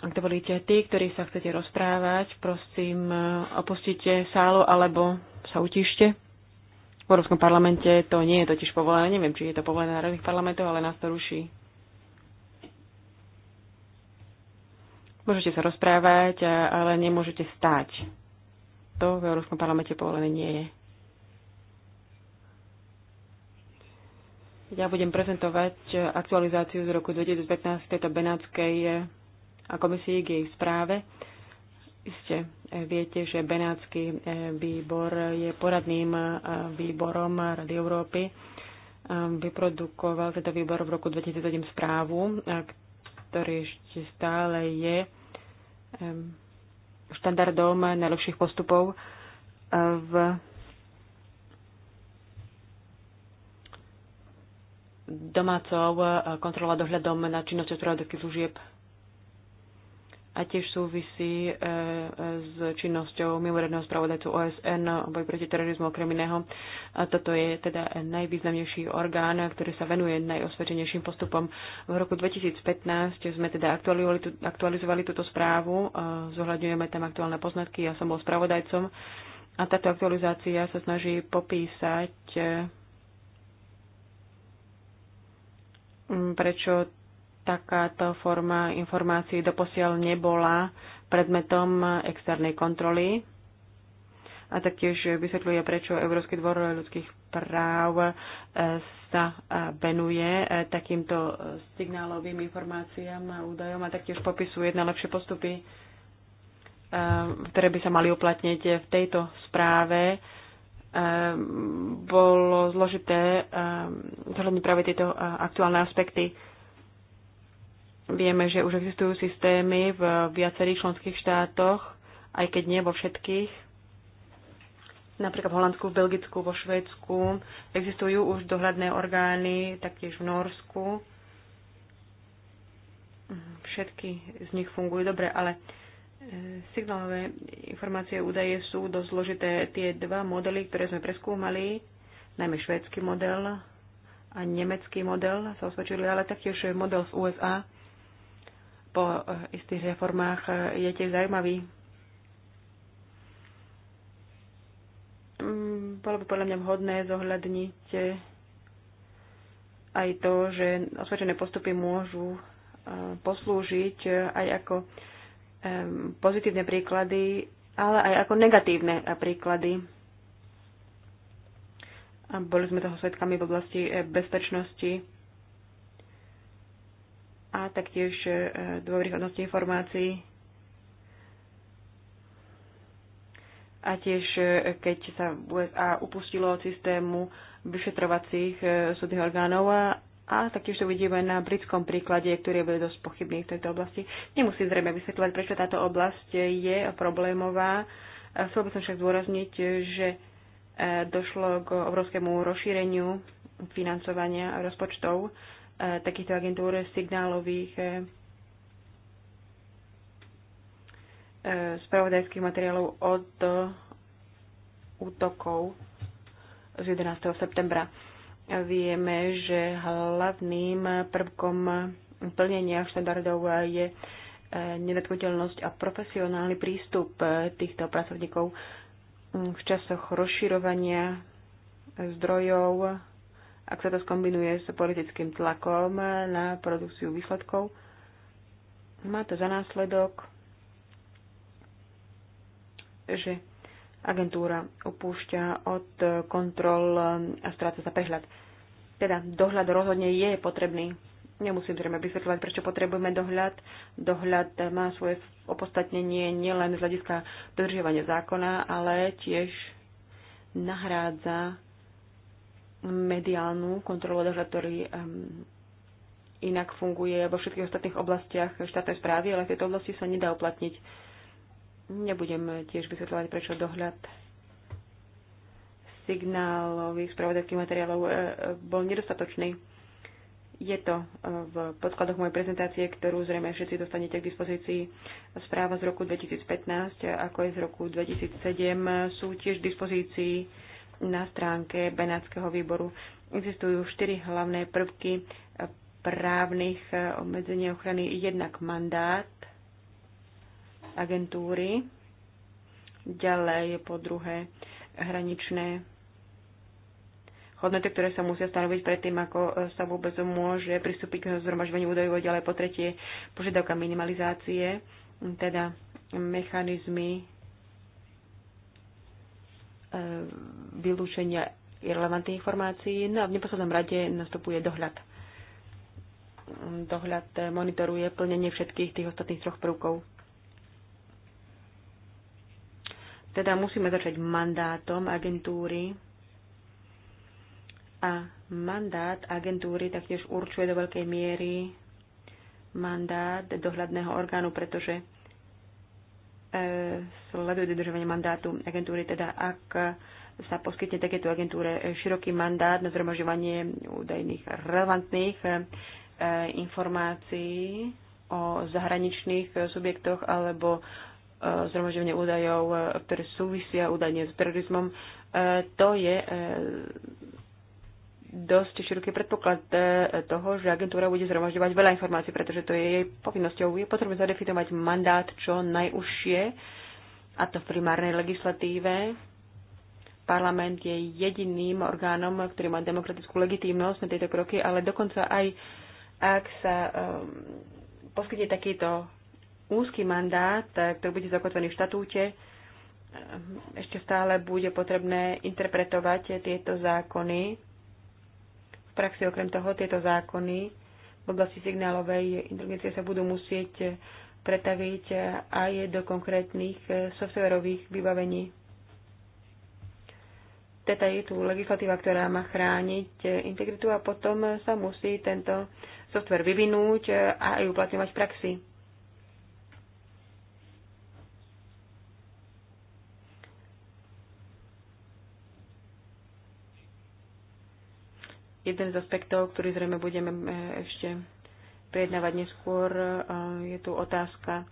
Ak dovolíte, tí, ktorí sa chcete rozprávať, prosím, opustite sálu alebo sa utište. V Európskom parlamente to nie je totiž povolené. Neviem, či je to povolené na národných parlamentoch, ale nás to ruší. Môžete sa rozprávať, ale nemôžete stať. To v Európskom parlamente povolené nie je. Ja budem prezentovať aktualizáciu z roku 2015 tejto Benátskej e, a komisii k jej správe. Iste e, viete, že Benátsky e, výbor je poradným výborom Rady Európy. Vyprodukoval tento výbor v roku 2007 správu, ktorý ešte stále je štandardom najlepších postupov eh, v domácov eh, kontrola dohľadom na činnosti spravodajských služieb a tiež súvisí e, e, s činnosťou mimoriadného spravodajcu OSN o boj proti terorizmu okrem iného. A toto je teda najvýznamnejší orgán, ktorý sa venuje najosvedčenejším postupom. V roku 2015 sme teda aktualizovali, tú, aktualizovali túto správu, e, zohľadňujeme tam aktuálne poznatky, ja som bol spravodajcom a táto aktualizácia sa snaží popísať prečo takáto forma informácií doposiaľ nebola predmetom externej kontroly. A taktiež vysvetľuje, prečo Európsky dvor ľudských práv e, sa e, venuje e, takýmto signálovým informáciám a údajom a taktiež popisuje najlepšie postupy, ktoré by sa mali uplatniť v tejto správe bolo zložité zhľadniť práve tieto aktuálne aspekty. Vieme, že už existujú systémy v viacerých členských štátoch, aj keď nie vo všetkých. Napríklad v Holandsku, v Belgicku, vo Švédsku. Existujú už dohľadné orgány, taktiež v Norsku. Všetky z nich fungujú dobre, ale e, signálové informácie údaje sú dosť zložité. Tie dva modely, ktoré sme preskúmali, najmä švédsky model a nemecký model sa osvedčili, ale taktiež model z USA, po eh, istých reformách eh, je tiež zaujímavý. Mm, bolo by podľa mňa vhodné zohľadniť eh, aj to, že osvedčené postupy môžu poslúžiť aj ako pozitívne príklady, ale aj ako negatívne príklady. A boli sme toho svedkami v oblasti bezpečnosti a taktiež e, dôveryhodnosť informácií. A tiež, e, keď sa USA upustilo od systému vyšetrovacích e, súdnych orgánov a, a taktiež to vidíme na britskom príklade, ktorý je dosť pochybný v tejto oblasti. Nemusím zrejme vysvetľovať, prečo táto oblasť je problémová. Chcel by som však zdôrazniť, že došlo k obrovskému rozšíreniu financovania rozpočtov E, takýchto agentúr signálových e, e, spravodajských materiálov od útokov z 11. septembra. Vieme, že hlavným prvkom plnenia štandardov je nedotknutelnosť a profesionálny prístup týchto pracovníkov v časoch rozširovania zdrojov ak sa to skombinuje s politickým tlakom na produkciu výsledkov, má to za následok, že agentúra opúšťa od kontrol a stráca sa prehľad. Teda dohľad rozhodne je potrebný. Nemusím zrejme vysvetľovať, prečo potrebujeme dohľad. Dohľad má svoje opostatnenie nielen z hľadiska dodržiavania zákona, ale tiež nahrádza mediálnu kontrolu dohľad, ktorý um, inak funguje vo všetkých ostatných oblastiach štátnej správy, ale v tejto oblasti sa nedá uplatniť. Nebudem tiež vysvetľovať, prečo dohľad signálových spravodajských materiálov e, e, bol nedostatočný. Je to e, v podkladoch mojej prezentácie, ktorú zrejme všetci dostanete k dispozícii. Správa z roku 2015, ako je z roku 2007, sú tiež k dispozícii na stránke Benátskeho výboru. Existujú štyri hlavné prvky právnych eh, obmedzení ochrany. Jednak mandát agentúry, ďalej po druhé hraničné hodnoty, ktoré sa musia stanoviť predtým, ako eh, sa vôbec môže pristúpiť k zhromažďovaniu údajov, ďalej po tretie požiadavka minimalizácie, teda mechanizmy E, vylúčenia relevantných informácií. No a v neposlednom rade nastupuje dohľad. Dohľad monitoruje plnenie všetkých tých ostatných troch prvkov. Teda musíme začať mandátom agentúry a mandát agentúry taktiež určuje do veľkej miery mandát dohľadného orgánu, pretože sleduje dodržovanie mandátu agentúry, teda ak sa poskytne takéto agentúre široký mandát na zhromažďovanie údajných relevantných eh, informácií o zahraničných eh, subjektoch alebo eh, zhromažďovanie údajov, ktoré súvisia údajne s terorizmom. To je dosť široký predpoklad e, toho, že agentúra bude zhromažďovať veľa informácií, pretože to je jej povinnosťou. Je potrebné zadefinovať mandát čo najúžšie, a to v primárnej legislatíve. Parlament je jediným orgánom, ktorý má demokratickú legitímnosť na tieto kroky, ale dokonca aj ak sa um, poskytne takýto úzky mandát, ktorý bude zakotvený v štatúte, ehm, ešte stále bude potrebné interpretovať tieto zákony praxi okrem toho tieto zákony v oblasti signálovej inteligencie sa budú musieť pretaviť aj do konkrétnych eh, softverových vybavení. Teda je tu legislatíva, ktorá má chrániť eh, integritu a potom sa musí tento software vyvinúť eh, a aj uplatňovať v praxi. Jeden z aspektov, ktorý zrejme budeme eh, ešte prejednávať neskôr, eh, je tu otázka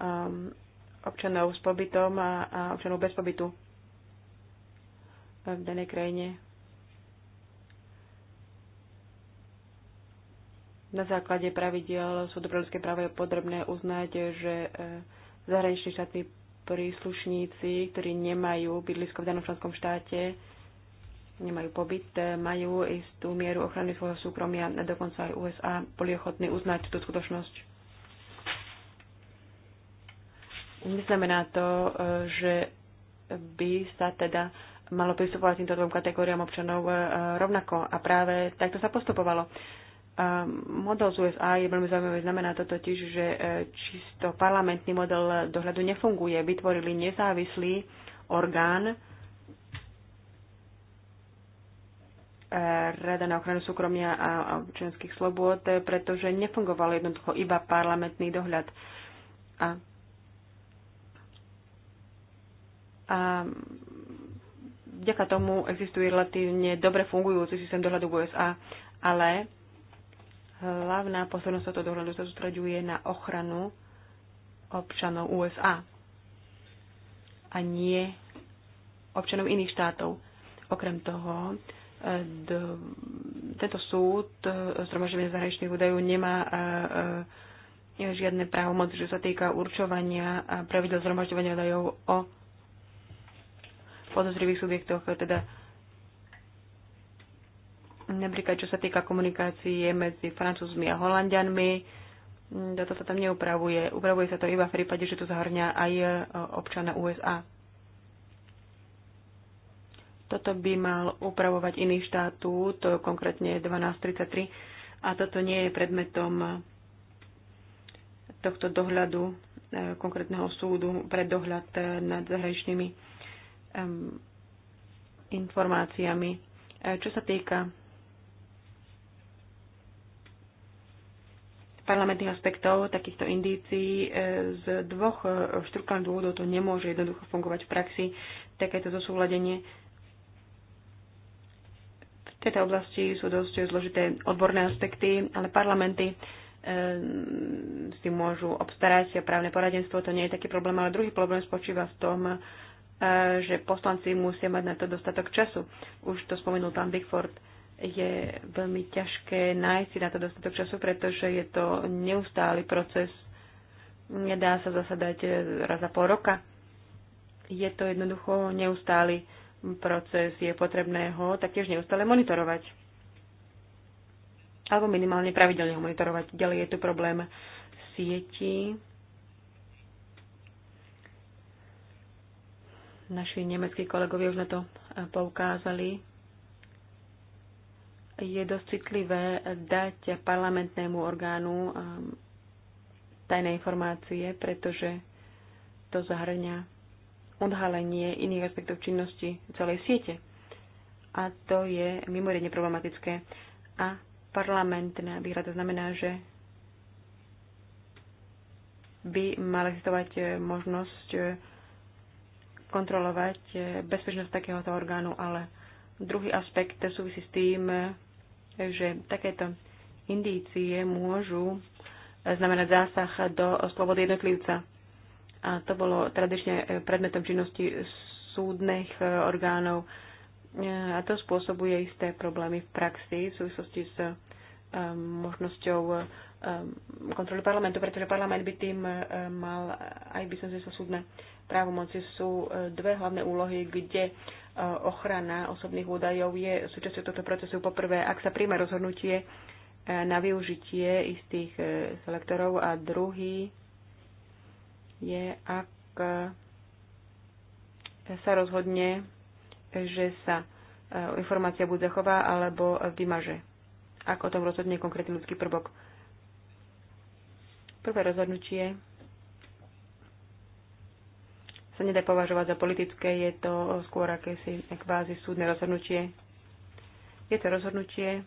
ehm, občanov s pobytom a občanov bez pobytu v danej krajine. Na základe pravidiel sú pre práve práva je potrebné uznať, že eh, zahraniční štátni príslušníci, ktorí nemajú bydlisko v danom členskom štáte, nemajú pobyt, e, majú istú mieru ochrany svojho súkromia, dokonca aj USA boli ochotní uznať túto skutočnosť. Neznamená to, e, že by sa teda malo pristupovať týmto dvom kategóriám občanov e, rovnako. A práve takto sa postupovalo. Model z USA je veľmi zaujímavý. Znamená to totiž, že čisto parlamentný model dohľadu nefunguje. Vytvorili nezávislý orgán, Rada na ochranu súkromia a občianských slobôd, pretože nefungoval jednoducho iba parlamentný dohľad. A, a vďaka tomu existuje relatívne dobre fungujúci systém dohľadu v USA, ale hlavná pozornosť tohto dohľadu sa sústreďuje na ochranu občanov USA a nie občanov iných štátov. Okrem toho, do, tento súd e, zhromaždenia zahraničných údajov nemá e, e, žiadne právomoc, čo sa týka určovania a pravidel zhromažďovania údajov o podozrivých subjektoch, teda napríklad čo sa týka komunikácie medzi Francúzmi a Holandianmi, toto sa tam neupravuje. Upravuje sa to iba v prípade, že to zahrňa aj občana USA. Toto by mal upravovať iný je konkrétne 1233, a toto nie je predmetom tohto dohľadu e, konkrétneho súdu pre dohľad nad zahraničnými informáciami. E, čo sa týka parlamentných aspektov takýchto indícií e, z dvoch štruktúrnych dôvodov to nemôže jednoducho fungovať v praxi. Takéto zosúladenie tejto oblasti sú dosť zložité odborné aspekty, ale parlamenty eh, s tým môžu obstarať a právne poradenstvo, to nie je taký problém, ale druhý problém spočíva v tom, eh, že poslanci musia mať na to dostatok času. Už to spomenul pán Bigford, je veľmi ťažké nájsť si na to dostatok času, pretože je to neustály proces. Nedá sa zasadať eh, raz za pol roka. Je to jednoducho neustály proces, je potrebné ho taktiež neustále monitorovať. Alebo minimálne pravidelne ho monitorovať. Ďalej je tu problém sieti. Naši nemeckí kolegovia už na to poukázali. Je dosť citlivé dať parlamentnému orgánu um, tajné informácie, pretože to zahrňa odhalenie iných aspektov činnosti celej siete. A to je mimoriadne problematické. A parlamentná výhrada to znamená, že by mala existovať e, možnosť e, kontrolovať e, bezpečnosť takéhoto orgánu, ale druhý aspekt súvisí s tým, že takéto indície môžu znamenať zásah do slobody jednotlivca. A to bolo tradične e, predmetom činnosti súdnych e, orgánov. E, a to spôsobuje isté problémy v praxi v súvislosti s možnosťou kontroly parlamentu, pretože parlament by tým mal, aj by som sa súdne právomoci sú dve hlavné úlohy, kde ochrana osobných údajov je súčasťou tohto procesu. Poprvé, ak sa príjme rozhodnutie na využitie istých selektorov a druhý, je, ak sa rozhodne, že sa e, informácia buď zachová alebo vymaže. Ak o tom rozhodne konkrétny ľudský prvok. Prvé rozhodnutie sa nedá považovať za politické, je to skôr akési kvázi súdne rozhodnutie. Je to rozhodnutie,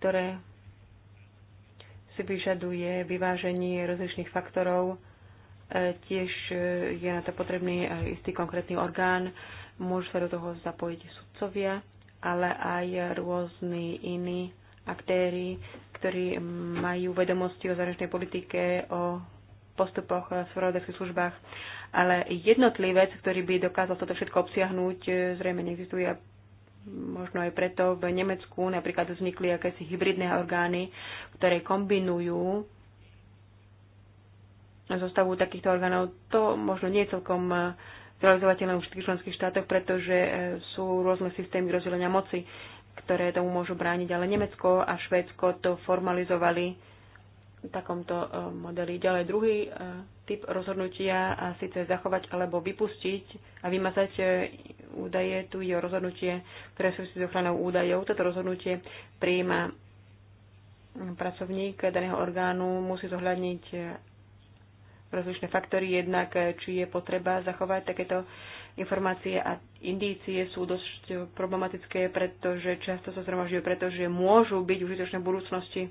ktoré si vyžaduje vyváženie rozličných faktorov. E, tiež e, je na to potrebný istý konkrétny orgán. Môžu sa do toho zapojiť sudcovia, ale aj rôzni iní aktéry, ktorí majú vedomosti o zahraničnej politike, o postupoch v spravodajských službách. Ale jednotlivec, ktorý by dokázal toto všetko obsiahnuť, e, zrejme neexistuje. Možno aj preto v Nemecku napríklad vznikli akési hybridné orgány, ktoré kombinujú zostavu takýchto orgánov. To možno nie je celkom eh, realizovateľné v všetkých členských štátoch, pretože eh, sú rôzne systémy rozdelenia moci, ktoré tomu môžu brániť. Ale Nemecko a Švédsko to formalizovali takomto e, modeli. Ďalej druhý e, typ rozhodnutia, a síce zachovať alebo vypustiť a vymazať e, údaje, tu je rozhodnutie, ktoré sú s ochranou údajov. Toto rozhodnutie prijíma pracovník daného orgánu, musí zohľadniť rozličné faktory, jednak či je potreba zachovať takéto informácie a indície sú dosť problematické, pretože často sa zhromažďujú, pretože môžu byť užitočné v budúcnosti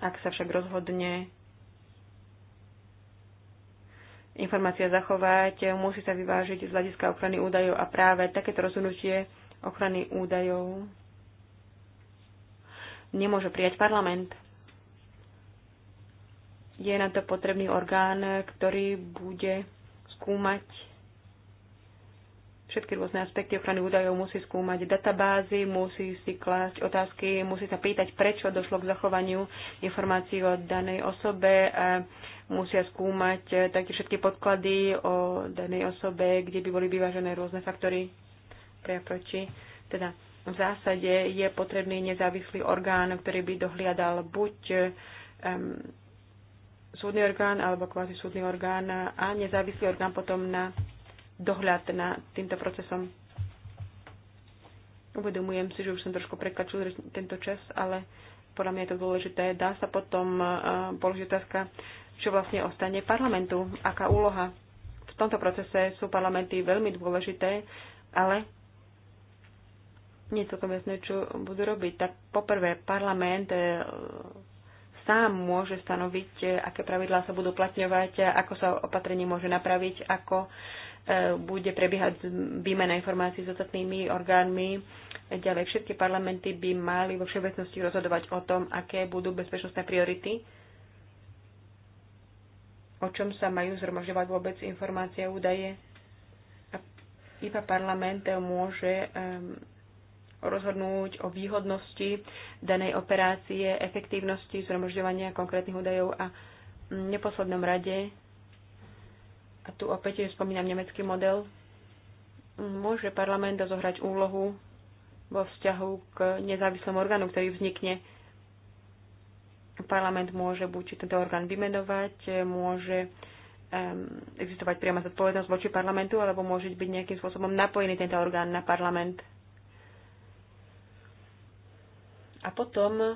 Ak sa však rozhodne informácia zachovať, musí sa vyvážiť z hľadiska ochrany údajov a práve takéto rozhodnutie ochrany údajov nemôže prijať parlament. Je na to potrebný orgán, ktorý bude skúmať všetky rôzne aspekty ochrany údajov, musí skúmať databázy, musí si klásť otázky, musí sa pýtať, prečo došlo k zachovaniu informácií o danej osobe, musia skúmať také všetky podklady o danej osobe, kde by boli vyvážené rôzne faktory pre a proti. Teda v zásade je potrebný nezávislý orgán, ktorý by dohliadal buď um, súdny orgán alebo kvázi súdny orgán a nezávislý orgán potom na dohľad na týmto procesom. Uvedomujem si, že už som trošku prekračil tento čas, ale podľa mňa je to dôležité. Dá sa potom e, položiť otázka, čo vlastne ostane parlamentu, aká úloha. V tomto procese sú parlamenty veľmi dôležité, ale nie celkom jasné, čo budú robiť. Tak poprvé, parlament e, sám môže stanoviť, e, aké pravidlá sa budú platňovať, ako sa opatrenie môže napraviť, ako E, bude prebiehať výmena informácií s ostatnými orgánmi. Ďalej všetky parlamenty by mali vo všeobecnosti rozhodovať o tom, aké budú bezpečnostné priority, o čom sa majú zhromažďovať vôbec informácie a údaje. A iba parlament môže rozhodnúť o výhodnosti danej operácie, efektívnosti zhromažďovania konkrétnych údajov a v neposlednom rade a tu opäť spomínam nemecký model, môže parlament zohrať úlohu vo vzťahu k nezávislému orgánu, ktorý vznikne. Parlament môže buď tento orgán vymenovať, môže um, existovať priama zodpovednosť voči parlamentu, alebo môže byť nejakým spôsobom napojený tento orgán na parlament. A potom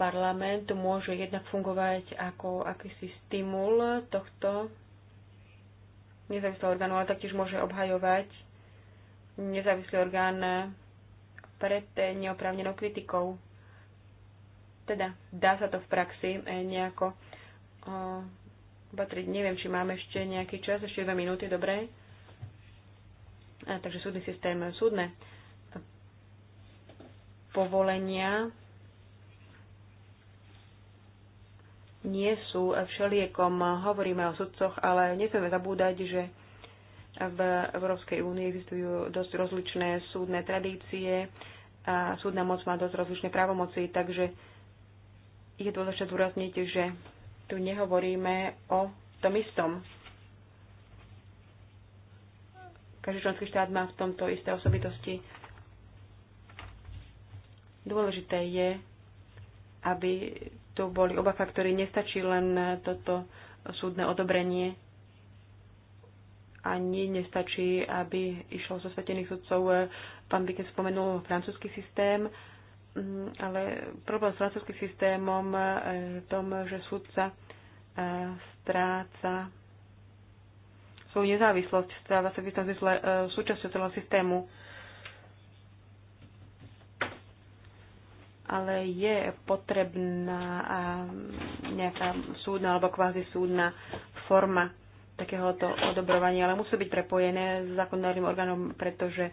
parlament môže jednak fungovať ako akýsi stimul tohto nezávislého orgánu, ale taktiež môže obhajovať nezávislý orgán pred neoprávnenou kritikou. Teda dá sa to v praxi e, nejako e, patriť. Neviem, či máme ešte nejaký čas, ešte dve minúty, dobre? A, e, takže súdny systém, súdne povolenia nie sú všeliekom. Hovoríme o sudcoch, ale nesmieme zabúdať, že v Európskej únii existujú dosť rozličné súdne tradície a súdna moc má dosť rozličné právomoci, takže je dôležité zúrazniť, že tu nehovoríme o tom istom. Každý členský štát má v tomto isté osobitosti. Dôležité je, aby tu boli oba faktory. Nestačí len toto súdne odobrenie. Ani nestačí, aby išlo zo svetených sudcov. Pán Biken spomenul francúzsky systém, mm, ale problém s francúzským systémom je v tom, že sudca e, stráca svoju nezávislosť, stráva sa v istom zmysle e, súčasťou celého systému ale je potrebná nejaká súdna alebo kvázi súdna forma takéhoto odobrovania, ale musí byť prepojené s zákonodárnym orgánom, pretože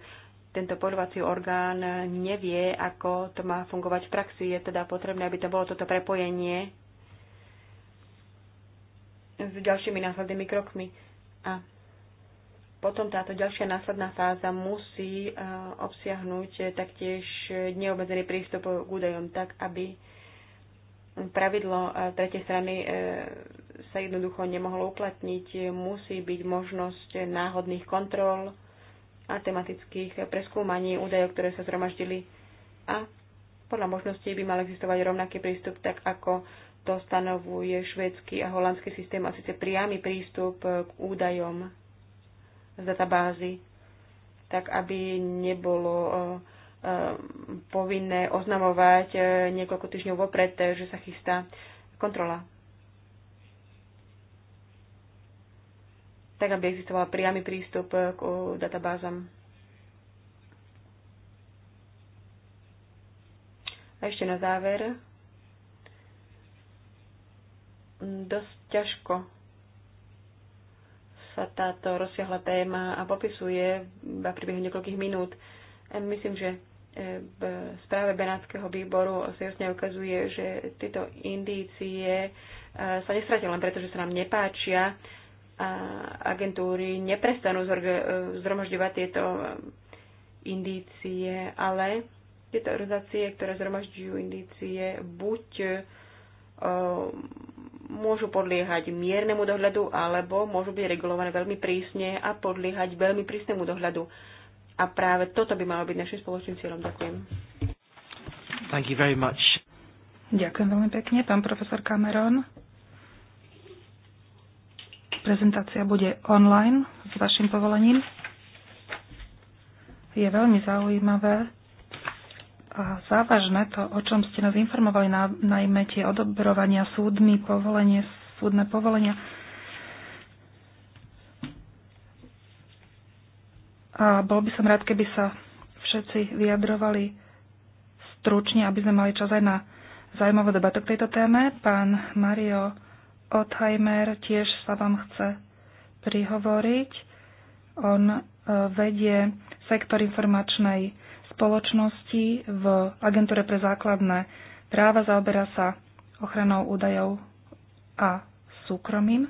tento podvací orgán nevie, ako to má fungovať v praxi. Je teda potrebné, aby to bolo toto prepojenie s ďalšími následnými krokmi. A potom táto ďalšia následná fáza musí eh, obsiahnuť eh, taktiež neobmedzený prístup k údajom, tak aby pravidlo eh, tretej strany sa jednoducho nemohlo uplatniť. Musí byť možnosť náhodných kontrol a tematických preskúmaní údajov, ktoré sa zhromaždili. A podľa možností by mal existovať rovnaký prístup, tak ako to stanovuje švédsky a holandský systém, a síce priamy prístup k údajom z databázy, tak aby nebolo eh, eh, povinné oznamovať eh, niekoľko týždňov vopred, že sa chystá kontrola. Tak, aby existoval priamy prístup k databázam. A ešte na záver. Dosť ťažko sa táto rozsiahla téma a popisuje iba priebehu niekoľkých minút. Myslím, že e, v správe Benátskeho výboru sa jasne ukazuje, že tieto indície e, sa nestratia len preto, že sa nám nepáčia a agentúry neprestanú e, zhromažďovať tieto indície, ale tieto organizácie, ktoré zhromažďujú indície, buď môžu podliehať miernemu dohľadu alebo môžu byť regulované veľmi prísne a podliehať veľmi prísnemu dohľadu. A práve toto by malo byť našim spoločným cieľom. Ďakujem. Thank you very much. Ďakujem veľmi pekne, pán profesor Cameron. Prezentácia bude online s vašim povolením. Je veľmi zaujímavé závažné to, o čom ste nás informovali, na, najmä tie odobrovania súdmi, povolenie, súdne povolenia. A bol by som rád, keby sa všetci vyjadrovali stručne, aby sme mali čas aj na zaujímavú debatu k tejto téme. Pán Mario Otheimer tiež sa vám chce prihovoriť. On eh, vedie sektor informačnej spoločnosti v Agentúre pre základné práva zaoberá sa ochranou údajov a súkromím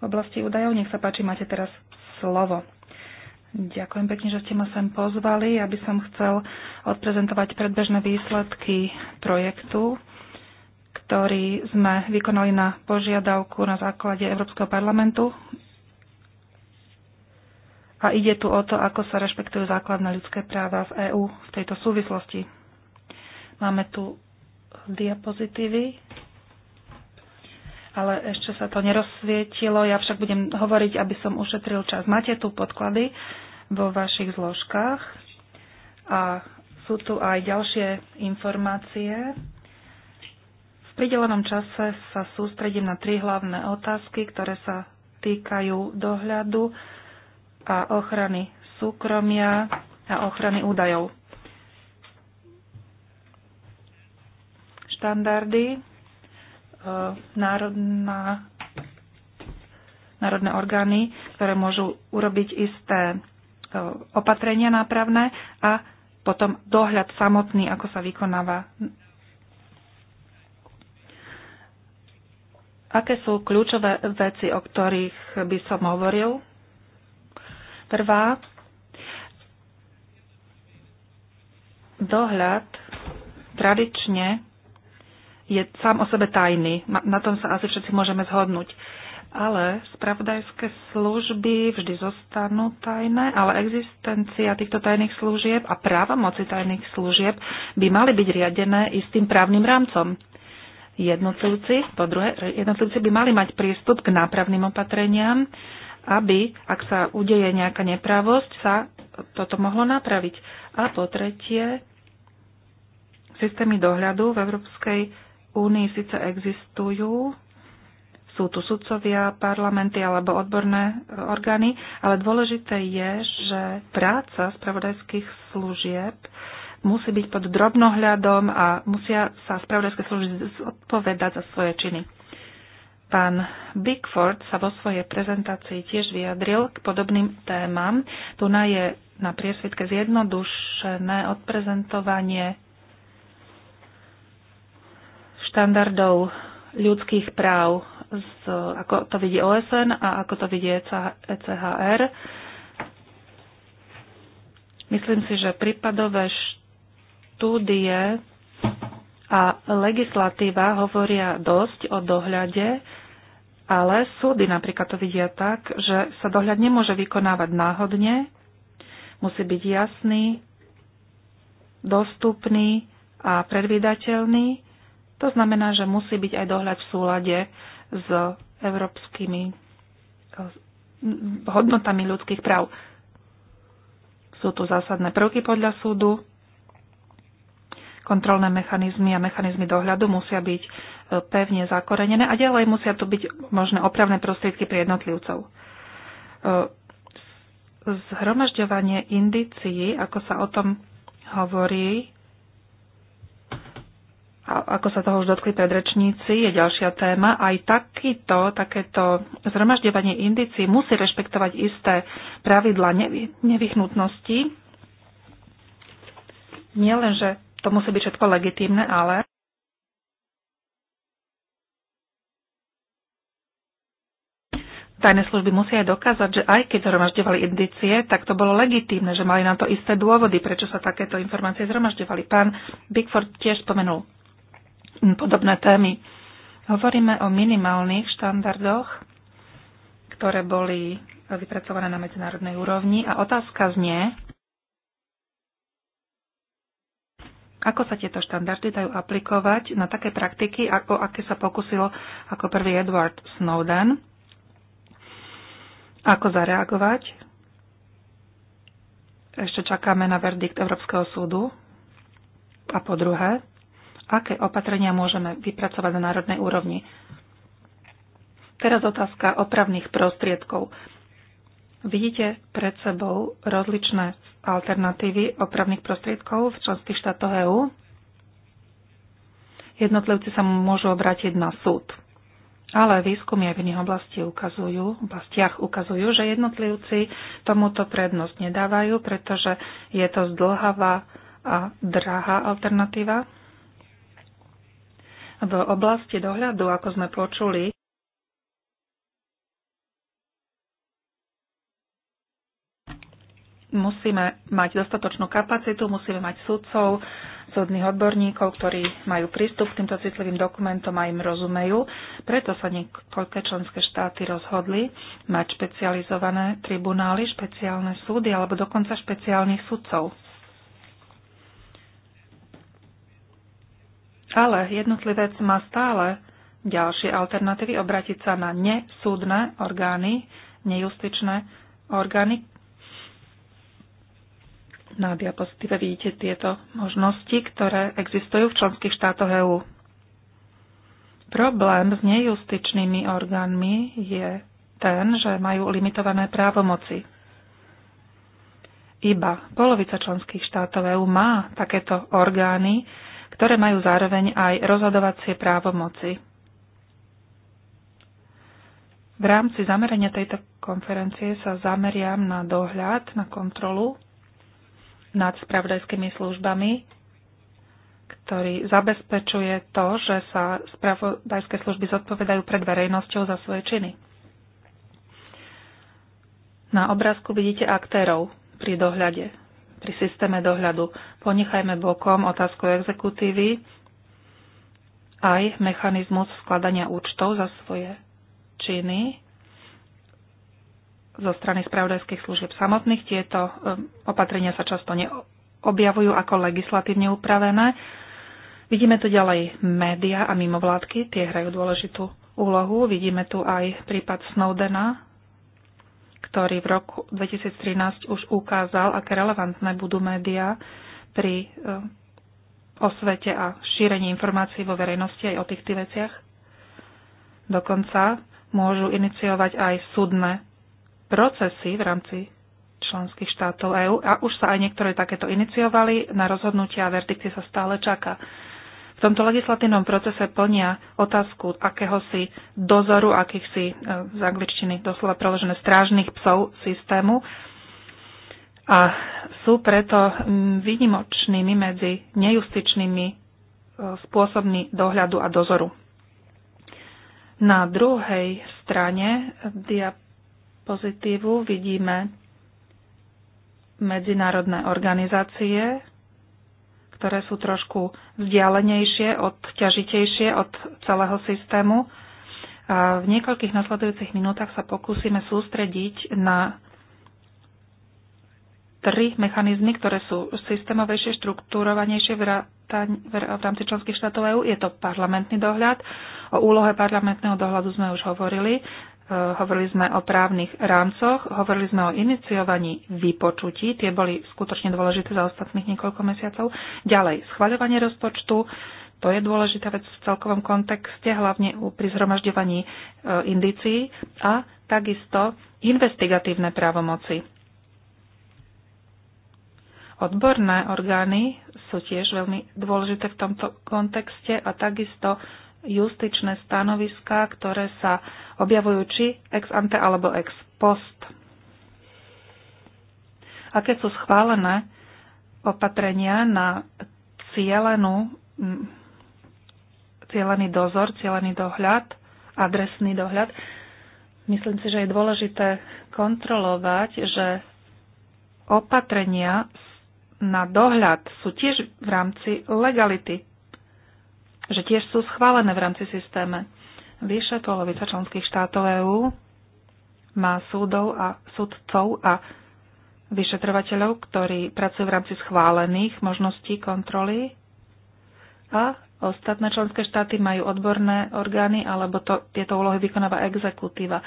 v oblasti údajov. Nech sa páči, máte teraz slovo. Ďakujem pekne, že ste ma sem pozvali. Ja by som chcel odprezentovať predbežné výsledky projektu, ktorý sme vykonali na požiadavku na základe Európskeho parlamentu a ide tu o to, ako sa rešpektujú základné ľudské práva v EÚ v tejto súvislosti. Máme tu diapozitívy, ale ešte sa to nerozsvietilo. Ja však budem hovoriť, aby som ušetril čas. Máte tu podklady vo vašich zložkách a sú tu aj ďalšie informácie. V pridelenom čase sa sústredím na tri hlavné otázky, ktoré sa týkajú dohľadu a ochrany súkromia a ochrany údajov. Štandardy e, národná, národné orgány, ktoré môžu urobiť isté e, opatrenia nápravné a potom dohľad samotný, ako sa vykonáva. Aké sú kľúčové veci, o ktorých by som hovoril? Prvá, dohľad tradične je sám o sebe tajný. Na tom sa asi všetci môžeme zhodnúť. Ale spravodajské služby vždy zostanú tajné, ale existencia týchto tajných služieb a práva moci tajných služieb by mali byť riadené istým právnym rámcom. Jednotlivci, po druhé, jednotlivci by mali mať prístup k nápravným opatreniam, aby, ak sa udeje nejaká nepravosť, sa toto mohlo napraviť. A po tretie, systémy dohľadu v Európskej únii síce existujú, sú tu sudcovia, parlamenty alebo odborné e, orgány, ale dôležité je, že práca spravodajských služieb musí byť pod drobnohľadom a musia sa spravodajské služby zodpovedať za svoje činy. Pán Bigford sa vo svojej prezentácii tiež vyjadril k podobným témam. Tu na je na priesvitke zjednodušené odprezentovanie štandardov ľudských práv, z, ako to vidí OSN a ako to vidí ECHR. E Myslím si, že prípadové štúdie a legislatíva hovoria dosť o dohľade, ale súdy napríklad to vidia tak, že sa dohľad nemôže vykonávať náhodne, musí byť jasný, dostupný a predvídateľný. To znamená, že musí byť aj dohľad v súlade s európskymi hodnotami ľudských práv. Sú tu zásadné prvky podľa súdu, Kontrolné mechanizmy a mechanizmy dohľadu musia byť e, pevne zakorenené a ďalej musia to byť možné opravné prostriedky pre jednotlivcov. E, zhromažďovanie indicií, ako sa o tom hovorí, a ako sa toho už dotkli predrečníci, je ďalšia téma. Aj takýto, takéto zhromažďovanie indicií musí rešpektovať isté pravidla nevy, nevyhnutnosti. Nie len, že to musí byť všetko legitímne, ale tajné služby musia aj dokázať, že aj keď zhromažďovali indície, tak to bolo legitímne, že mali na to isté dôvody, prečo sa takéto informácie zhromažďovali. Pán Bigford tiež spomenul podobné témy. Hovoríme o minimálnych štandardoch, ktoré boli vypracované na medzinárodnej úrovni a otázka znie, Ako sa tieto štandardy dajú aplikovať na také praktiky, ako aké sa pokusilo ako prvý Edward Snowden? Ako zareagovať? Ešte čakáme na verdikt Európskeho súdu. A po druhé, aké opatrenia môžeme vypracovať na národnej úrovni? Teraz otázka opravných prostriedkov. Vidíte pred sebou rozličné alternatívy opravných prostriedkov v členských štátoch EÚ. Jednotlivci sa môžu obrátiť na súd. Ale výskumy aj v iných oblasti ukazujú, oblastiach ukazujú, že jednotlivci tomuto prednosť nedávajú, pretože je to zdlhavá a drahá alternatíva. V oblasti dohľadu, ako sme počuli, musíme mať dostatočnú kapacitu, musíme mať sudcov, súdnych odborníkov, ktorí majú prístup k týmto citlivým dokumentom a im rozumejú. Preto sa niekoľké členské štáty rozhodli mať špecializované tribunály, špeciálne súdy alebo dokonca špeciálnych sudcov. Ale jednotlivec má stále ďalšie alternatívy obratiť sa na nesúdne orgány, nejustičné orgány, na diapozitíve vidíte tieto možnosti, ktoré existujú v členských štátoch EÚ. Problém s nejustičnými orgánmi je ten, že majú limitované právomoci. Iba polovica členských štátov EÚ má takéto orgány, ktoré majú zároveň aj rozhodovacie právomoci. V rámci zamerania tejto konferencie sa zameriam na dohľad, na kontrolu nad spravodajskými službami, ktorý zabezpečuje to, že sa spravodajské služby zodpovedajú pred verejnosťou za svoje činy. Na obrázku vidíte aktérov pri dohľade, pri systéme dohľadu. Ponechajme bokom otázku exekutívy aj mechanizmus skladania účtov za svoje činy zo strany spravodajských služieb samotných. Tieto e, opatrenia sa často neobjavujú ako legislatívne upravené. Vidíme tu ďalej média a mimovládky, tie hrajú dôležitú úlohu. Vidíme tu aj prípad Snowdena, ktorý v roku 2013 už ukázal, aké relevantné budú médiá pri e, osvete a šírení informácií vo verejnosti aj o týchto veciach. Dokonca môžu iniciovať aj súdne procesy v rámci členských štátov EÚ a už sa aj niektoré takéto iniciovali, na rozhodnutia a verdikty sa stále čaká. V tomto legislatívnom procese plnia otázku akéhosi dozoru, akýchsi e, z angličtiny doslova preložené strážnych psov systému a sú preto výnimočnými medzi nejustičnými e, spôsobmi dohľadu a dozoru. Na druhej strane dia pozitívu vidíme medzinárodné organizácie, ktoré sú trošku vzdialenejšie, odťažitejšie od celého systému. A v niekoľkých nasledujúcich minútach sa pokúsime sústrediť na tri mechanizmy, ktoré sú systémovejšie, štruktúrovanejšie v rámci členských štátov EÚ. Je to parlamentný dohľad. O úlohe parlamentného dohľadu sme už hovorili hovorili sme o právnych rámcoch, hovorili sme o iniciovaní vypočutí, tie boli skutočne dôležité za ostatných niekoľko mesiacov. Ďalej, schvaľovanie rozpočtu, to je dôležitá vec v celkovom kontexte, hlavne pri zhromažďovaní e, indícií a takisto investigatívne právomoci. Odborné orgány sú tiež veľmi dôležité v tomto kontexte a takisto justičné stanoviská, ktoré sa objavujú či ex ante alebo ex post. A keď sú schválené opatrenia na cielenú, cielený dozor, cielený dohľad, adresný dohľad, myslím si, že je dôležité kontrolovať, že opatrenia na dohľad sú tiež v rámci legality že tiež sú schválené v rámci systéme. Vyše polovica členských štátov EÚ má súdov a súdcov a vyšetrovateľov, ktorí pracujú v rámci schválených možností kontroly a ostatné členské štáty majú odborné orgány alebo to, tieto úlohy vykonáva exekutíva.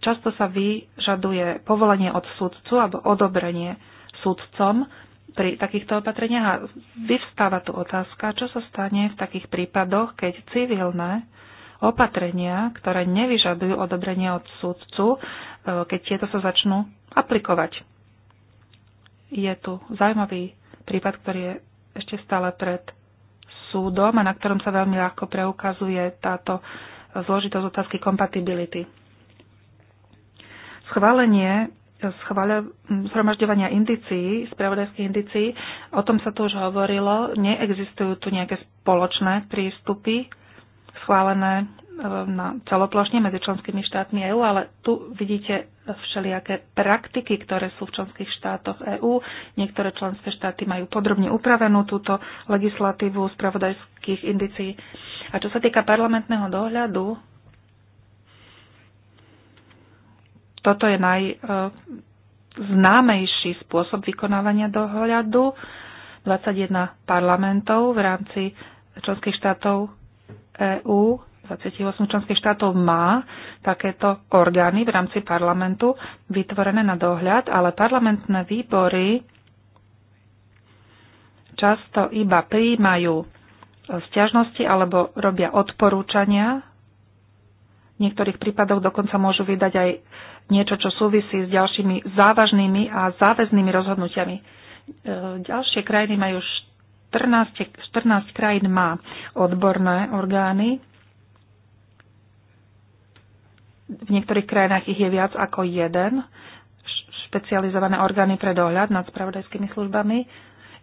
Často sa vyžaduje povolenie od súdcu alebo odobrenie súdcom pri takýchto opatreniach a vyvstáva tu otázka, čo sa stane v takých prípadoch, keď civilné opatrenia, ktoré nevyžadujú odobrenie od súdcu, e, keď tieto sa začnú aplikovať. Je tu zaujímavý prípad, ktorý je ešte stále pred súdom a na ktorom sa veľmi ľahko preukazuje táto zložitosť otázky kompatibility. Schválenie schváľa, zhromažďovania indicií, spravodajských indicií. O tom sa tu už hovorilo. Neexistujú tu nejaké spoločné prístupy schválené e, na celoplošne medzi členskými štátmi EÚ, ale tu vidíte všelijaké praktiky, ktoré sú v členských štátoch EÚ. Niektoré členské štáty majú podrobne upravenú túto legislatívu spravodajských indicií. A čo sa týka parlamentného dohľadu, Toto je najznámejší e, spôsob vykonávania dohľadu. 21 parlamentov v rámci členských štátov EÚ 28 členských štátov má takéto orgány v rámci parlamentu vytvorené na dohľad, ale parlamentné výbory často iba príjmajú stiažnosti alebo robia odporúčania. V niektorých prípadoch dokonca môžu vydať aj niečo, čo súvisí s ďalšími závažnými a záväznými rozhodnutiami. E, ďalšie krajiny majú 14, 14 krajín má odborné orgány. V niektorých krajinách ich je viac ako jeden. Špecializované orgány pre dohľad nad spravodajskými službami.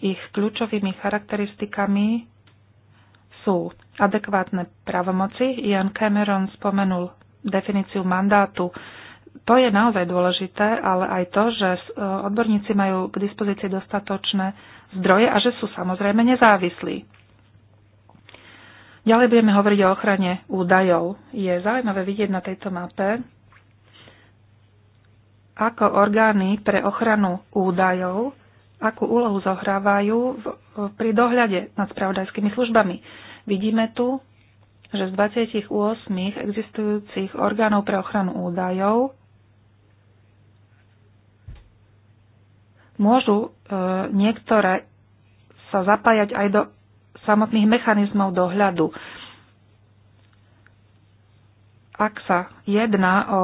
Ich kľúčovými charakteristikami sú adekvátne pravomoci. Ian Cameron spomenul definíciu mandátu to je naozaj dôležité, ale aj to, že e, odborníci majú k dispozícii dostatočné zdroje a že sú samozrejme nezávislí. Ďalej budeme hovoriť o ochrane údajov. Je zaujímavé vidieť na tejto mape, ako orgány pre ochranu údajov, akú úlohu zohrávajú v, pri dohľade nad spravodajskými službami. Vidíme tu, že z 28 existujúcich orgánov pre ochranu údajov môžu e, niektoré sa zapájať aj do samotných mechanizmov dohľadu. Ak sa jedná o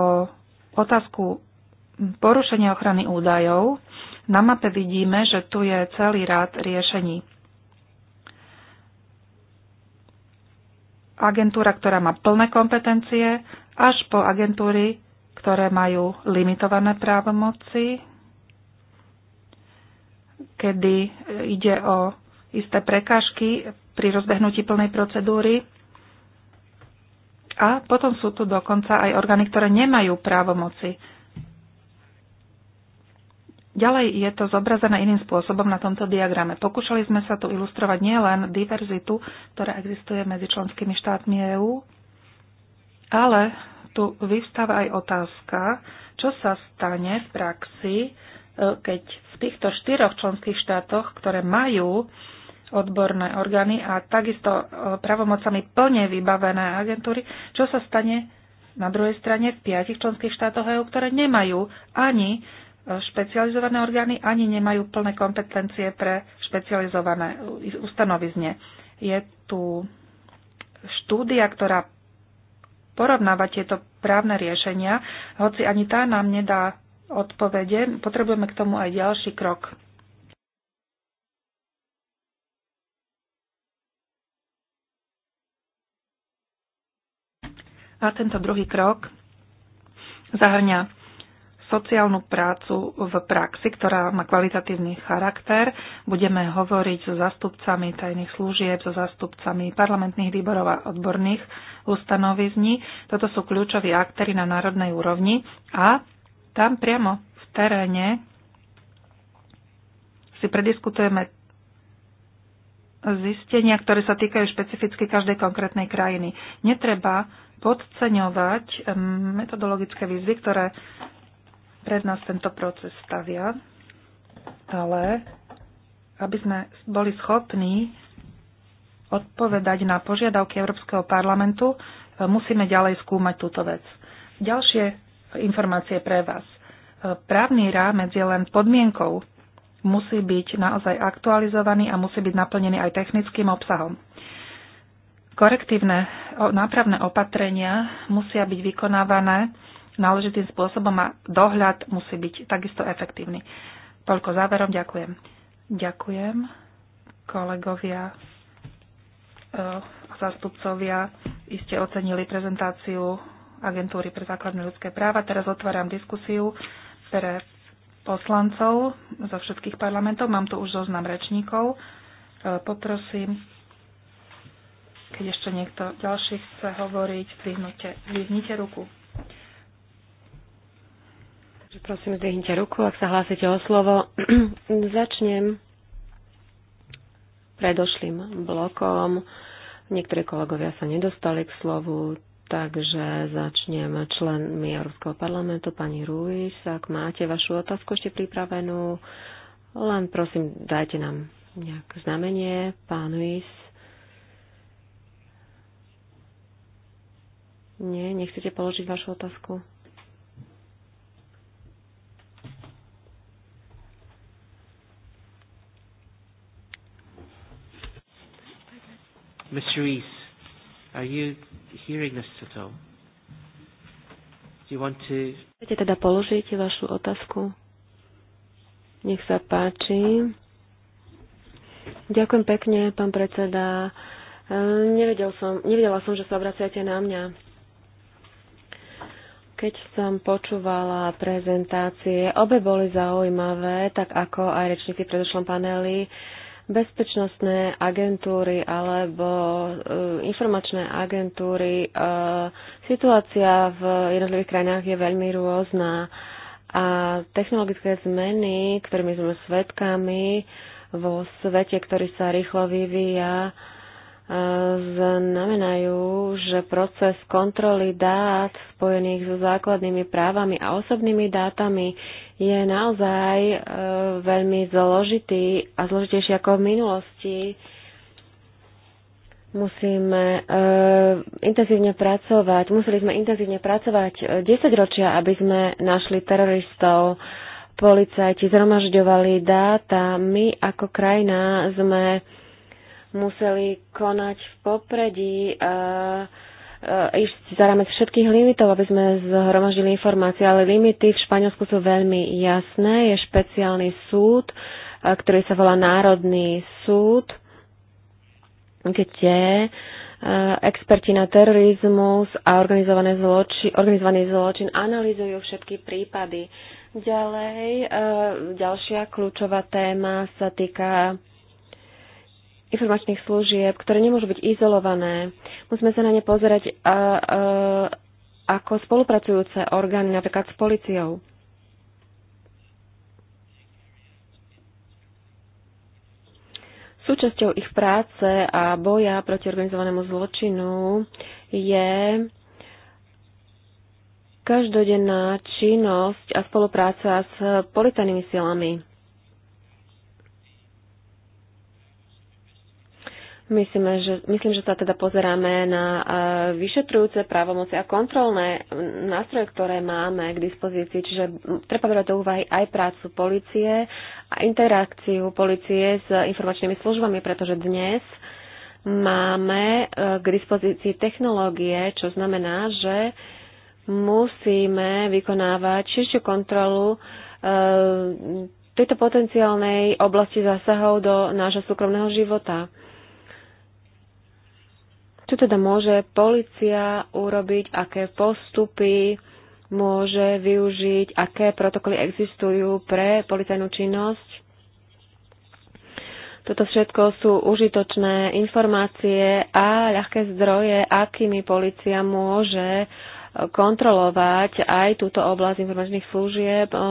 otázku porušenia ochrany údajov, na mape vidíme, že tu je celý rád riešení. Agentúra, ktorá má plné kompetencie, až po agentúry, ktoré majú limitované právomoci, kedy ide o isté prekážky pri rozbehnutí plnej procedúry. A potom sú tu dokonca aj orgány, ktoré nemajú právomoci. Ďalej je to zobrazené iným spôsobom na tomto diagrame. Pokúšali sme sa tu ilustrovať nielen diverzitu, ktorá existuje medzi členskými štátmi EÚ, ale tu vyvstáva aj otázka, čo sa stane v praxi, keď v týchto štyroch členských štátoch, ktoré majú odborné orgány a takisto e, pravomocami plne vybavené agentúry, čo sa stane na druhej strane v piatich členských štátoch EU, ktoré nemajú ani e, špecializované orgány, ani nemajú plné kompetencie pre špecializované ustanovizne. Je tu štúdia, ktorá porovnáva tieto právne riešenia, hoci ani tá nám nedá odpovede. Potrebujeme k tomu aj ďalší krok. A tento druhý krok zahrňa sociálnu prácu v praxi, ktorá má kvalitatívny charakter. Budeme hovoriť so zastupcami tajných služieb, so zastupcami parlamentných výborov a odborných ustanovizní. Toto sú kľúčoví aktéry na národnej úrovni a tam priamo v teréne si prediskutujeme zistenia, ktoré sa týkajú špecificky každej konkrétnej krajiny. Netreba podceňovať ehm, metodologické výzvy, ktoré pred nás tento proces stavia, ale aby sme boli schopní odpovedať na požiadavky Európskeho parlamentu, ehm, musíme ďalej skúmať túto vec. Ďalšie informácie pre vás. E, právny rámec je len podmienkou. Musí byť naozaj aktualizovaný a musí byť naplnený aj technickým obsahom. Korektívne nápravné opatrenia musia byť vykonávané náležitým spôsobom a dohľad musí byť takisto efektívny. Toľko záverom, ďakujem. Ďakujem kolegovia e, a zástupcovia iste ocenili prezentáciu agentúry pre základné ľudské práva. Teraz otváram diskusiu pre poslancov zo všetkých parlamentov. Mám tu už zoznam rečníkov. E, poprosím, keď ešte niekto ďalší chce hovoriť, zdvihnite, zdvihnite ruku. Takže prosím, zdvihnite ruku, ak sa hlásite o slovo. Začnem predošlým blokom. Niektorí kolegovia sa nedostali k slovu, Takže začnem členmi Európskeho parlamentu, pani Ruiz. Ak máte vašu otázku ešte pripravenú, len prosím, dajte nám nejaké znamenie. Pán Ruiz. Nie, nechcete položiť vašu otázku? Ms. Ruiz, are you hearing this at all? Do you want to... Chcete teda položiť vašu otázku? Nech sa páči. Ďakujem pekne, pán predseda. E, nevedel som, nevedela som, že sa obraciate na mňa. Keď som počúvala prezentácie, obe boli zaujímavé, tak ako aj rečníci v predošlom paneli, uh, bezpečnostné agentúry alebo e, informačné agentúry. E, situácia v jednotlivých krajinách je veľmi rôzna a technologické zmeny, ktorými sme svedkami vo svete, ktorý sa rýchlo vyvíja, e, znamenajú, že proces kontroly dát spojených so základnými právami a osobnými dátami je naozaj e, veľmi zložitý a zložitejší ako v minulosti. Musíme e, intenzívne pracovať, museli sme intenzívne pracovať 10 e, ročia, aby sme našli teroristov. Policajti zhromažďovali dáta. My ako krajina sme museli konať v popredí. E, ísť e, za rámec všetkých limitov, aby sme zhromaždili informácie, ale limity v Španielsku sú veľmi jasné. Je špeciálny súd, e, ktorý sa volá Národný súd, kde e, experti na terorizmus a organizovaný zločin, organizovaný zločin analýzujú všetky prípady. Ďalej, ďalšia kľúčová téma sa týka informačných služieb, ktoré nemôžu byť izolované. Musíme sa na ne pozerať a, a, ako spolupracujúce orgány, napríklad s policiou. Súčasťou ich práce a boja proti organizovanému zločinu je každodenná činnosť a spolupráca s policajnými silami. Myslím že, myslím, že sa teda pozeráme na e, vyšetrujúce právomoci a kontrolné nástroje, ktoré máme k dispozícii. Čiže treba brať do úvahy aj prácu policie a interakciu policie s informačnými službami, pretože dnes máme e, k dispozícii technológie, čo znamená, že musíme vykonávať širšiu kontrolu e, tejto potenciálnej oblasti zásahov do nášho súkromného života. Čo teda môže policia urobiť, aké postupy môže využiť, aké protokoly existujú pre policajnú činnosť? Toto všetko sú užitočné informácie a ľahké zdroje, akými policia môže eh, kontrolovať aj túto oblasť informačných služieb. Eh,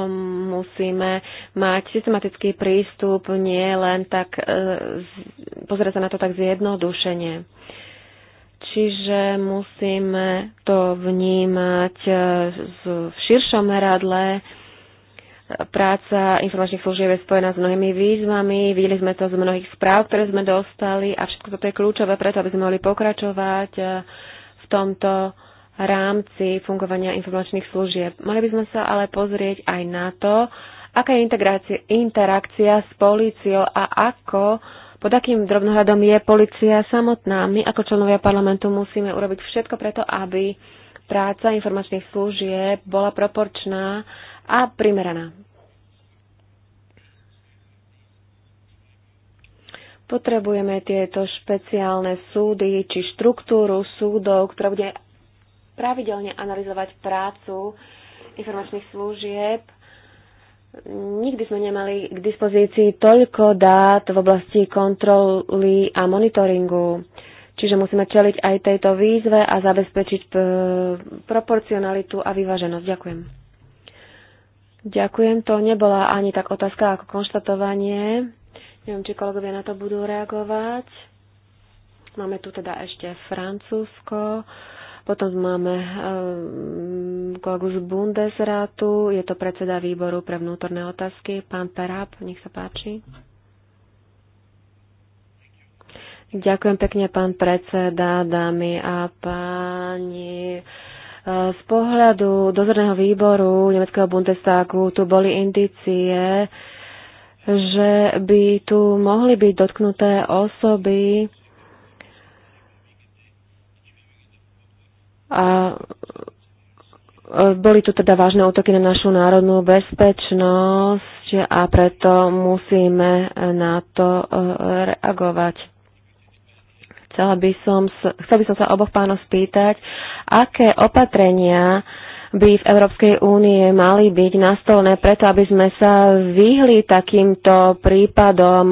musíme mať systematický prístup, nie len tak eh, pozerať sa na to tak zjednodušenie. Čiže musíme to vnímať e, v širšom meradle. Práca informačných služieb je spojená s mnohými výzvami. Videli sme to z mnohých správ, ktoré sme dostali a všetko toto je kľúčové preto, aby sme mohli pokračovať e, v tomto rámci fungovania informačných služieb. Mali by sme sa ale pozrieť aj na to, aká je interakcia s políciou a ako pod akým drobnohľadom je policia samotná? My ako členovia parlamentu musíme urobiť všetko preto, aby práca informačných služieb bola proporčná a primeraná. Potrebujeme tieto špeciálne súdy či štruktúru súdov, ktorá bude pravidelne analyzovať prácu informačných služieb Nikdy sme nemali k dispozícii toľko dát v oblasti kontroly a monitoringu. Čiže musíme čeliť aj tejto výzve a zabezpečiť e, proporcionalitu a vyváženosť. Ďakujem. Ďakujem, to nebola ani tak otázka ako konštatovanie. Neviem, či kolegovia na to budú reagovať. Máme tu teda ešte Francúzsko. Potom máme ehm, kolegu z Bundesrátu, je to predseda výboru pre vnútorné otázky, pán Perab, nech sa páči. Ďakujem pekne, pán predseda, dámy a páni. E, z pohľadu dozorného výboru Nemeckého Bundestagu tu boli indicie, že by tu mohli byť dotknuté osoby, A e, boli tu teda vážne útoky na našu národnú bezpečnosť a preto musíme na to e, reagovať. Chcela by som, chcel by som sa oboch pánov spýtať, aké opatrenia by v Európskej únie mali byť nastolné preto, aby sme sa vyhli takýmto prípadom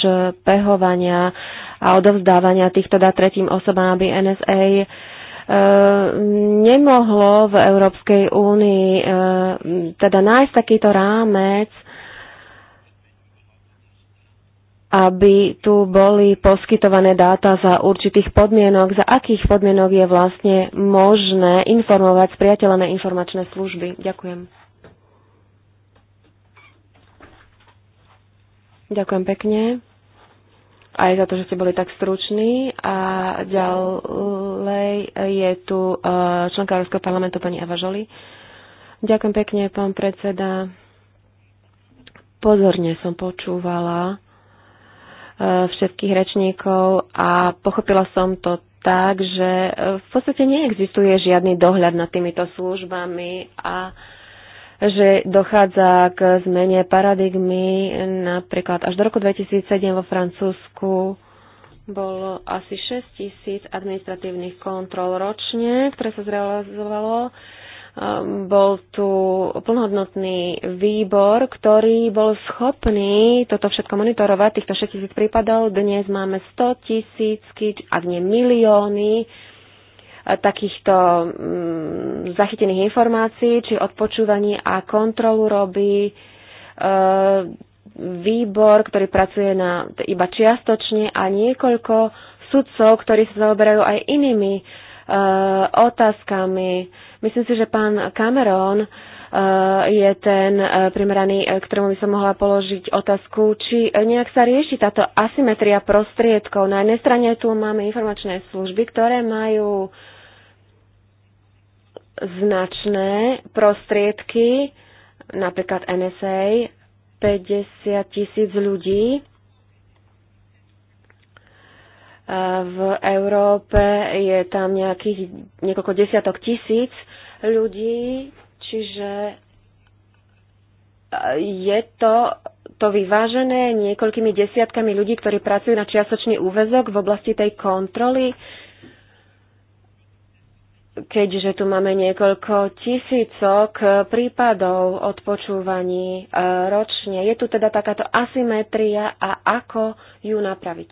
špehovania a odovzdávania týchto dát tretím osobám, aby NSA Ehm, nemohlo v Európskej únii ehm, teda nájsť takýto rámec, aby tu boli poskytované dáta za určitých podmienok, za akých podmienok je vlastne možné informovať spriateľené informačné služby. Ďakujem. Ďakujem pekne aj za to, že ste boli tak struční. A ďalej je tu e, členka Európskeho parlamentu pani Eva Žoli. Ďakujem pekne, pán predseda. Pozorne som počúvala e, všetkých rečníkov a pochopila som to tak, že e, v podstate neexistuje žiadny dohľad nad týmito službami a že dochádza k zmene paradigmy. Napríklad až do roku 2007 vo Francúzsku bolo asi 6 tisíc administratívnych kontrol ročne, ktoré sa zrealizovalo. Ehm, bol tu plnohodnotný výbor, ktorý bol schopný toto všetko monitorovať, týchto 6 tisíc prípadov. Dnes máme 100 tisícky, ak nie milióny Eh, takýchto mm, zachytených informácií či odpočúvaní a kontrolu robí eh, výbor, ktorý pracuje na, iba čiastočne a niekoľko sudcov, ktorí sa zaoberajú aj inými eh, otázkami. Myslím si, že pán Cameron je ten primeraný, ktorému by som mohla položiť otázku, či nejak sa rieši táto asymetria prostriedkov. Na jednej strane tu máme informačné služby, ktoré majú uh, značné prostriedky, napríklad NSA, 50 tisíc ľudí v Európe je tam nejakých niekoľko desiatok tisíc ľudí, čiže je to, to vyvážené niekoľkými desiatkami ľudí, ktorí pracujú na čiastočný úvezok v oblasti tej kontroly keďže tu máme niekoľko tisícok eh, prípadov odpočúvaní eh, ročne. Je tu teda takáto asymetria a ako ju napraviť?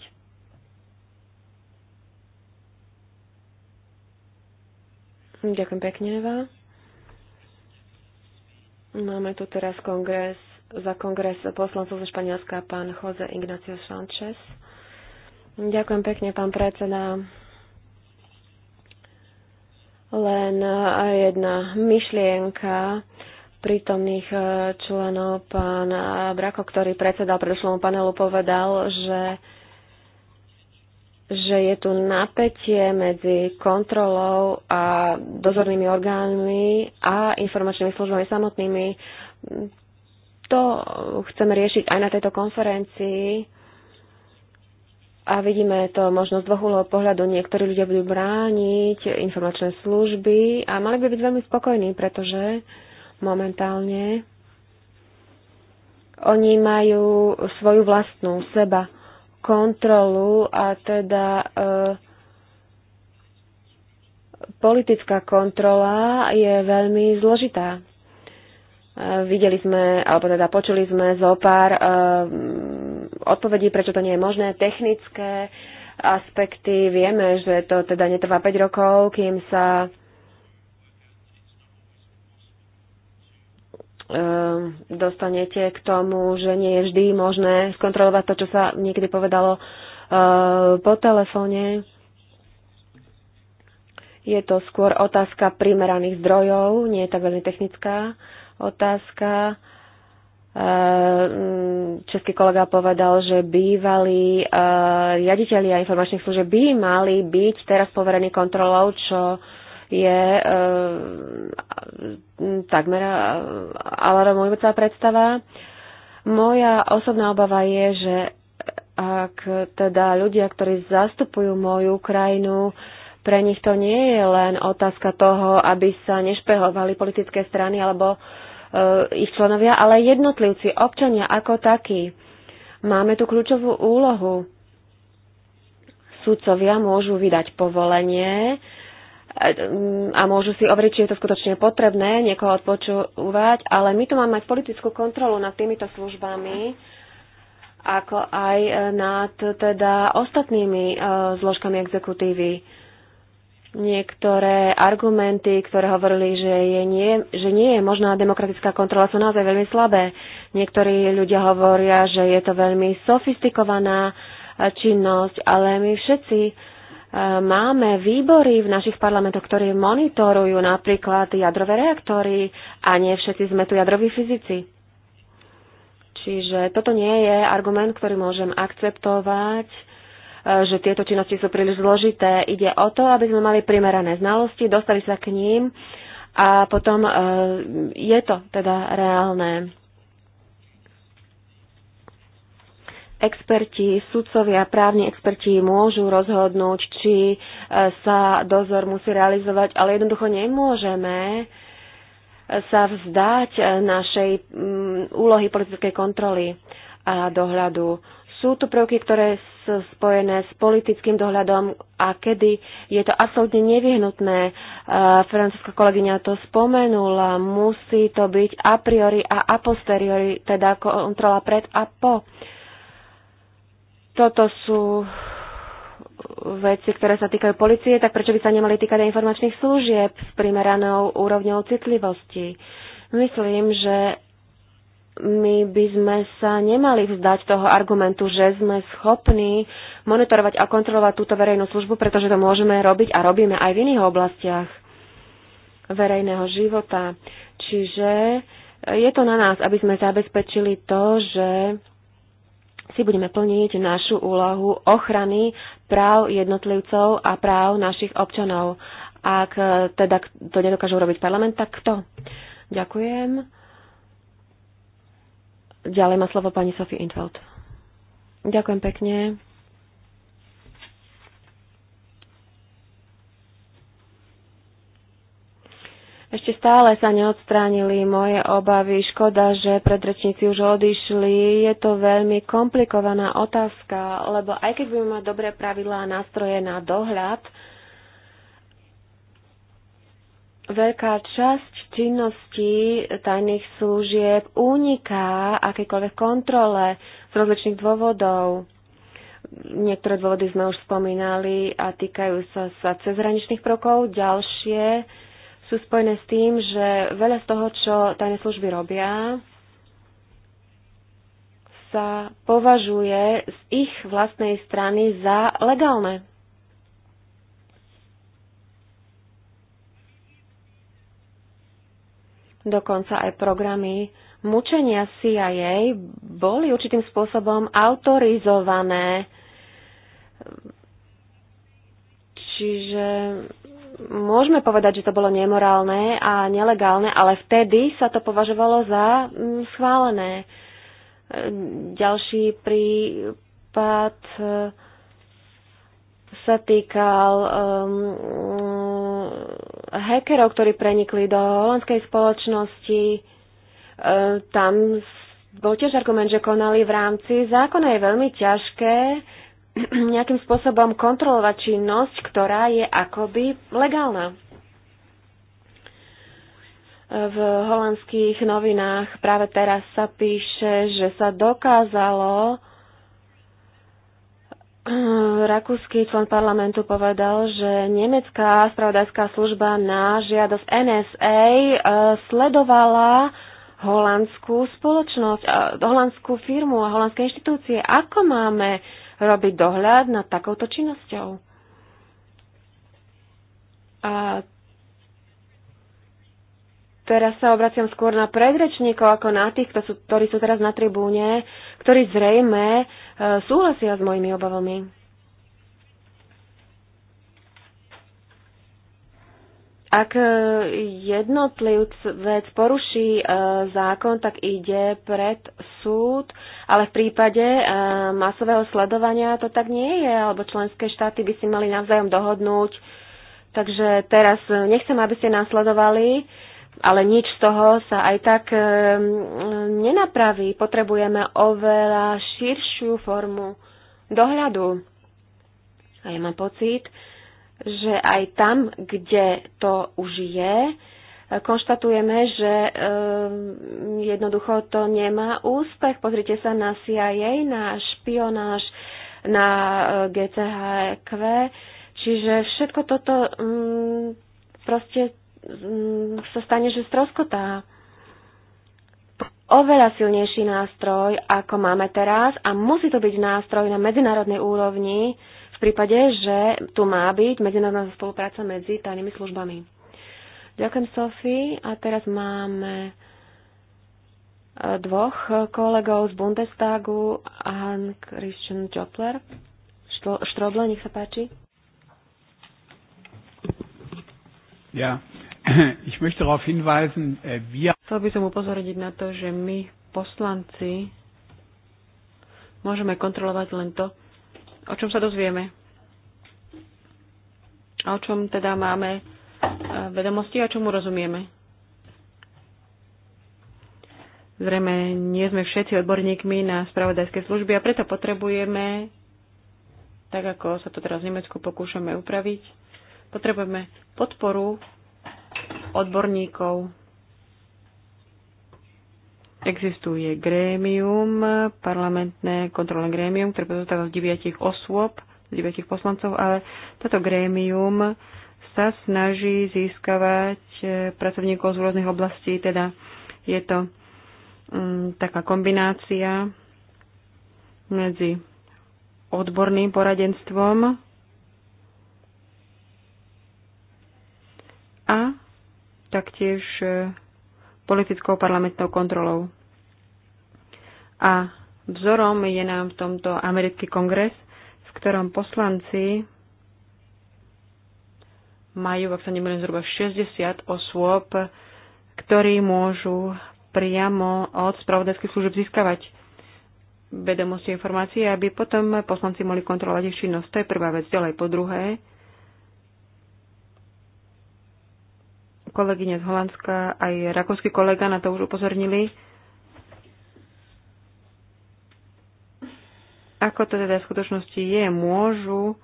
Ďakujem pekne, Eva. Máme tu teraz kongres, za kongres poslancov zo Španielska pán Jose Ignacio Sánchez. Ďakujem pekne, pán predseda len e, jedna myšlienka prítomných e, členov. Pán e, Brako, ktorý predsedal predošlému panelu, povedal, že že je tu napätie medzi kontrolou a dozornými orgánmi a informačnými službami samotnými. To chceme riešiť aj na tejto konferencii a vidíme to možno z dvoch uhlov pohľadu. Niektorí ľudia budú brániť informačné služby a mali by byť veľmi spokojní, pretože momentálne oni majú svoju vlastnú seba kontrolu a teda e, politická kontrola je veľmi zložitá. E, videli sme, alebo teda počuli sme zo pár e, odpovedí, prečo to nie je možné, technické aspekty. Vieme, že to teda netrvá 5 rokov, kým sa e, dostanete k tomu, že nie je vždy možné skontrolovať to, čo sa niekedy povedalo e, po telefóne. Je to skôr otázka primeraných zdrojov, nie je tak veľmi technická otázka. Eh, český kolega povedal, že bývalí eh, riaditeľi a informačných služieb by mali byť teraz poverení kontrolou, čo je eh, takmer alarmujúca predstava. Moja osobná obava je, že ak teda ľudia, ktorí zastupujú moju krajinu, pre nich to nie je len otázka toho, aby sa nešpehovali politické strany alebo uh, Eh, ich členovia, ale jednotlivci, občania ako takí. Máme tu kľúčovú úlohu. Súdcovia môžu vydať povolenie eh, a môžu si overiť, či je to skutočne potrebné niekoho odpočúvať, ale my tu máme aj politickú kontrolu nad týmito službami, ako aj eh, nad teda ostatnými zložkami exekutívy niektoré argumenty, ktoré hovorili, že, je nie, že nie je možná demokratická kontrola, sú naozaj veľmi slabé. Niektorí ľudia hovoria, že je to veľmi sofistikovaná e, činnosť, ale my všetci e, máme výbory v našich parlamentoch, ktorí monitorujú napríklad jadrové reaktory a nie všetci sme tu jadroví fyzici. Čiže toto nie je argument, ktorý môžem akceptovať že tieto činnosti sú príliš zložité. Ide o to, aby sme mali primerané znalosti, dostali sa k ním a potom e, je to teda reálne. experti, sudcovia, právni experti môžu rozhodnúť, či e, sa dozor musí realizovať, ale jednoducho nemôžeme e, sa vzdať našej úlohy politickej kontroly a dohľadu. Sú tu prvky, ktoré sú spojené s politickým dohľadom a kedy je to absolútne nevyhnutné. E, francúzska kolegyňa to spomenula. Musí to byť a priori a a posteriori, teda kontrola pred a po. Toto sú veci, ktoré sa týkajú policie, tak prečo by sa nemali týkať aj informačných služieb s primeranou úrovňou citlivosti? Myslím, že my by sme sa nemali vzdať toho argumentu, že sme schopní monitorovať a kontrolovať túto verejnú službu, pretože to môžeme robiť a robíme aj v iných oblastiach verejného života. Čiže eh, je to na nás, aby sme zabezpečili to, že si budeme plniť našu úlohu ochrany práv jednotlivcov a práv našich občanov. Ak eh, teda to nedokážu robiť parlament, tak kto? Ďakujem. Ďalej má slovo pani Sophie Intveld. Ďakujem pekne. Ešte stále sa neodstránili moje obavy. Škoda, že predrečníci už odišli. Je to veľmi komplikovaná otázka, lebo aj keď budeme mať dobré pravidlá a nástroje na dohľad, veľká časť činností tajných služieb uniká akékoľvek kontrole z rozličných dôvodov. Niektoré dôvody sme už spomínali a týkajú sa, sa cezhraničných prokov. Ďalšie sú spojené s tým, že veľa z toho, čo tajné služby robia, sa považuje z ich vlastnej strany za legálne. Dokonca aj programy mučenia CIA boli určitým spôsobom autorizované. Čiže môžeme povedať, že to bolo nemorálne a nelegálne, ale vtedy sa to považovalo za mm, schválené. Ďalší prípad e, sa týkal um, hackerov, ktorí prenikli do holandskej spoločnosti. E, tam bol tiež argument, že konali v rámci zákona. Je veľmi ťažké nejakým spôsobom kontrolovať činnosť, ktorá je akoby legálna. E, v holandských novinách práve teraz sa píše, že sa dokázalo Rakúsky člen parlamentu povedal, že nemecká spravodajská služba na žiadosť NSA e, sledovala holandskú spoločnosť, e, holandskú firmu a holandské inštitúcie. Ako máme robiť dohľad nad takouto činnosťou? A teraz sa obraciam skôr na predrečníkov ako na tých, kto sú, ktorí sú teraz na tribúne, ktorí zrejme súhlasia s mojimi obavami. Ak jednotlivec poruší e, zákon, tak ide pred súd, ale v prípade e, masového sledovania to tak nie je, alebo členské štáty by si mali navzájom dohodnúť. Takže teraz nechcem, aby ste následovali ale nič z toho sa aj tak eh, nenapraví. Potrebujeme oveľa širšiu formu dohľadu. A ja mám pocit, že aj tam, kde to už je, eh, konštatujeme, že e, jednoducho to nemá úspech. Pozrite sa na CIA, na špionáž, na GCHQ. E Čiže všetko toto mm, proste Mm, sa stane, že stroskotá. Oveľa silnejší nástroj, ako máme teraz a musí to byť nástroj na medzinárodnej úrovni v prípade, že tu má byť medzinárodná spolupráca medzi tajnými službami. Ďakujem, Sofie. A teraz máme eh, dvoch kolegov z Bundestagu, Han Christian Jopler. Štroble, nech sa páči. Ja, ich möchte darauf hinweisen, äh, wir... Chcel by som upozorniť na to, že my, poslanci, môžeme kontrolovať len to, o čom sa dozvieme. A o čom teda máme e, vedomosti a čomu rozumieme. Zrejme nie sme všetci odborníkmi na spravodajské služby a preto potrebujeme, tak ako sa to teraz v Nemecku pokúšame upraviť, potrebujeme podporu odborníkov. Existuje grémium, parlamentné kontrolné grémium, ktoré pozostáva z deviatich osôb, z deviatich poslancov, ale toto grémium sa snaží získavať eh, pracovníkov z rôznych oblastí, teda je to um, taká kombinácia medzi odborným poradenstvom a taktiež e, politickou parlamentnou kontrolou. A vzorom je nám v tomto americký kongres, v ktorom poslanci majú, ak sa nemýlim, zhruba 60 osôb, ktorí môžu priamo od spravodajských služieb získavať vedomosti a informácie, aby potom poslanci mohli kontrolovať ich činnosť. To je prvá vec. Ďalej po druhé, kolegyne z Holandska, aj rakúsky kolega na to už upozornili. Ako to teda v skutočnosti je? Môžu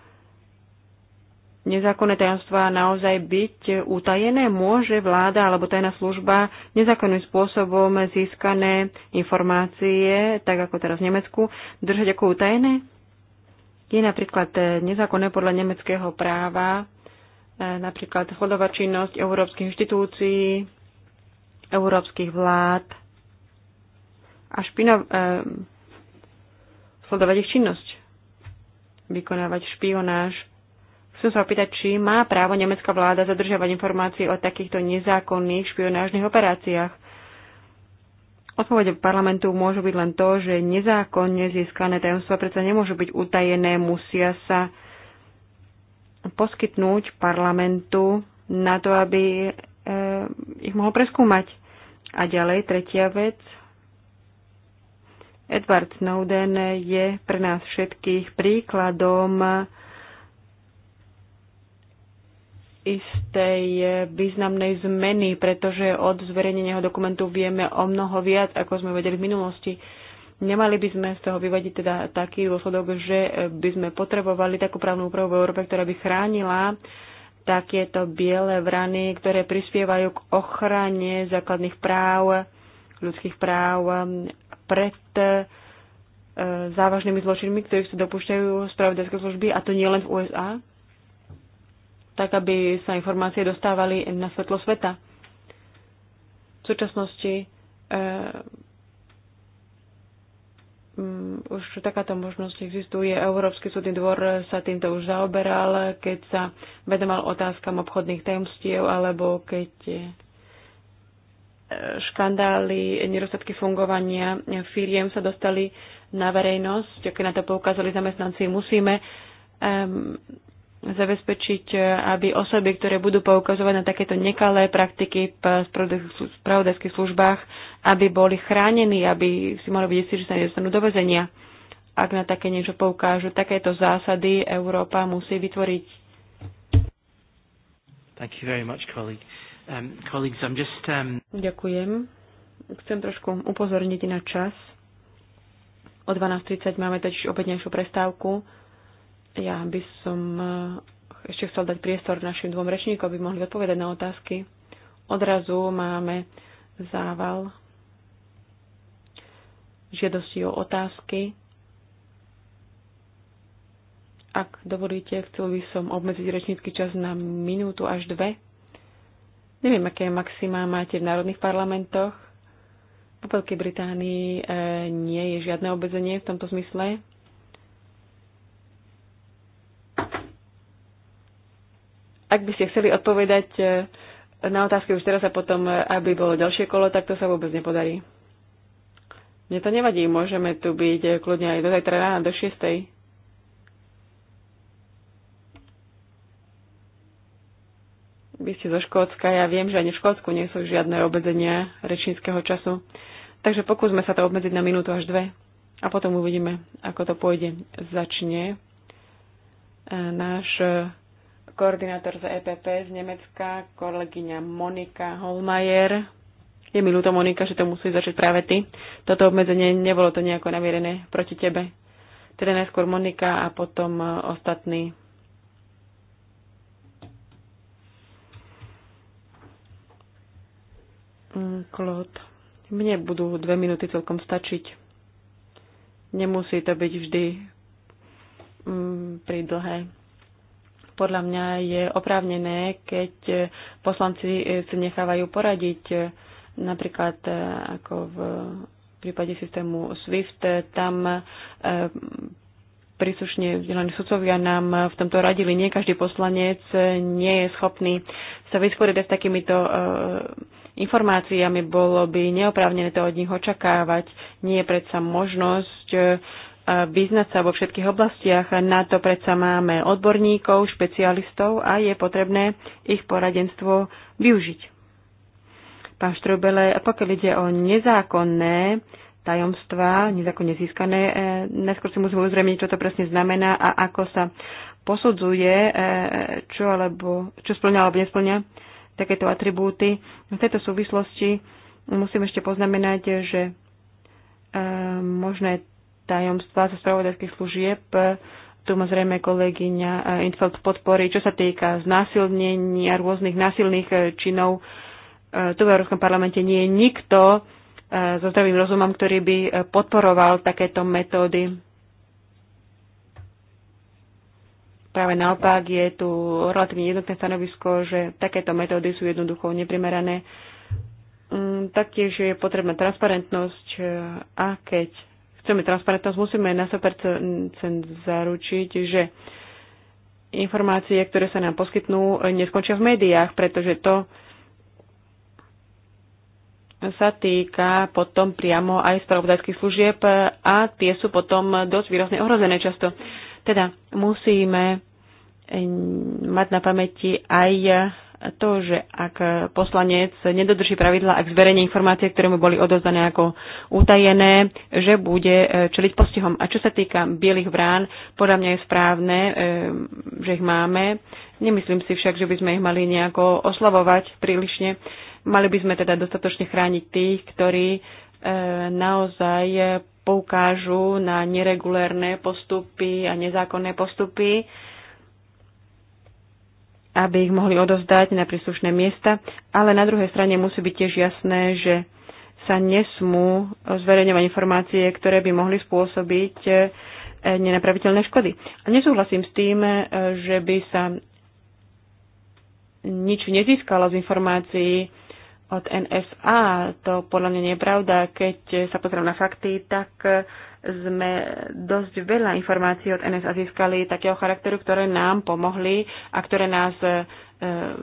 nezákonné tajomstvá naozaj byť utajené? Môže vláda alebo tajná služba nezákonným spôsobom získané informácie, tak ako teraz v Nemecku, držať ako utajené? Je napríklad nezákonné podľa nemeckého práva E, napríklad hodová činnosť európskych inštitúcií, európskych vlád a špinov, e, sledovať ich činnosť, vykonávať špionáž. Chcem sa opýtať, či má právo nemecká vláda zadržiavať informácie o takýchto nezákonných špionážnych operáciách. Odpovede parlamentu môžu byť len to, že nezákonne získané tajomstva predsa nemôžu byť utajené, musia sa poskytnúť parlamentu na to, aby e, ich mohol preskúmať. A ďalej, tretia vec. Edward Snowden je pre nás všetkých príkladom istej významnej zmeny, pretože od zverejnenia dokumentu vieme o mnoho viac, ako sme vedeli v minulosti. Uh, Nemali by sme z toho vyvodiť teda taký dôsledok, že by sme potrebovali takú právnu úpravu v Európe, ktorá by chránila takéto biele vrany, ktoré prispievajú k ochrane základných práv, ľudských práv pred e, závažnými zločinmi, ktorých sa dopúšťajú spravodajské služby, a to nie len v USA, tak aby sa informácie dostávali na svetlo sveta. V súčasnosti e, Mm, už takáto možnosť existuje. Európsky súdny dvor sa týmto už zaoberal, keď sa vedomal otázkam obchodných tajomstiev alebo keď e, škandály, nedostatky fungovania firiem sa dostali na verejnosť, keď na to poukázali zamestnanci, musíme um, zabezpečiť, e, aby osoby, ktoré budú poukazovať na takéto nekalé praktiky v spravodajských službách, aby boli chránení, aby si mohli byť istí, že sa nedostanú do vezenia. Ak na také niečo poukážu, takéto zásady Európa musí vytvoriť. Thank you very much, colleague. Um, colleagues, I'm just, um... Ďakujem. Chcem trošku upozorniť na čas. O 12.30 máme totiž obednejšiu prestávku. Ja by som eh, ešte chcel dať priestor našim dvom rečníkom, aby mohli odpovedať na otázky. Odrazu máme zával žiadosti o otázky. Ak dovolíte, chcel by som obmedziť rečnícky čas na minútu až dve. Neviem, aké maxima máte v národných parlamentoch. Po Veľkej Británii e, nie je žiadne obmedzenie v tomto zmysle. Ak by ste chceli odpovedať e, na otázky už teraz a potom, e, aby bolo ďalšie kolo, tak to sa vôbec nepodarí. Mne to nevadí, môžeme tu byť e, kľudne aj do zajtra rána, do 6. Vy ste zo Škótska, ja viem, že ani v Škótsku nie sú žiadne obmedzenia rečníckého času. Takže pokúsme sa to obmedziť na minútu až dve a potom uvidíme, ako to pôjde. Začne náš koordinátor za EPP z Nemecka, kolegyňa Monika Holmajer. Je mi ľúto, Monika, že to musí začať práve ty. Toto obmedzenie nebolo to nejako namierené proti tebe. Teda najskôr Monika a potom e, ostatní. Klod. Mm, mne budú dve minúty celkom stačiť. Nemusí to byť vždy mm, pridlhé. Podľa mňa je oprávnené, keď poslanci si nechávajú poradiť, napríklad e, ako v prípade systému SWIFT, e, tam e, príslušne vzdelaní sudcovia nám v tomto radili. Nie každý poslanec nie je schopný sa vysporiadať s takýmito informáciami. Bolo by neoprávnené to od nich očakávať. Nie je predsa možnosť vyznať vo všetkých oblastiach. Na to predsa máme odborníkov, špecialistov a je potrebné ich poradenstvo využiť. Pán Štrubele, pokiaľ ide o nezákonné tajomstvá, nezákonne získané, eh, neskôr si musíme uzrejmiť, čo to presne znamená a ako sa posudzuje, eh, čo, alebo, čo splňa alebo nesplňa takéto atribúty. V tejto súvislosti musím ešte poznamenať, že eh, možné tajomstva zo spravodajských služieb. Tu ma zrejme kolegyňa eh, Infeld podporí, čo sa týka znásilnenia rôznych násilných eh, činov. Eh, tu v Európskom parlamente nie je nikto so zdravým rozumom, ktorý by podporoval takéto metódy. Práve naopak je tu relatívne jednotné stanovisko, že takéto metódy sú jednoducho neprimerané. Mm, taktiež je potrebná transparentnosť a keď chceme transparentnosť, musíme na 100% zaručiť, že informácie, ktoré sa nám poskytnú, neskončia v médiách, pretože to sa týka potom priamo aj spravodajských služieb a tie sú potom dosť výrazne ohrozené často. Teda musíme mať na pamäti aj to, že ak poslanec nedodrží pravidla, ak zverejne informácie, ktoré mu boli odozdané ako utajené, že bude e, čeliť postihom. A čo sa týka bielých vrán, podľa mňa je správne, e, že ich máme. Nemyslím si však, že by sme ich mali nejako oslavovať prílišne. Mali by sme teda dostatočne chrániť tých, ktorí e, naozaj poukážu na neregulérne postupy a nezákonné postupy aby ich mohli odovzdať na príslušné miesta, ale na druhej strane musí byť tiež jasné, že sa nesmú zverejňovať informácie, ktoré by mohli spôsobiť e, nenapraviteľné škody. A nesúhlasím s tým, e, že by sa nič nezískalo z informácií od NSA. To podľa mňa nie je pravda. Keď sa pozriem na fakty, tak sme dosť veľa informácií od NSA získali takého charakteru, ktoré nám pomohli a ktoré nás e,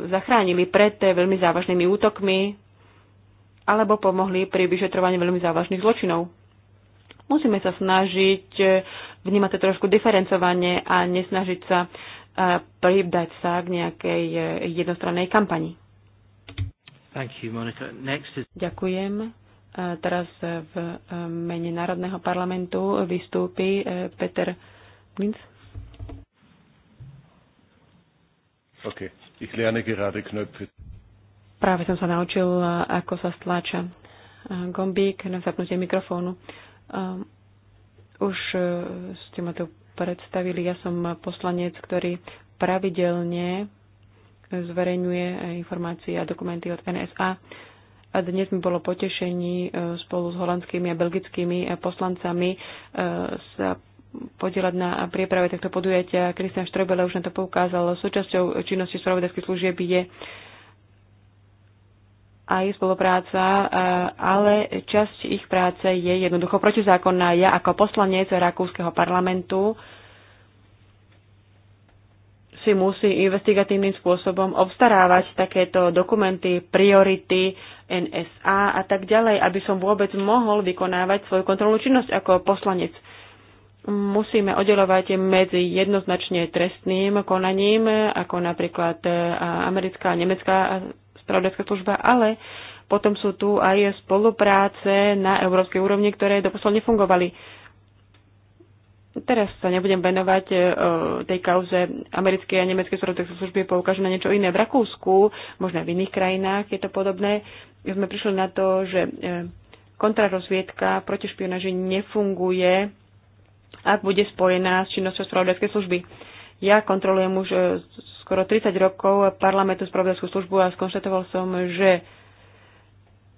zachránili pred veľmi závažnými útokmi alebo pomohli pri vyšetrovaní veľmi závažných zločinov. Musíme sa snažiť e, vnímať to trošku diferencovanie a nesnažiť sa e, pridať sa k nejakej jednostrannej kampani. Thank you, Monica. Next is... Ďakujem teraz v e, mene Národného parlamentu vystúpi e, Peter Blinz. Okay. Ich lerne gerade Knöpfe. Práve som sa naučil, e, ako sa stláča gombík na zapnutie mikrofónu. Už ste ma tu predstavili. Ja som poslanec, ktorý pravidelne zverejňuje informácie a dokumenty od NSA a dnes mi bolo potešení e, spolu s holandskými a belgickými e, poslancami e, sa podielať na prieprave tohto podujatia. Kristian Štrobele už na to poukázal. Súčasťou činnosti spravodajských služieb je aj spolupráca, ale časť ich práce je jednoducho protizákonná. Ja ako poslanec Rakúskeho parlamentu si musí investigatívnym spôsobom obstarávať takéto dokumenty, priority, NSA a tak ďalej, aby som vôbec mohol vykonávať svoju kontrolnú činnosť ako poslanec. Musíme oddelovať medzi jednoznačne trestným konaním, ako napríklad e, americká a nemecká spravodajská služba, ale potom sú tu aj spolupráce na európskej úrovni, ktoré doposiaľ nefungovali No teraz sa nebudem venovať e, tej kauze americkej a nemeckej spravodajskej služby, poukážem na niečo iné. V Rakúsku, možno aj v iných krajinách je to podobné. Sme prišli na to, že e, kontrarozviedka proti špionaži nefunguje, ak bude spojená s činnosťou spravodajskej služby. Ja kontrolujem už e, skoro 30 rokov parlamentu spravodajskú službu a skonštatoval som, že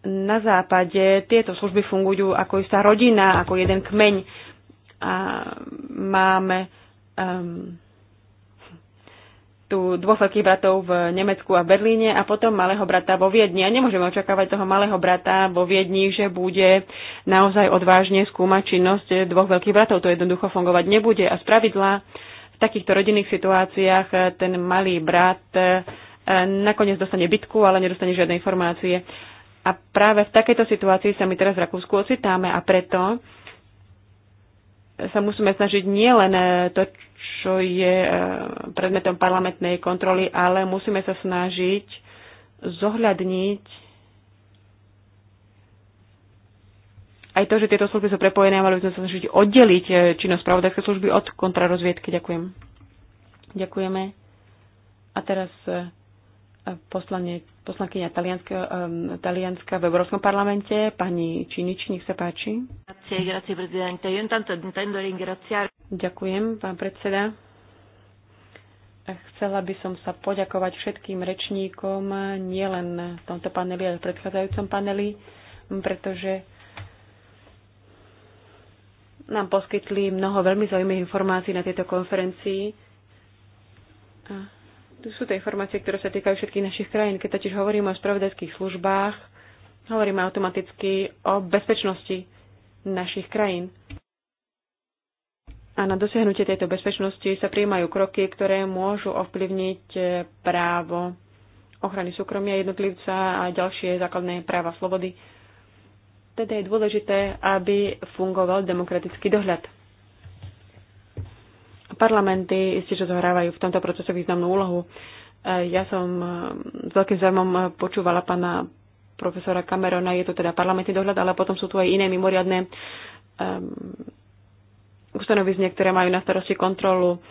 na západe tieto služby fungujú ako istá rodina, ako jeden kmeň a máme um, tu dvoch veľkých bratov v Nemecku a v Berlíne a potom malého brata vo Viedni. A nemôžeme očakávať toho malého brata vo Viedni, že bude naozaj odvážne skúmať činnosť dvoch veľkých bratov. To jednoducho fungovať nebude. A spravidla v takýchto rodinných situáciách eh, ten malý brat eh, nakoniec dostane bitku, ale nedostane žiadne informácie. A práve v takejto situácii sa my teraz v Rakúsku ocitáme a preto sa musíme snažiť nielen e, to, čo je e, predmetom parlamentnej kontroly, ale musíme sa snažiť zohľadniť aj to, že tieto služby sú prepojené, mali by sme sa snažiť oddeliť e, činnosť spravodajské služby od kontrarozviedky. Ďakujem. Ďakujeme. A teraz poslankyňa Talianska, v Európskom parlamente, pani Činič, nech sa páči. Ďakujem, pán predseda. Chcela by som sa poďakovať všetkým rečníkom, nielen v tomto paneli, ale v predchádzajúcom paneli, pretože nám poskytli mnoho veľmi zaujímavých informácií na tejto konferencii. Tu sú tie informácie, ktoré sa týkajú všetkých našich krajín. Keď totiž hovoríme o spravodajských službách, hovoríme automaticky o bezpečnosti našich krajín. A na dosiahnutie tejto bezpečnosti sa prijímajú kroky, ktoré môžu ovplyvniť právo ochrany súkromia jednotlivca a ďalšie základné práva slobody. Teda je dôležité, aby fungoval demokratický dohľad. Parlamenty isté, že zohrávajú v tomto procese významnú úlohu. E, ja som e, s veľkým zájmom e, počúvala pána profesora Camerona, je to teda parlamentný dohľad, ale potom sú tu aj iné mimoriadné um, ustanovizne, ktoré majú na starosti kontrolu.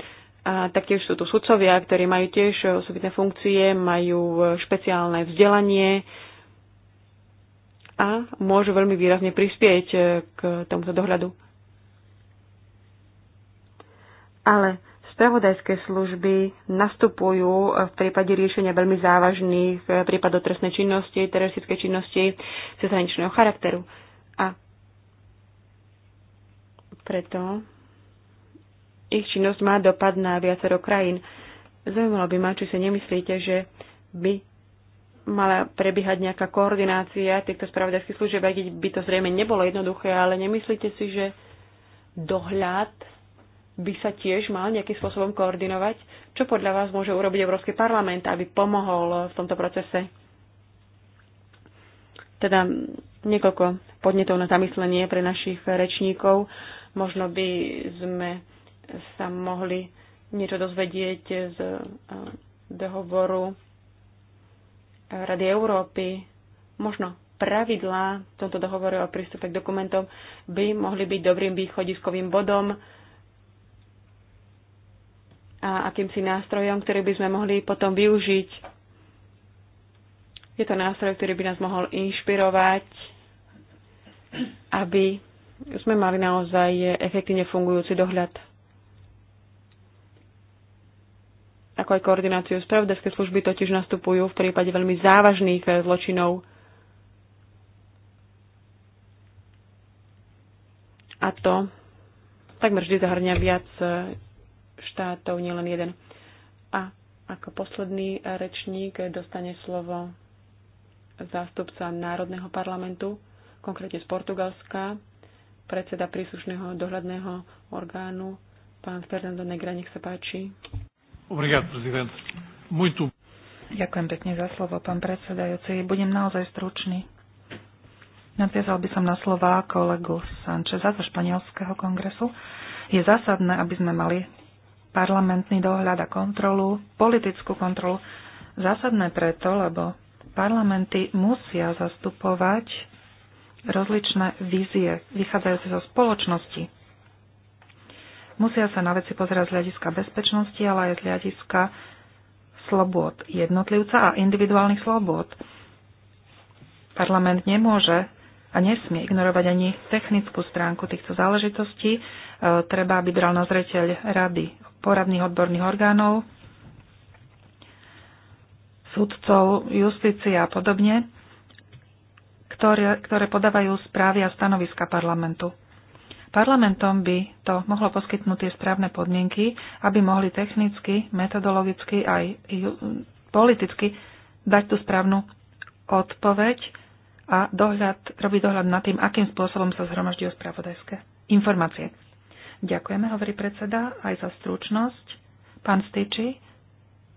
A taktiež sú tu sudcovia, ktorí majú tiež osobitné funkcie, majú špeciálne vzdelanie a môžu veľmi výrazne prispieť k tomuto dohľadu. Ale spravodajské služby nastupujú v prípade riešenia veľmi závažných eh, prípadov trestnej činnosti, teroristickej činnosti cezhraničného charakteru. A preto ich činnosť má dopad na viacero krajín. Zaujímalo by ma, či si nemyslíte, že by mala prebiehať nejaká koordinácia týchto spravodajských služieb, aj keď by to zrejme nebolo jednoduché, ale nemyslíte si, že dohľad by sa tiež mal nejakým spôsobom koordinovať. Čo podľa vás môže urobiť Európsky parlament, aby pomohol v tomto procese? Teda niekoľko podnetov na zamyslenie pre našich rečníkov. Možno by sme sa mohli niečo dozvedieť z e, dohovoru Rady Európy. Možno pravidlá v tomto dohovore o prístupe k dokumentom by mohli byť dobrým východiskovým bodom a akýmsi nástrojom, ktorý by sme mohli potom využiť. Je to nástroj, ktorý by nás mohol inšpirovať, aby sme mali naozaj efektívne fungujúci dohľad. Ako aj koordináciu spravodajské služby totiž nastupujú v prípade veľmi závažných eh, zločinov. A to takmer vždy zahrňa viac eh, štátov, nielen jeden. A ako posledný rečník dostane slovo zástupca Národného parlamentu, konkrétne z Portugalska, predseda príslušného dohľadného orgánu, pán Fernando Negra, nech sa páči. Obrigado, prezident. Muito. Ďakujem pekne za slovo, pán predsedajúci. Budem naozaj stručný. Nadviazal by som na slova kolegu Sančeza zo španielského kongresu. Je zásadné, aby sme mali parlamentný dohľad a kontrolu, politickú kontrolu. Zásadné preto, lebo parlamenty musia zastupovať rozličné vízie, vychádzajúce zo spoločnosti. Musia sa na veci pozerať z hľadiska bezpečnosti, ale aj z hľadiska slobôd jednotlivca a individuálnych slobôd. Parlament nemôže a nesmie ignorovať ani technickú stránku týchto záležitostí. E, treba, aby bral na zreteľ rady poradných odborných orgánov, sudcov, justície a podobne, ktoré, ktoré podávajú správy a stanoviska parlamentu. Parlamentom by to mohlo poskytnúť tie správne podmienky, aby mohli technicky, metodologicky aj politicky dať tú správnu odpoveď a dohľad, robí dohľad nad tým, akým spôsobom sa zhromažďujú spravodajské informácie. Ďakujeme, hovorí predseda, aj za stručnosť. Pán Stýči,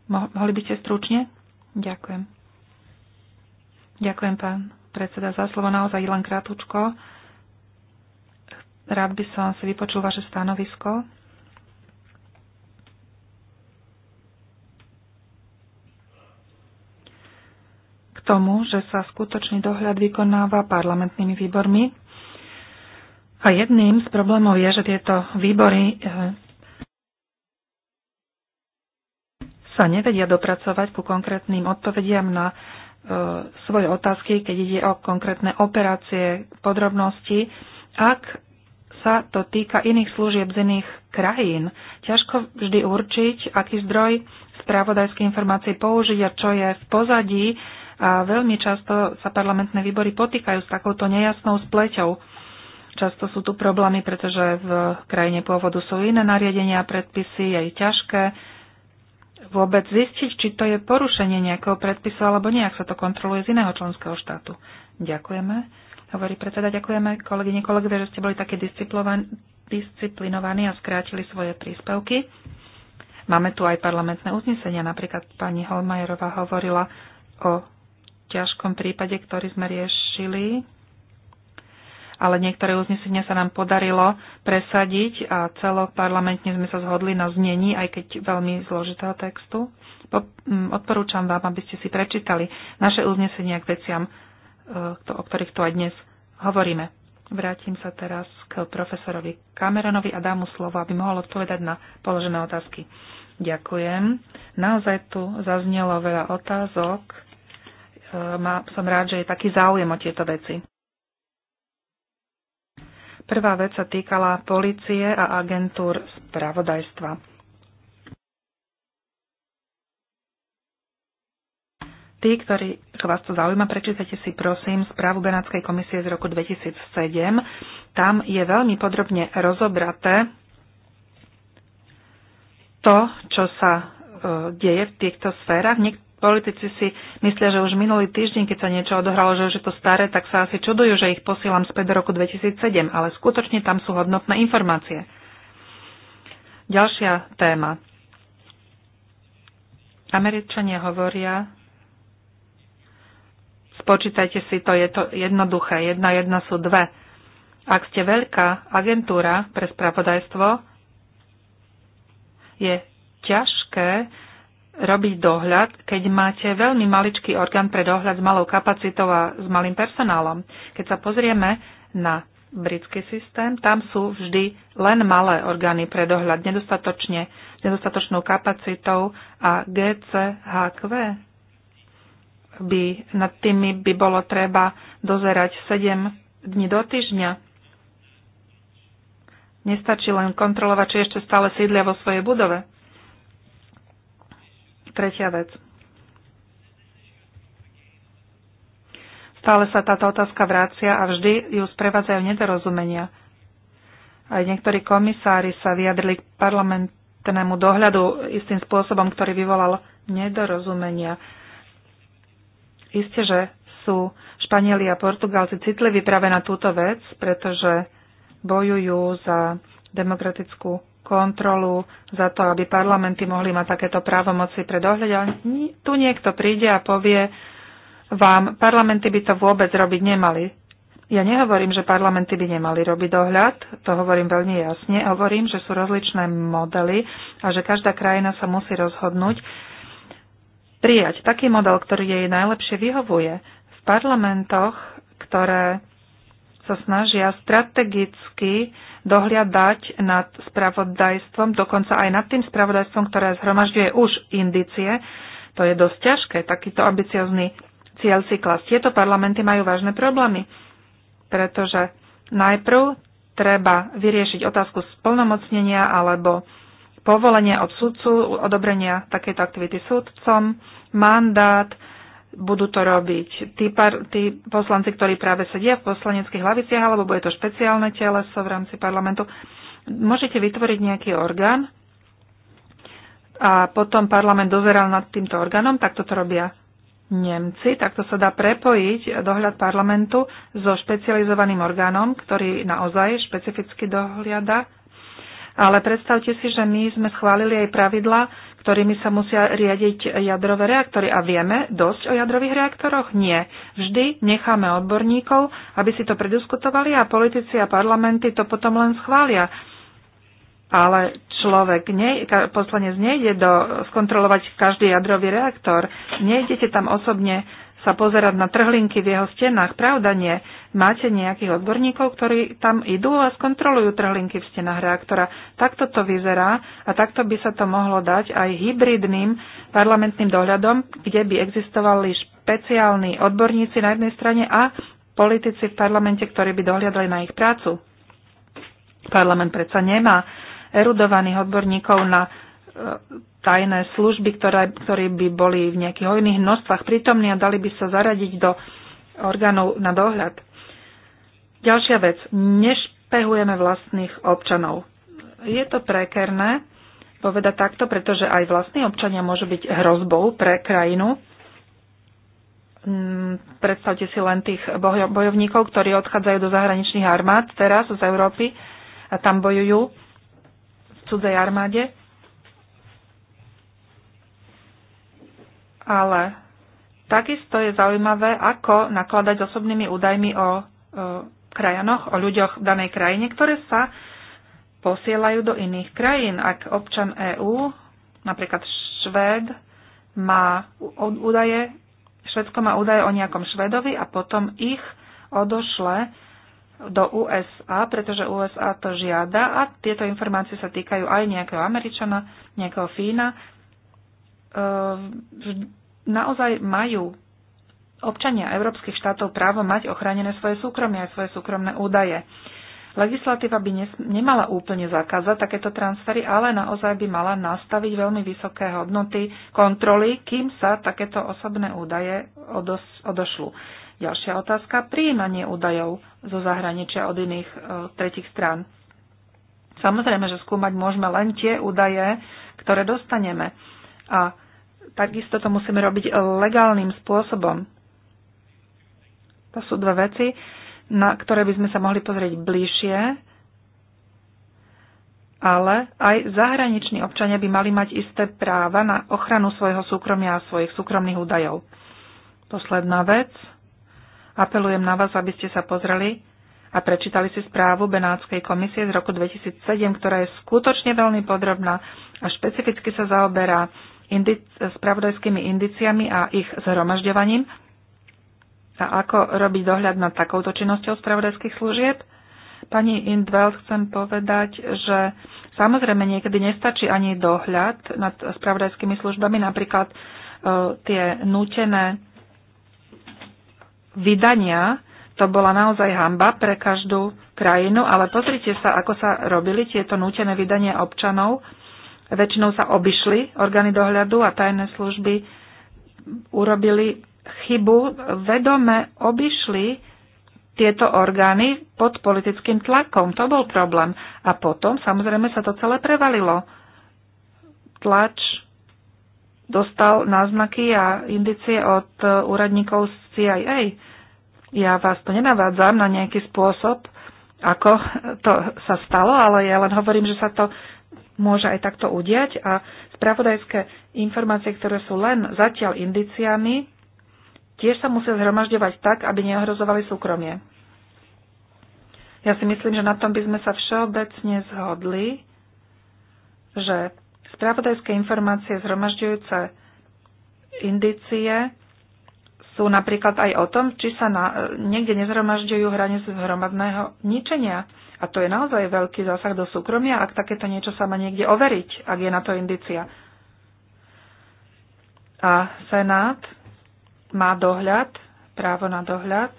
mohli by ste stručne? Ďakujem. Ďakujem, pán predseda, za slovo naozaj len krátučko. Rád by som si vypočul vaše stanovisko tomu, že sa skutočný dohľad vykonáva parlamentnými výbormi. A jedným z problémov je, že tieto výbory eh, sa nevedia dopracovať ku konkrétnym odpovediam na eh, svoje otázky, keď ide o konkrétne operácie, podrobnosti. Ak sa to týka iných služieb z iných krajín, ťažko vždy určiť, aký zdroj spravodajské informácie použiť a čo je v pozadí a veľmi často sa parlamentné výbory potýkajú s takouto nejasnou spleťou. Často sú tu problémy, pretože v krajine pôvodu sú iné nariadenia a predpisy, je ťažké vôbec zistiť, či to je porušenie nejakého predpisu alebo nie, ak sa to kontroluje z iného členského štátu. Ďakujeme. Hovorí predseda, ďakujeme kolegyne, kolegovia, že ste boli také disciplinovaní a skrátili svoje príspevky. Máme tu aj parlamentné uznesenia. Napríklad pani Holmajerová hovorila o ťažkom prípade, ktorý sme riešili, ale niektoré uznesenia sa nám podarilo presadiť a celoparlamentne sme sa zhodli na znení, aj keď veľmi zložitého textu. Mm, odporúčam vám, aby ste si prečítali naše uznesenia k veciam, e, o ktorých tu aj dnes hovoríme. Vrátim sa teraz k profesorovi Cameronovi a dám mu slovo, aby mohol odpovedať na položené otázky. Ďakujem. Naozaj tu zaznelo veľa otázok som rád, že je taký záujem o tieto veci. Prvá vec sa týkala policie a agentúr spravodajstva. Tí, ktorí vás to zaujíma, prečítajte si prosím správu Benátskej komisie z roku 2007. Tam je veľmi podrobne rozobraté to, čo sa e, deje v týchto sférach. Niek- Politici si myslia, že už minulý týždeň, keď sa niečo odohralo, že už je to staré, tak sa asi čudujú, že ich posielam späť do roku 2007, ale skutočne tam sú hodnotné informácie. Ďalšia téma. Američania hovoria, spočítajte si to, je to jednoduché, jedna jedna sú dve. Ak ste veľká agentúra pre spravodajstvo, je ťažké robiť dohľad, keď máte veľmi maličký orgán pre dohľad s malou kapacitou a s malým personálom. Keď sa pozrieme na britský systém, tam sú vždy len malé orgány pre dohľad, nedostatočne, nedostatočnou kapacitou a GCHQ by, nad tými by bolo treba dozerať 7 dní do týždňa. Nestačí len kontrolovať, či ešte stále sídlia vo svojej budove. Tretia vec. Stále sa táto otázka vrácia a vždy ju sprevádzajú nedorozumenia. Aj niektorí komisári sa vyjadrili k parlamentnému dohľadu istým spôsobom, ktorý vyvolal nedorozumenia. Isté, že sú Španieli a Portugálci citliví práve na túto vec, pretože bojujú za demokratickú kontrolu za to, aby parlamenty mohli mať takéto právomoci pre dohľad. Ale tu niekto príde a povie vám, parlamenty by to vôbec robiť nemali. Ja nehovorím, že parlamenty by nemali robiť dohľad, to hovorím veľmi jasne. Hovorím, že sú rozličné modely a že každá krajina sa musí rozhodnúť prijať taký model, ktorý jej najlepšie vyhovuje. V parlamentoch, ktoré sa snažia strategicky dohliadať nad spravodajstvom, dokonca aj nad tým spravodajstvom, ktoré zhromažďuje už indície. To je dosť ťažké, takýto ambiciozný cieľ si klas. Tieto parlamenty majú vážne problémy, pretože najprv treba vyriešiť otázku splnomocnenia alebo povolenia od sudcu, odobrenia takejto aktivity sudcom, mandát, budú to robiť tí, par, tí poslanci, ktorí práve sedia v poslaneckých hlaviciach, alebo bude to špeciálne teleso v rámci parlamentu. Môžete vytvoriť nejaký orgán a potom parlament dozeral nad týmto orgánom, tak toto robia Nemci, takto sa dá prepojiť dohľad parlamentu so špecializovaným orgánom, ktorý naozaj špecificky dohliada. Ale predstavte si, že my sme schválili aj pravidla, ktorými sa musia riadiť jadrové reaktory. A vieme dosť o jadrových reaktoroch? Nie. Vždy necháme odborníkov, aby si to prediskutovali a politici a parlamenty to potom len schvália. Ale človek, ne, poslanec nejde do, skontrolovať každý jadrový reaktor. Nejdete tam osobne sa pozerať na trhlinky v jeho stenách. Pravda nie. Máte nejakých odborníkov, ktorí tam idú a skontrolujú trhlinky v stenách reaktora. Takto to vyzerá a takto by sa to mohlo dať aj hybridným parlamentným dohľadom, kde by existovali špeciálni odborníci na jednej strane a politici v parlamente, ktorí by dohľadali na ich prácu. Parlament predsa nemá erudovaných odborníkov na tajné služby, ktoré, ktorí by boli v nejakých hojných množstvách prítomní a dali by sa zaradiť do orgánov na dohľad. Ďalšia vec. Nešpehujeme vlastných občanov. Je to prekerné povedať takto, pretože aj vlastní občania môžu byť hrozbou pre krajinu. Mm, predstavte si len tých bojovníkov, ktorí odchádzajú do zahraničných armád teraz z Európy a tam bojujú v cudzej armáde Ale takisto je zaujímavé, ako nakladať osobnými údajmi o e, krajanoch, o ľuďoch v danej krajine, ktoré sa posielajú do iných krajín. Ak občan EÚ, napríklad Švéd, má údaje, Švedsko má údaje o nejakom Švedovi a potom ich odošle do USA, pretože USA to žiada a tieto informácie sa týkajú aj nejakého Američana, nejakého Fína, Ehm, naozaj majú občania európskych štátov právo mať ochránené svoje súkromie aj svoje súkromné údaje. Legislatíva by nemala úplne zakázať takéto transfery, ale naozaj by mala nastaviť veľmi vysoké hodnoty kontroly, kým sa takéto osobné údaje odošlu. odošľú. Ďalšia otázka, prijímanie údajov zo zahraničia od iných e, tretich strán. Samozrejme, že skúmať môžeme len tie údaje, ktoré dostaneme. A takisto to musíme robiť legálnym spôsobom. To sú dve veci, na ktoré by sme sa mohli pozrieť bližšie, ale aj zahraniční občania by mali mať isté práva na ochranu svojho súkromia a svojich súkromných údajov. Posledná vec. Apelujem na vás, aby ste sa pozreli a prečítali si správu Benátskej komisie z roku 2007, ktorá je skutočne veľmi podrobná a špecificky sa zaoberá indic- spravodajskými indiciami a ich zhromažďovaním a ako robiť dohľad nad takouto činnosťou spravodajských služieb. Pani Indwell, chcem povedať, že samozrejme niekedy nestačí ani dohľad nad spravodajskými službami, napríklad e, tie nútené vydania, to bola naozaj hamba pre každú krajinu, ale pozrite sa, ako sa robili tieto nútené vydania občanov väčšinou sa obišli orgány dohľadu a tajné služby urobili chybu, vedome obišli tieto orgány pod politickým tlakom. To bol problém. A potom, samozrejme, sa to celé prevalilo. Tlač dostal náznaky a indicie od e, úradníkov z CIA. Ja vás to nenavádzam na nejaký spôsob, ako to sa stalo, ale ja len hovorím, že sa to môže aj takto udiať a spravodajské informácie, ktoré sú len zatiaľ indiciami, tiež sa musia zhromažďovať tak, aby neohrozovali súkromie. Ja si myslím, že na tom by sme sa všeobecne zhodli, že spravodajské informácie zhromažďujúce indície sú napríklad aj o tom, či sa na, niekde nezhromažďujú hranice hromadného ničenia. A to je naozaj veľký zásah do súkromia, ak takéto niečo sa má niekde overiť, ak je na to indicia. A Senát má dohľad, právo na dohľad,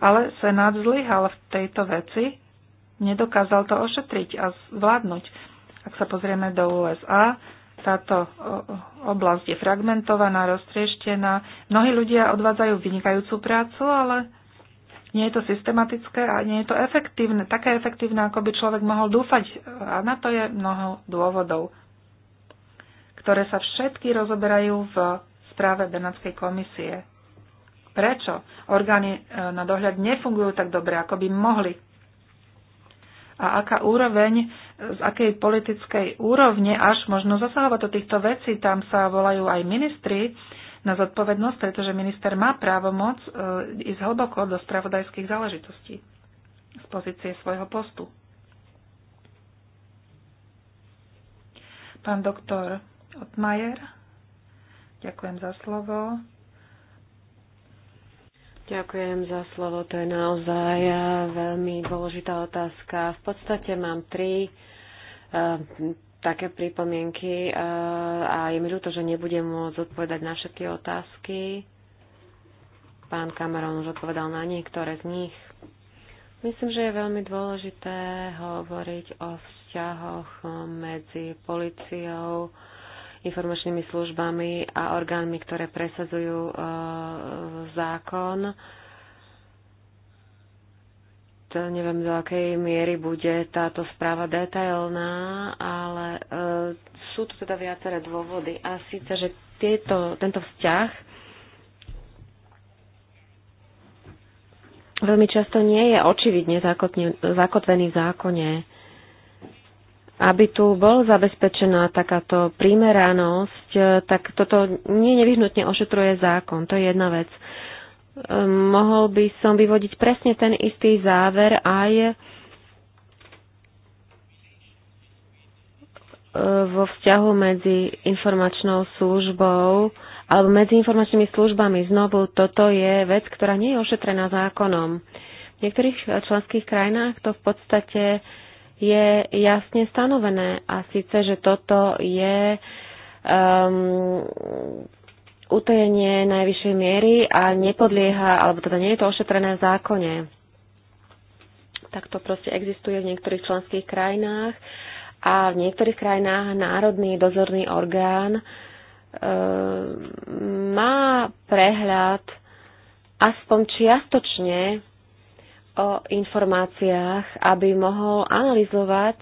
ale Senát zlyhal v tejto veci, nedokázal to ošetriť a zvládnuť. Ak sa pozrieme do USA, táto oblasť je fragmentovaná, roztrieštená. Mnohí ľudia odvádzajú vynikajúcu prácu, ale nie je to systematické a nie je to efektívne, také efektívne, ako by človek mohol dúfať. A na to je mnoho dôvodov, ktoré sa všetky rozoberajú v správe Benátskej komisie. Prečo orgány e, na dohľad nefungujú tak dobre, ako by mohli? A aká úroveň, e, z akej politickej úrovne až možno zasahovať do týchto vecí, tam sa volajú aj ministri, na zodpovednosť, pretože minister má právomoc e, ísť hlboko do spravodajských záležitostí z pozície svojho postu. Pán doktor Otmajer, ďakujem za slovo. Ďakujem za slovo, to je naozaj e, veľmi dôležitá otázka. V podstate mám tri e, také pripomienky eh, a je mi ľúto, že nebudem môcť odpovedať na všetky otázky. Pán Cameron už odpovedal na niektoré z nich. Myslím, že je veľmi dôležité hovoriť o vzťahoch medzi policiou, informačnými službami a orgánmi, ktoré presadzujú eh, zákon neviem, do akej miery bude táto správa detailná, ale e, sú tu teda viaceré dôvody. A síce, že tieto, tento vzťah veľmi často nie je očividne zakotvený v zákone. Aby tu bol zabezpečená takáto primeranosť, e, tak toto nie nevyhnutne ošetruje zákon. To je jedna vec. E, Ehm, mohol by som vyvodiť presne ten istý záver aj e, vo vzťahu medzi informačnou službou alebo medzi informačnými službami. Znovu, toto je vec, ktorá nie je ošetrená zákonom. V niektorých členských krajinách to v podstate je jasne stanovené a síce, že toto je um, utajenie najvyššej miery a nepodlieha, alebo teda nie je to ošetrené v zákone. Tak to proste existuje v niektorých členských krajinách a v niektorých krajinách národný dozorný orgán e, má prehľad aspoň čiastočne o informáciách, aby mohol analyzovať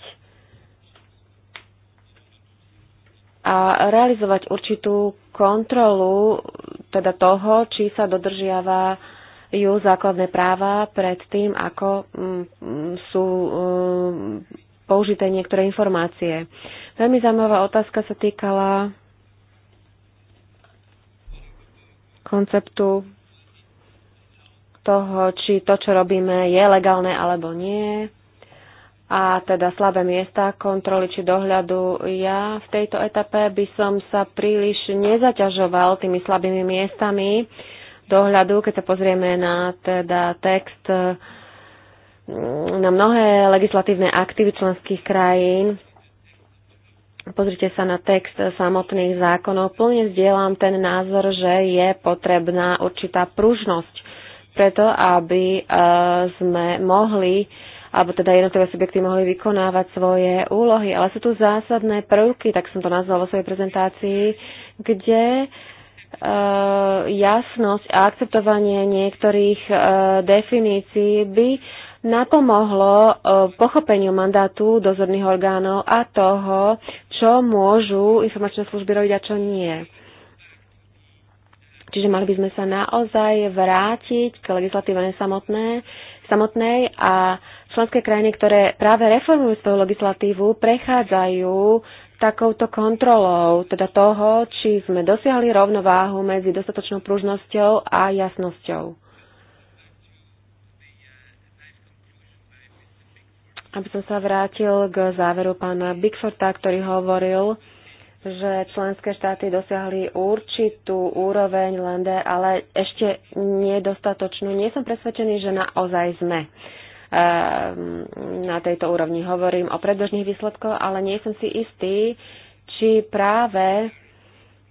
a realizovať určitú kontrolu teda toho, či sa dodržiava ju základné práva pred tým, ako mm, mm, sú mm, použité niektoré informácie. Veľmi zaujímavá otázka sa týkala konceptu toho, či to, čo robíme, je legálne alebo nie a teda slabé miesta kontroly či dohľadu. Ja v tejto etape by som sa príliš nezaťažoval tými slabými miestami dohľadu, keď sa pozrieme na teda text eh, na mnohé legislatívne aktivy členských krajín. Pozrite sa na text samotných zákonov. Plne zdieľam ten názor, že je potrebná určitá pružnosť preto, aby eh, sme mohli alebo teda jednotlivé subjekty mohli vykonávať svoje úlohy. Ale sú tu zásadné prvky, tak som to nazvala vo svojej prezentácii, kde eh, jasnosť a akceptovanie niektorých eh, definícií by napomohlo eh, pochopeniu mandátu dozorných orgánov a toho, čo môžu informačné služby robiť a čo nie. Čiže mali by sme sa naozaj vrátiť k legislatíve samotné, samotnej a členské krajiny, ktoré práve reformujú svoju legislatívu, prechádzajú takouto kontrolou, teda toho, či sme dosiahli rovnováhu medzi dostatočnou pružnosťou a jasnosťou. Aby som sa vrátil k záveru pána Bigforta, ktorý hovoril, že členské štáty dosiahli určitú úroveň lende, ale ešte nedostatočnú. Nie som presvedčený, že naozaj sme. Uh, Ehm, na tejto úrovni. Hovorím o predbežných výsledkoch, ale nie som si istý, či práve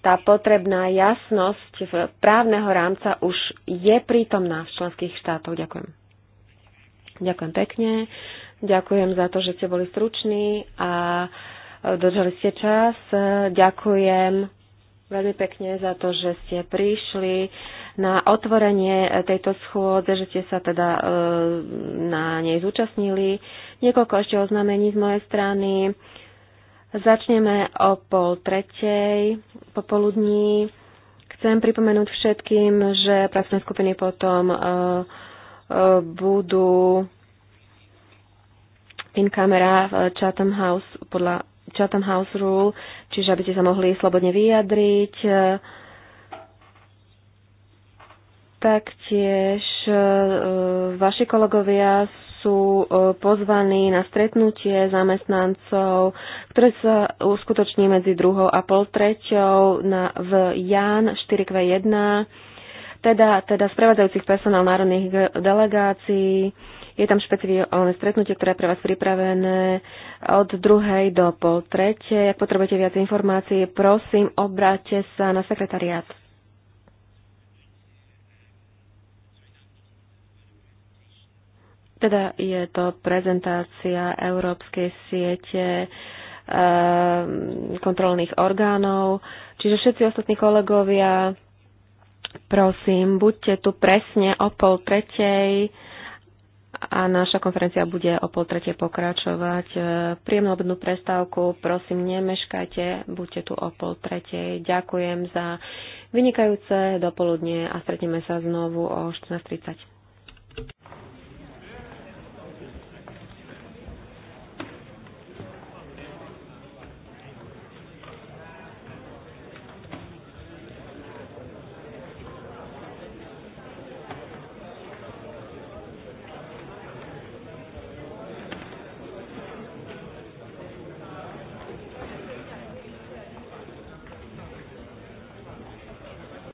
tá potrebná jasnosť v právneho rámca už je prítomná v členských štátoch. Ďakujem. Ďakujem pekne. Ďakujem za to, že ste boli struční a dodržali ste čas. Ďakujem veľmi pekne za to, že ste prišli na otvorenie tejto schôdze, že ste sa teda e, na nej zúčastnili. Niekoľko ešte oznámení z mojej strany. Začneme o pol tretej popoludní. Chcem pripomenúť všetkým, že pracovné skupiny potom e, e, budú in kamera v Chatham House podľa Chatham House Rule, čiže aby ste sa mohli slobodne vyjadriť. Taktiež e, vaši kolegovia sú e, pozvaní na stretnutie zamestnancov, ktoré sa uskutoční medzi druhou a pol treťou na, v Jan 4Q1, teda, teda sprevádzajúcich personál národných delegácií. Je tam špeciálne stretnutie, ktoré je pre vás pripravené od druhej do pol tretej. Ak potrebujete viac informácií, prosím, obráťte sa na sekretariát. Teda je to prezentácia Európskej siete ehm, kontrolných orgánov. Čiže všetci ostatní kolegovia, prosím, buďte tu presne o pol tretej a naša konferencia bude o pol tretej pokračovať. Ehm, príjemnú obednú prestávku, prosím, nemeškajte, buďte tu o pol tretej. Ďakujem za vynikajúce dopoludne a stretneme sa znovu o 14.30.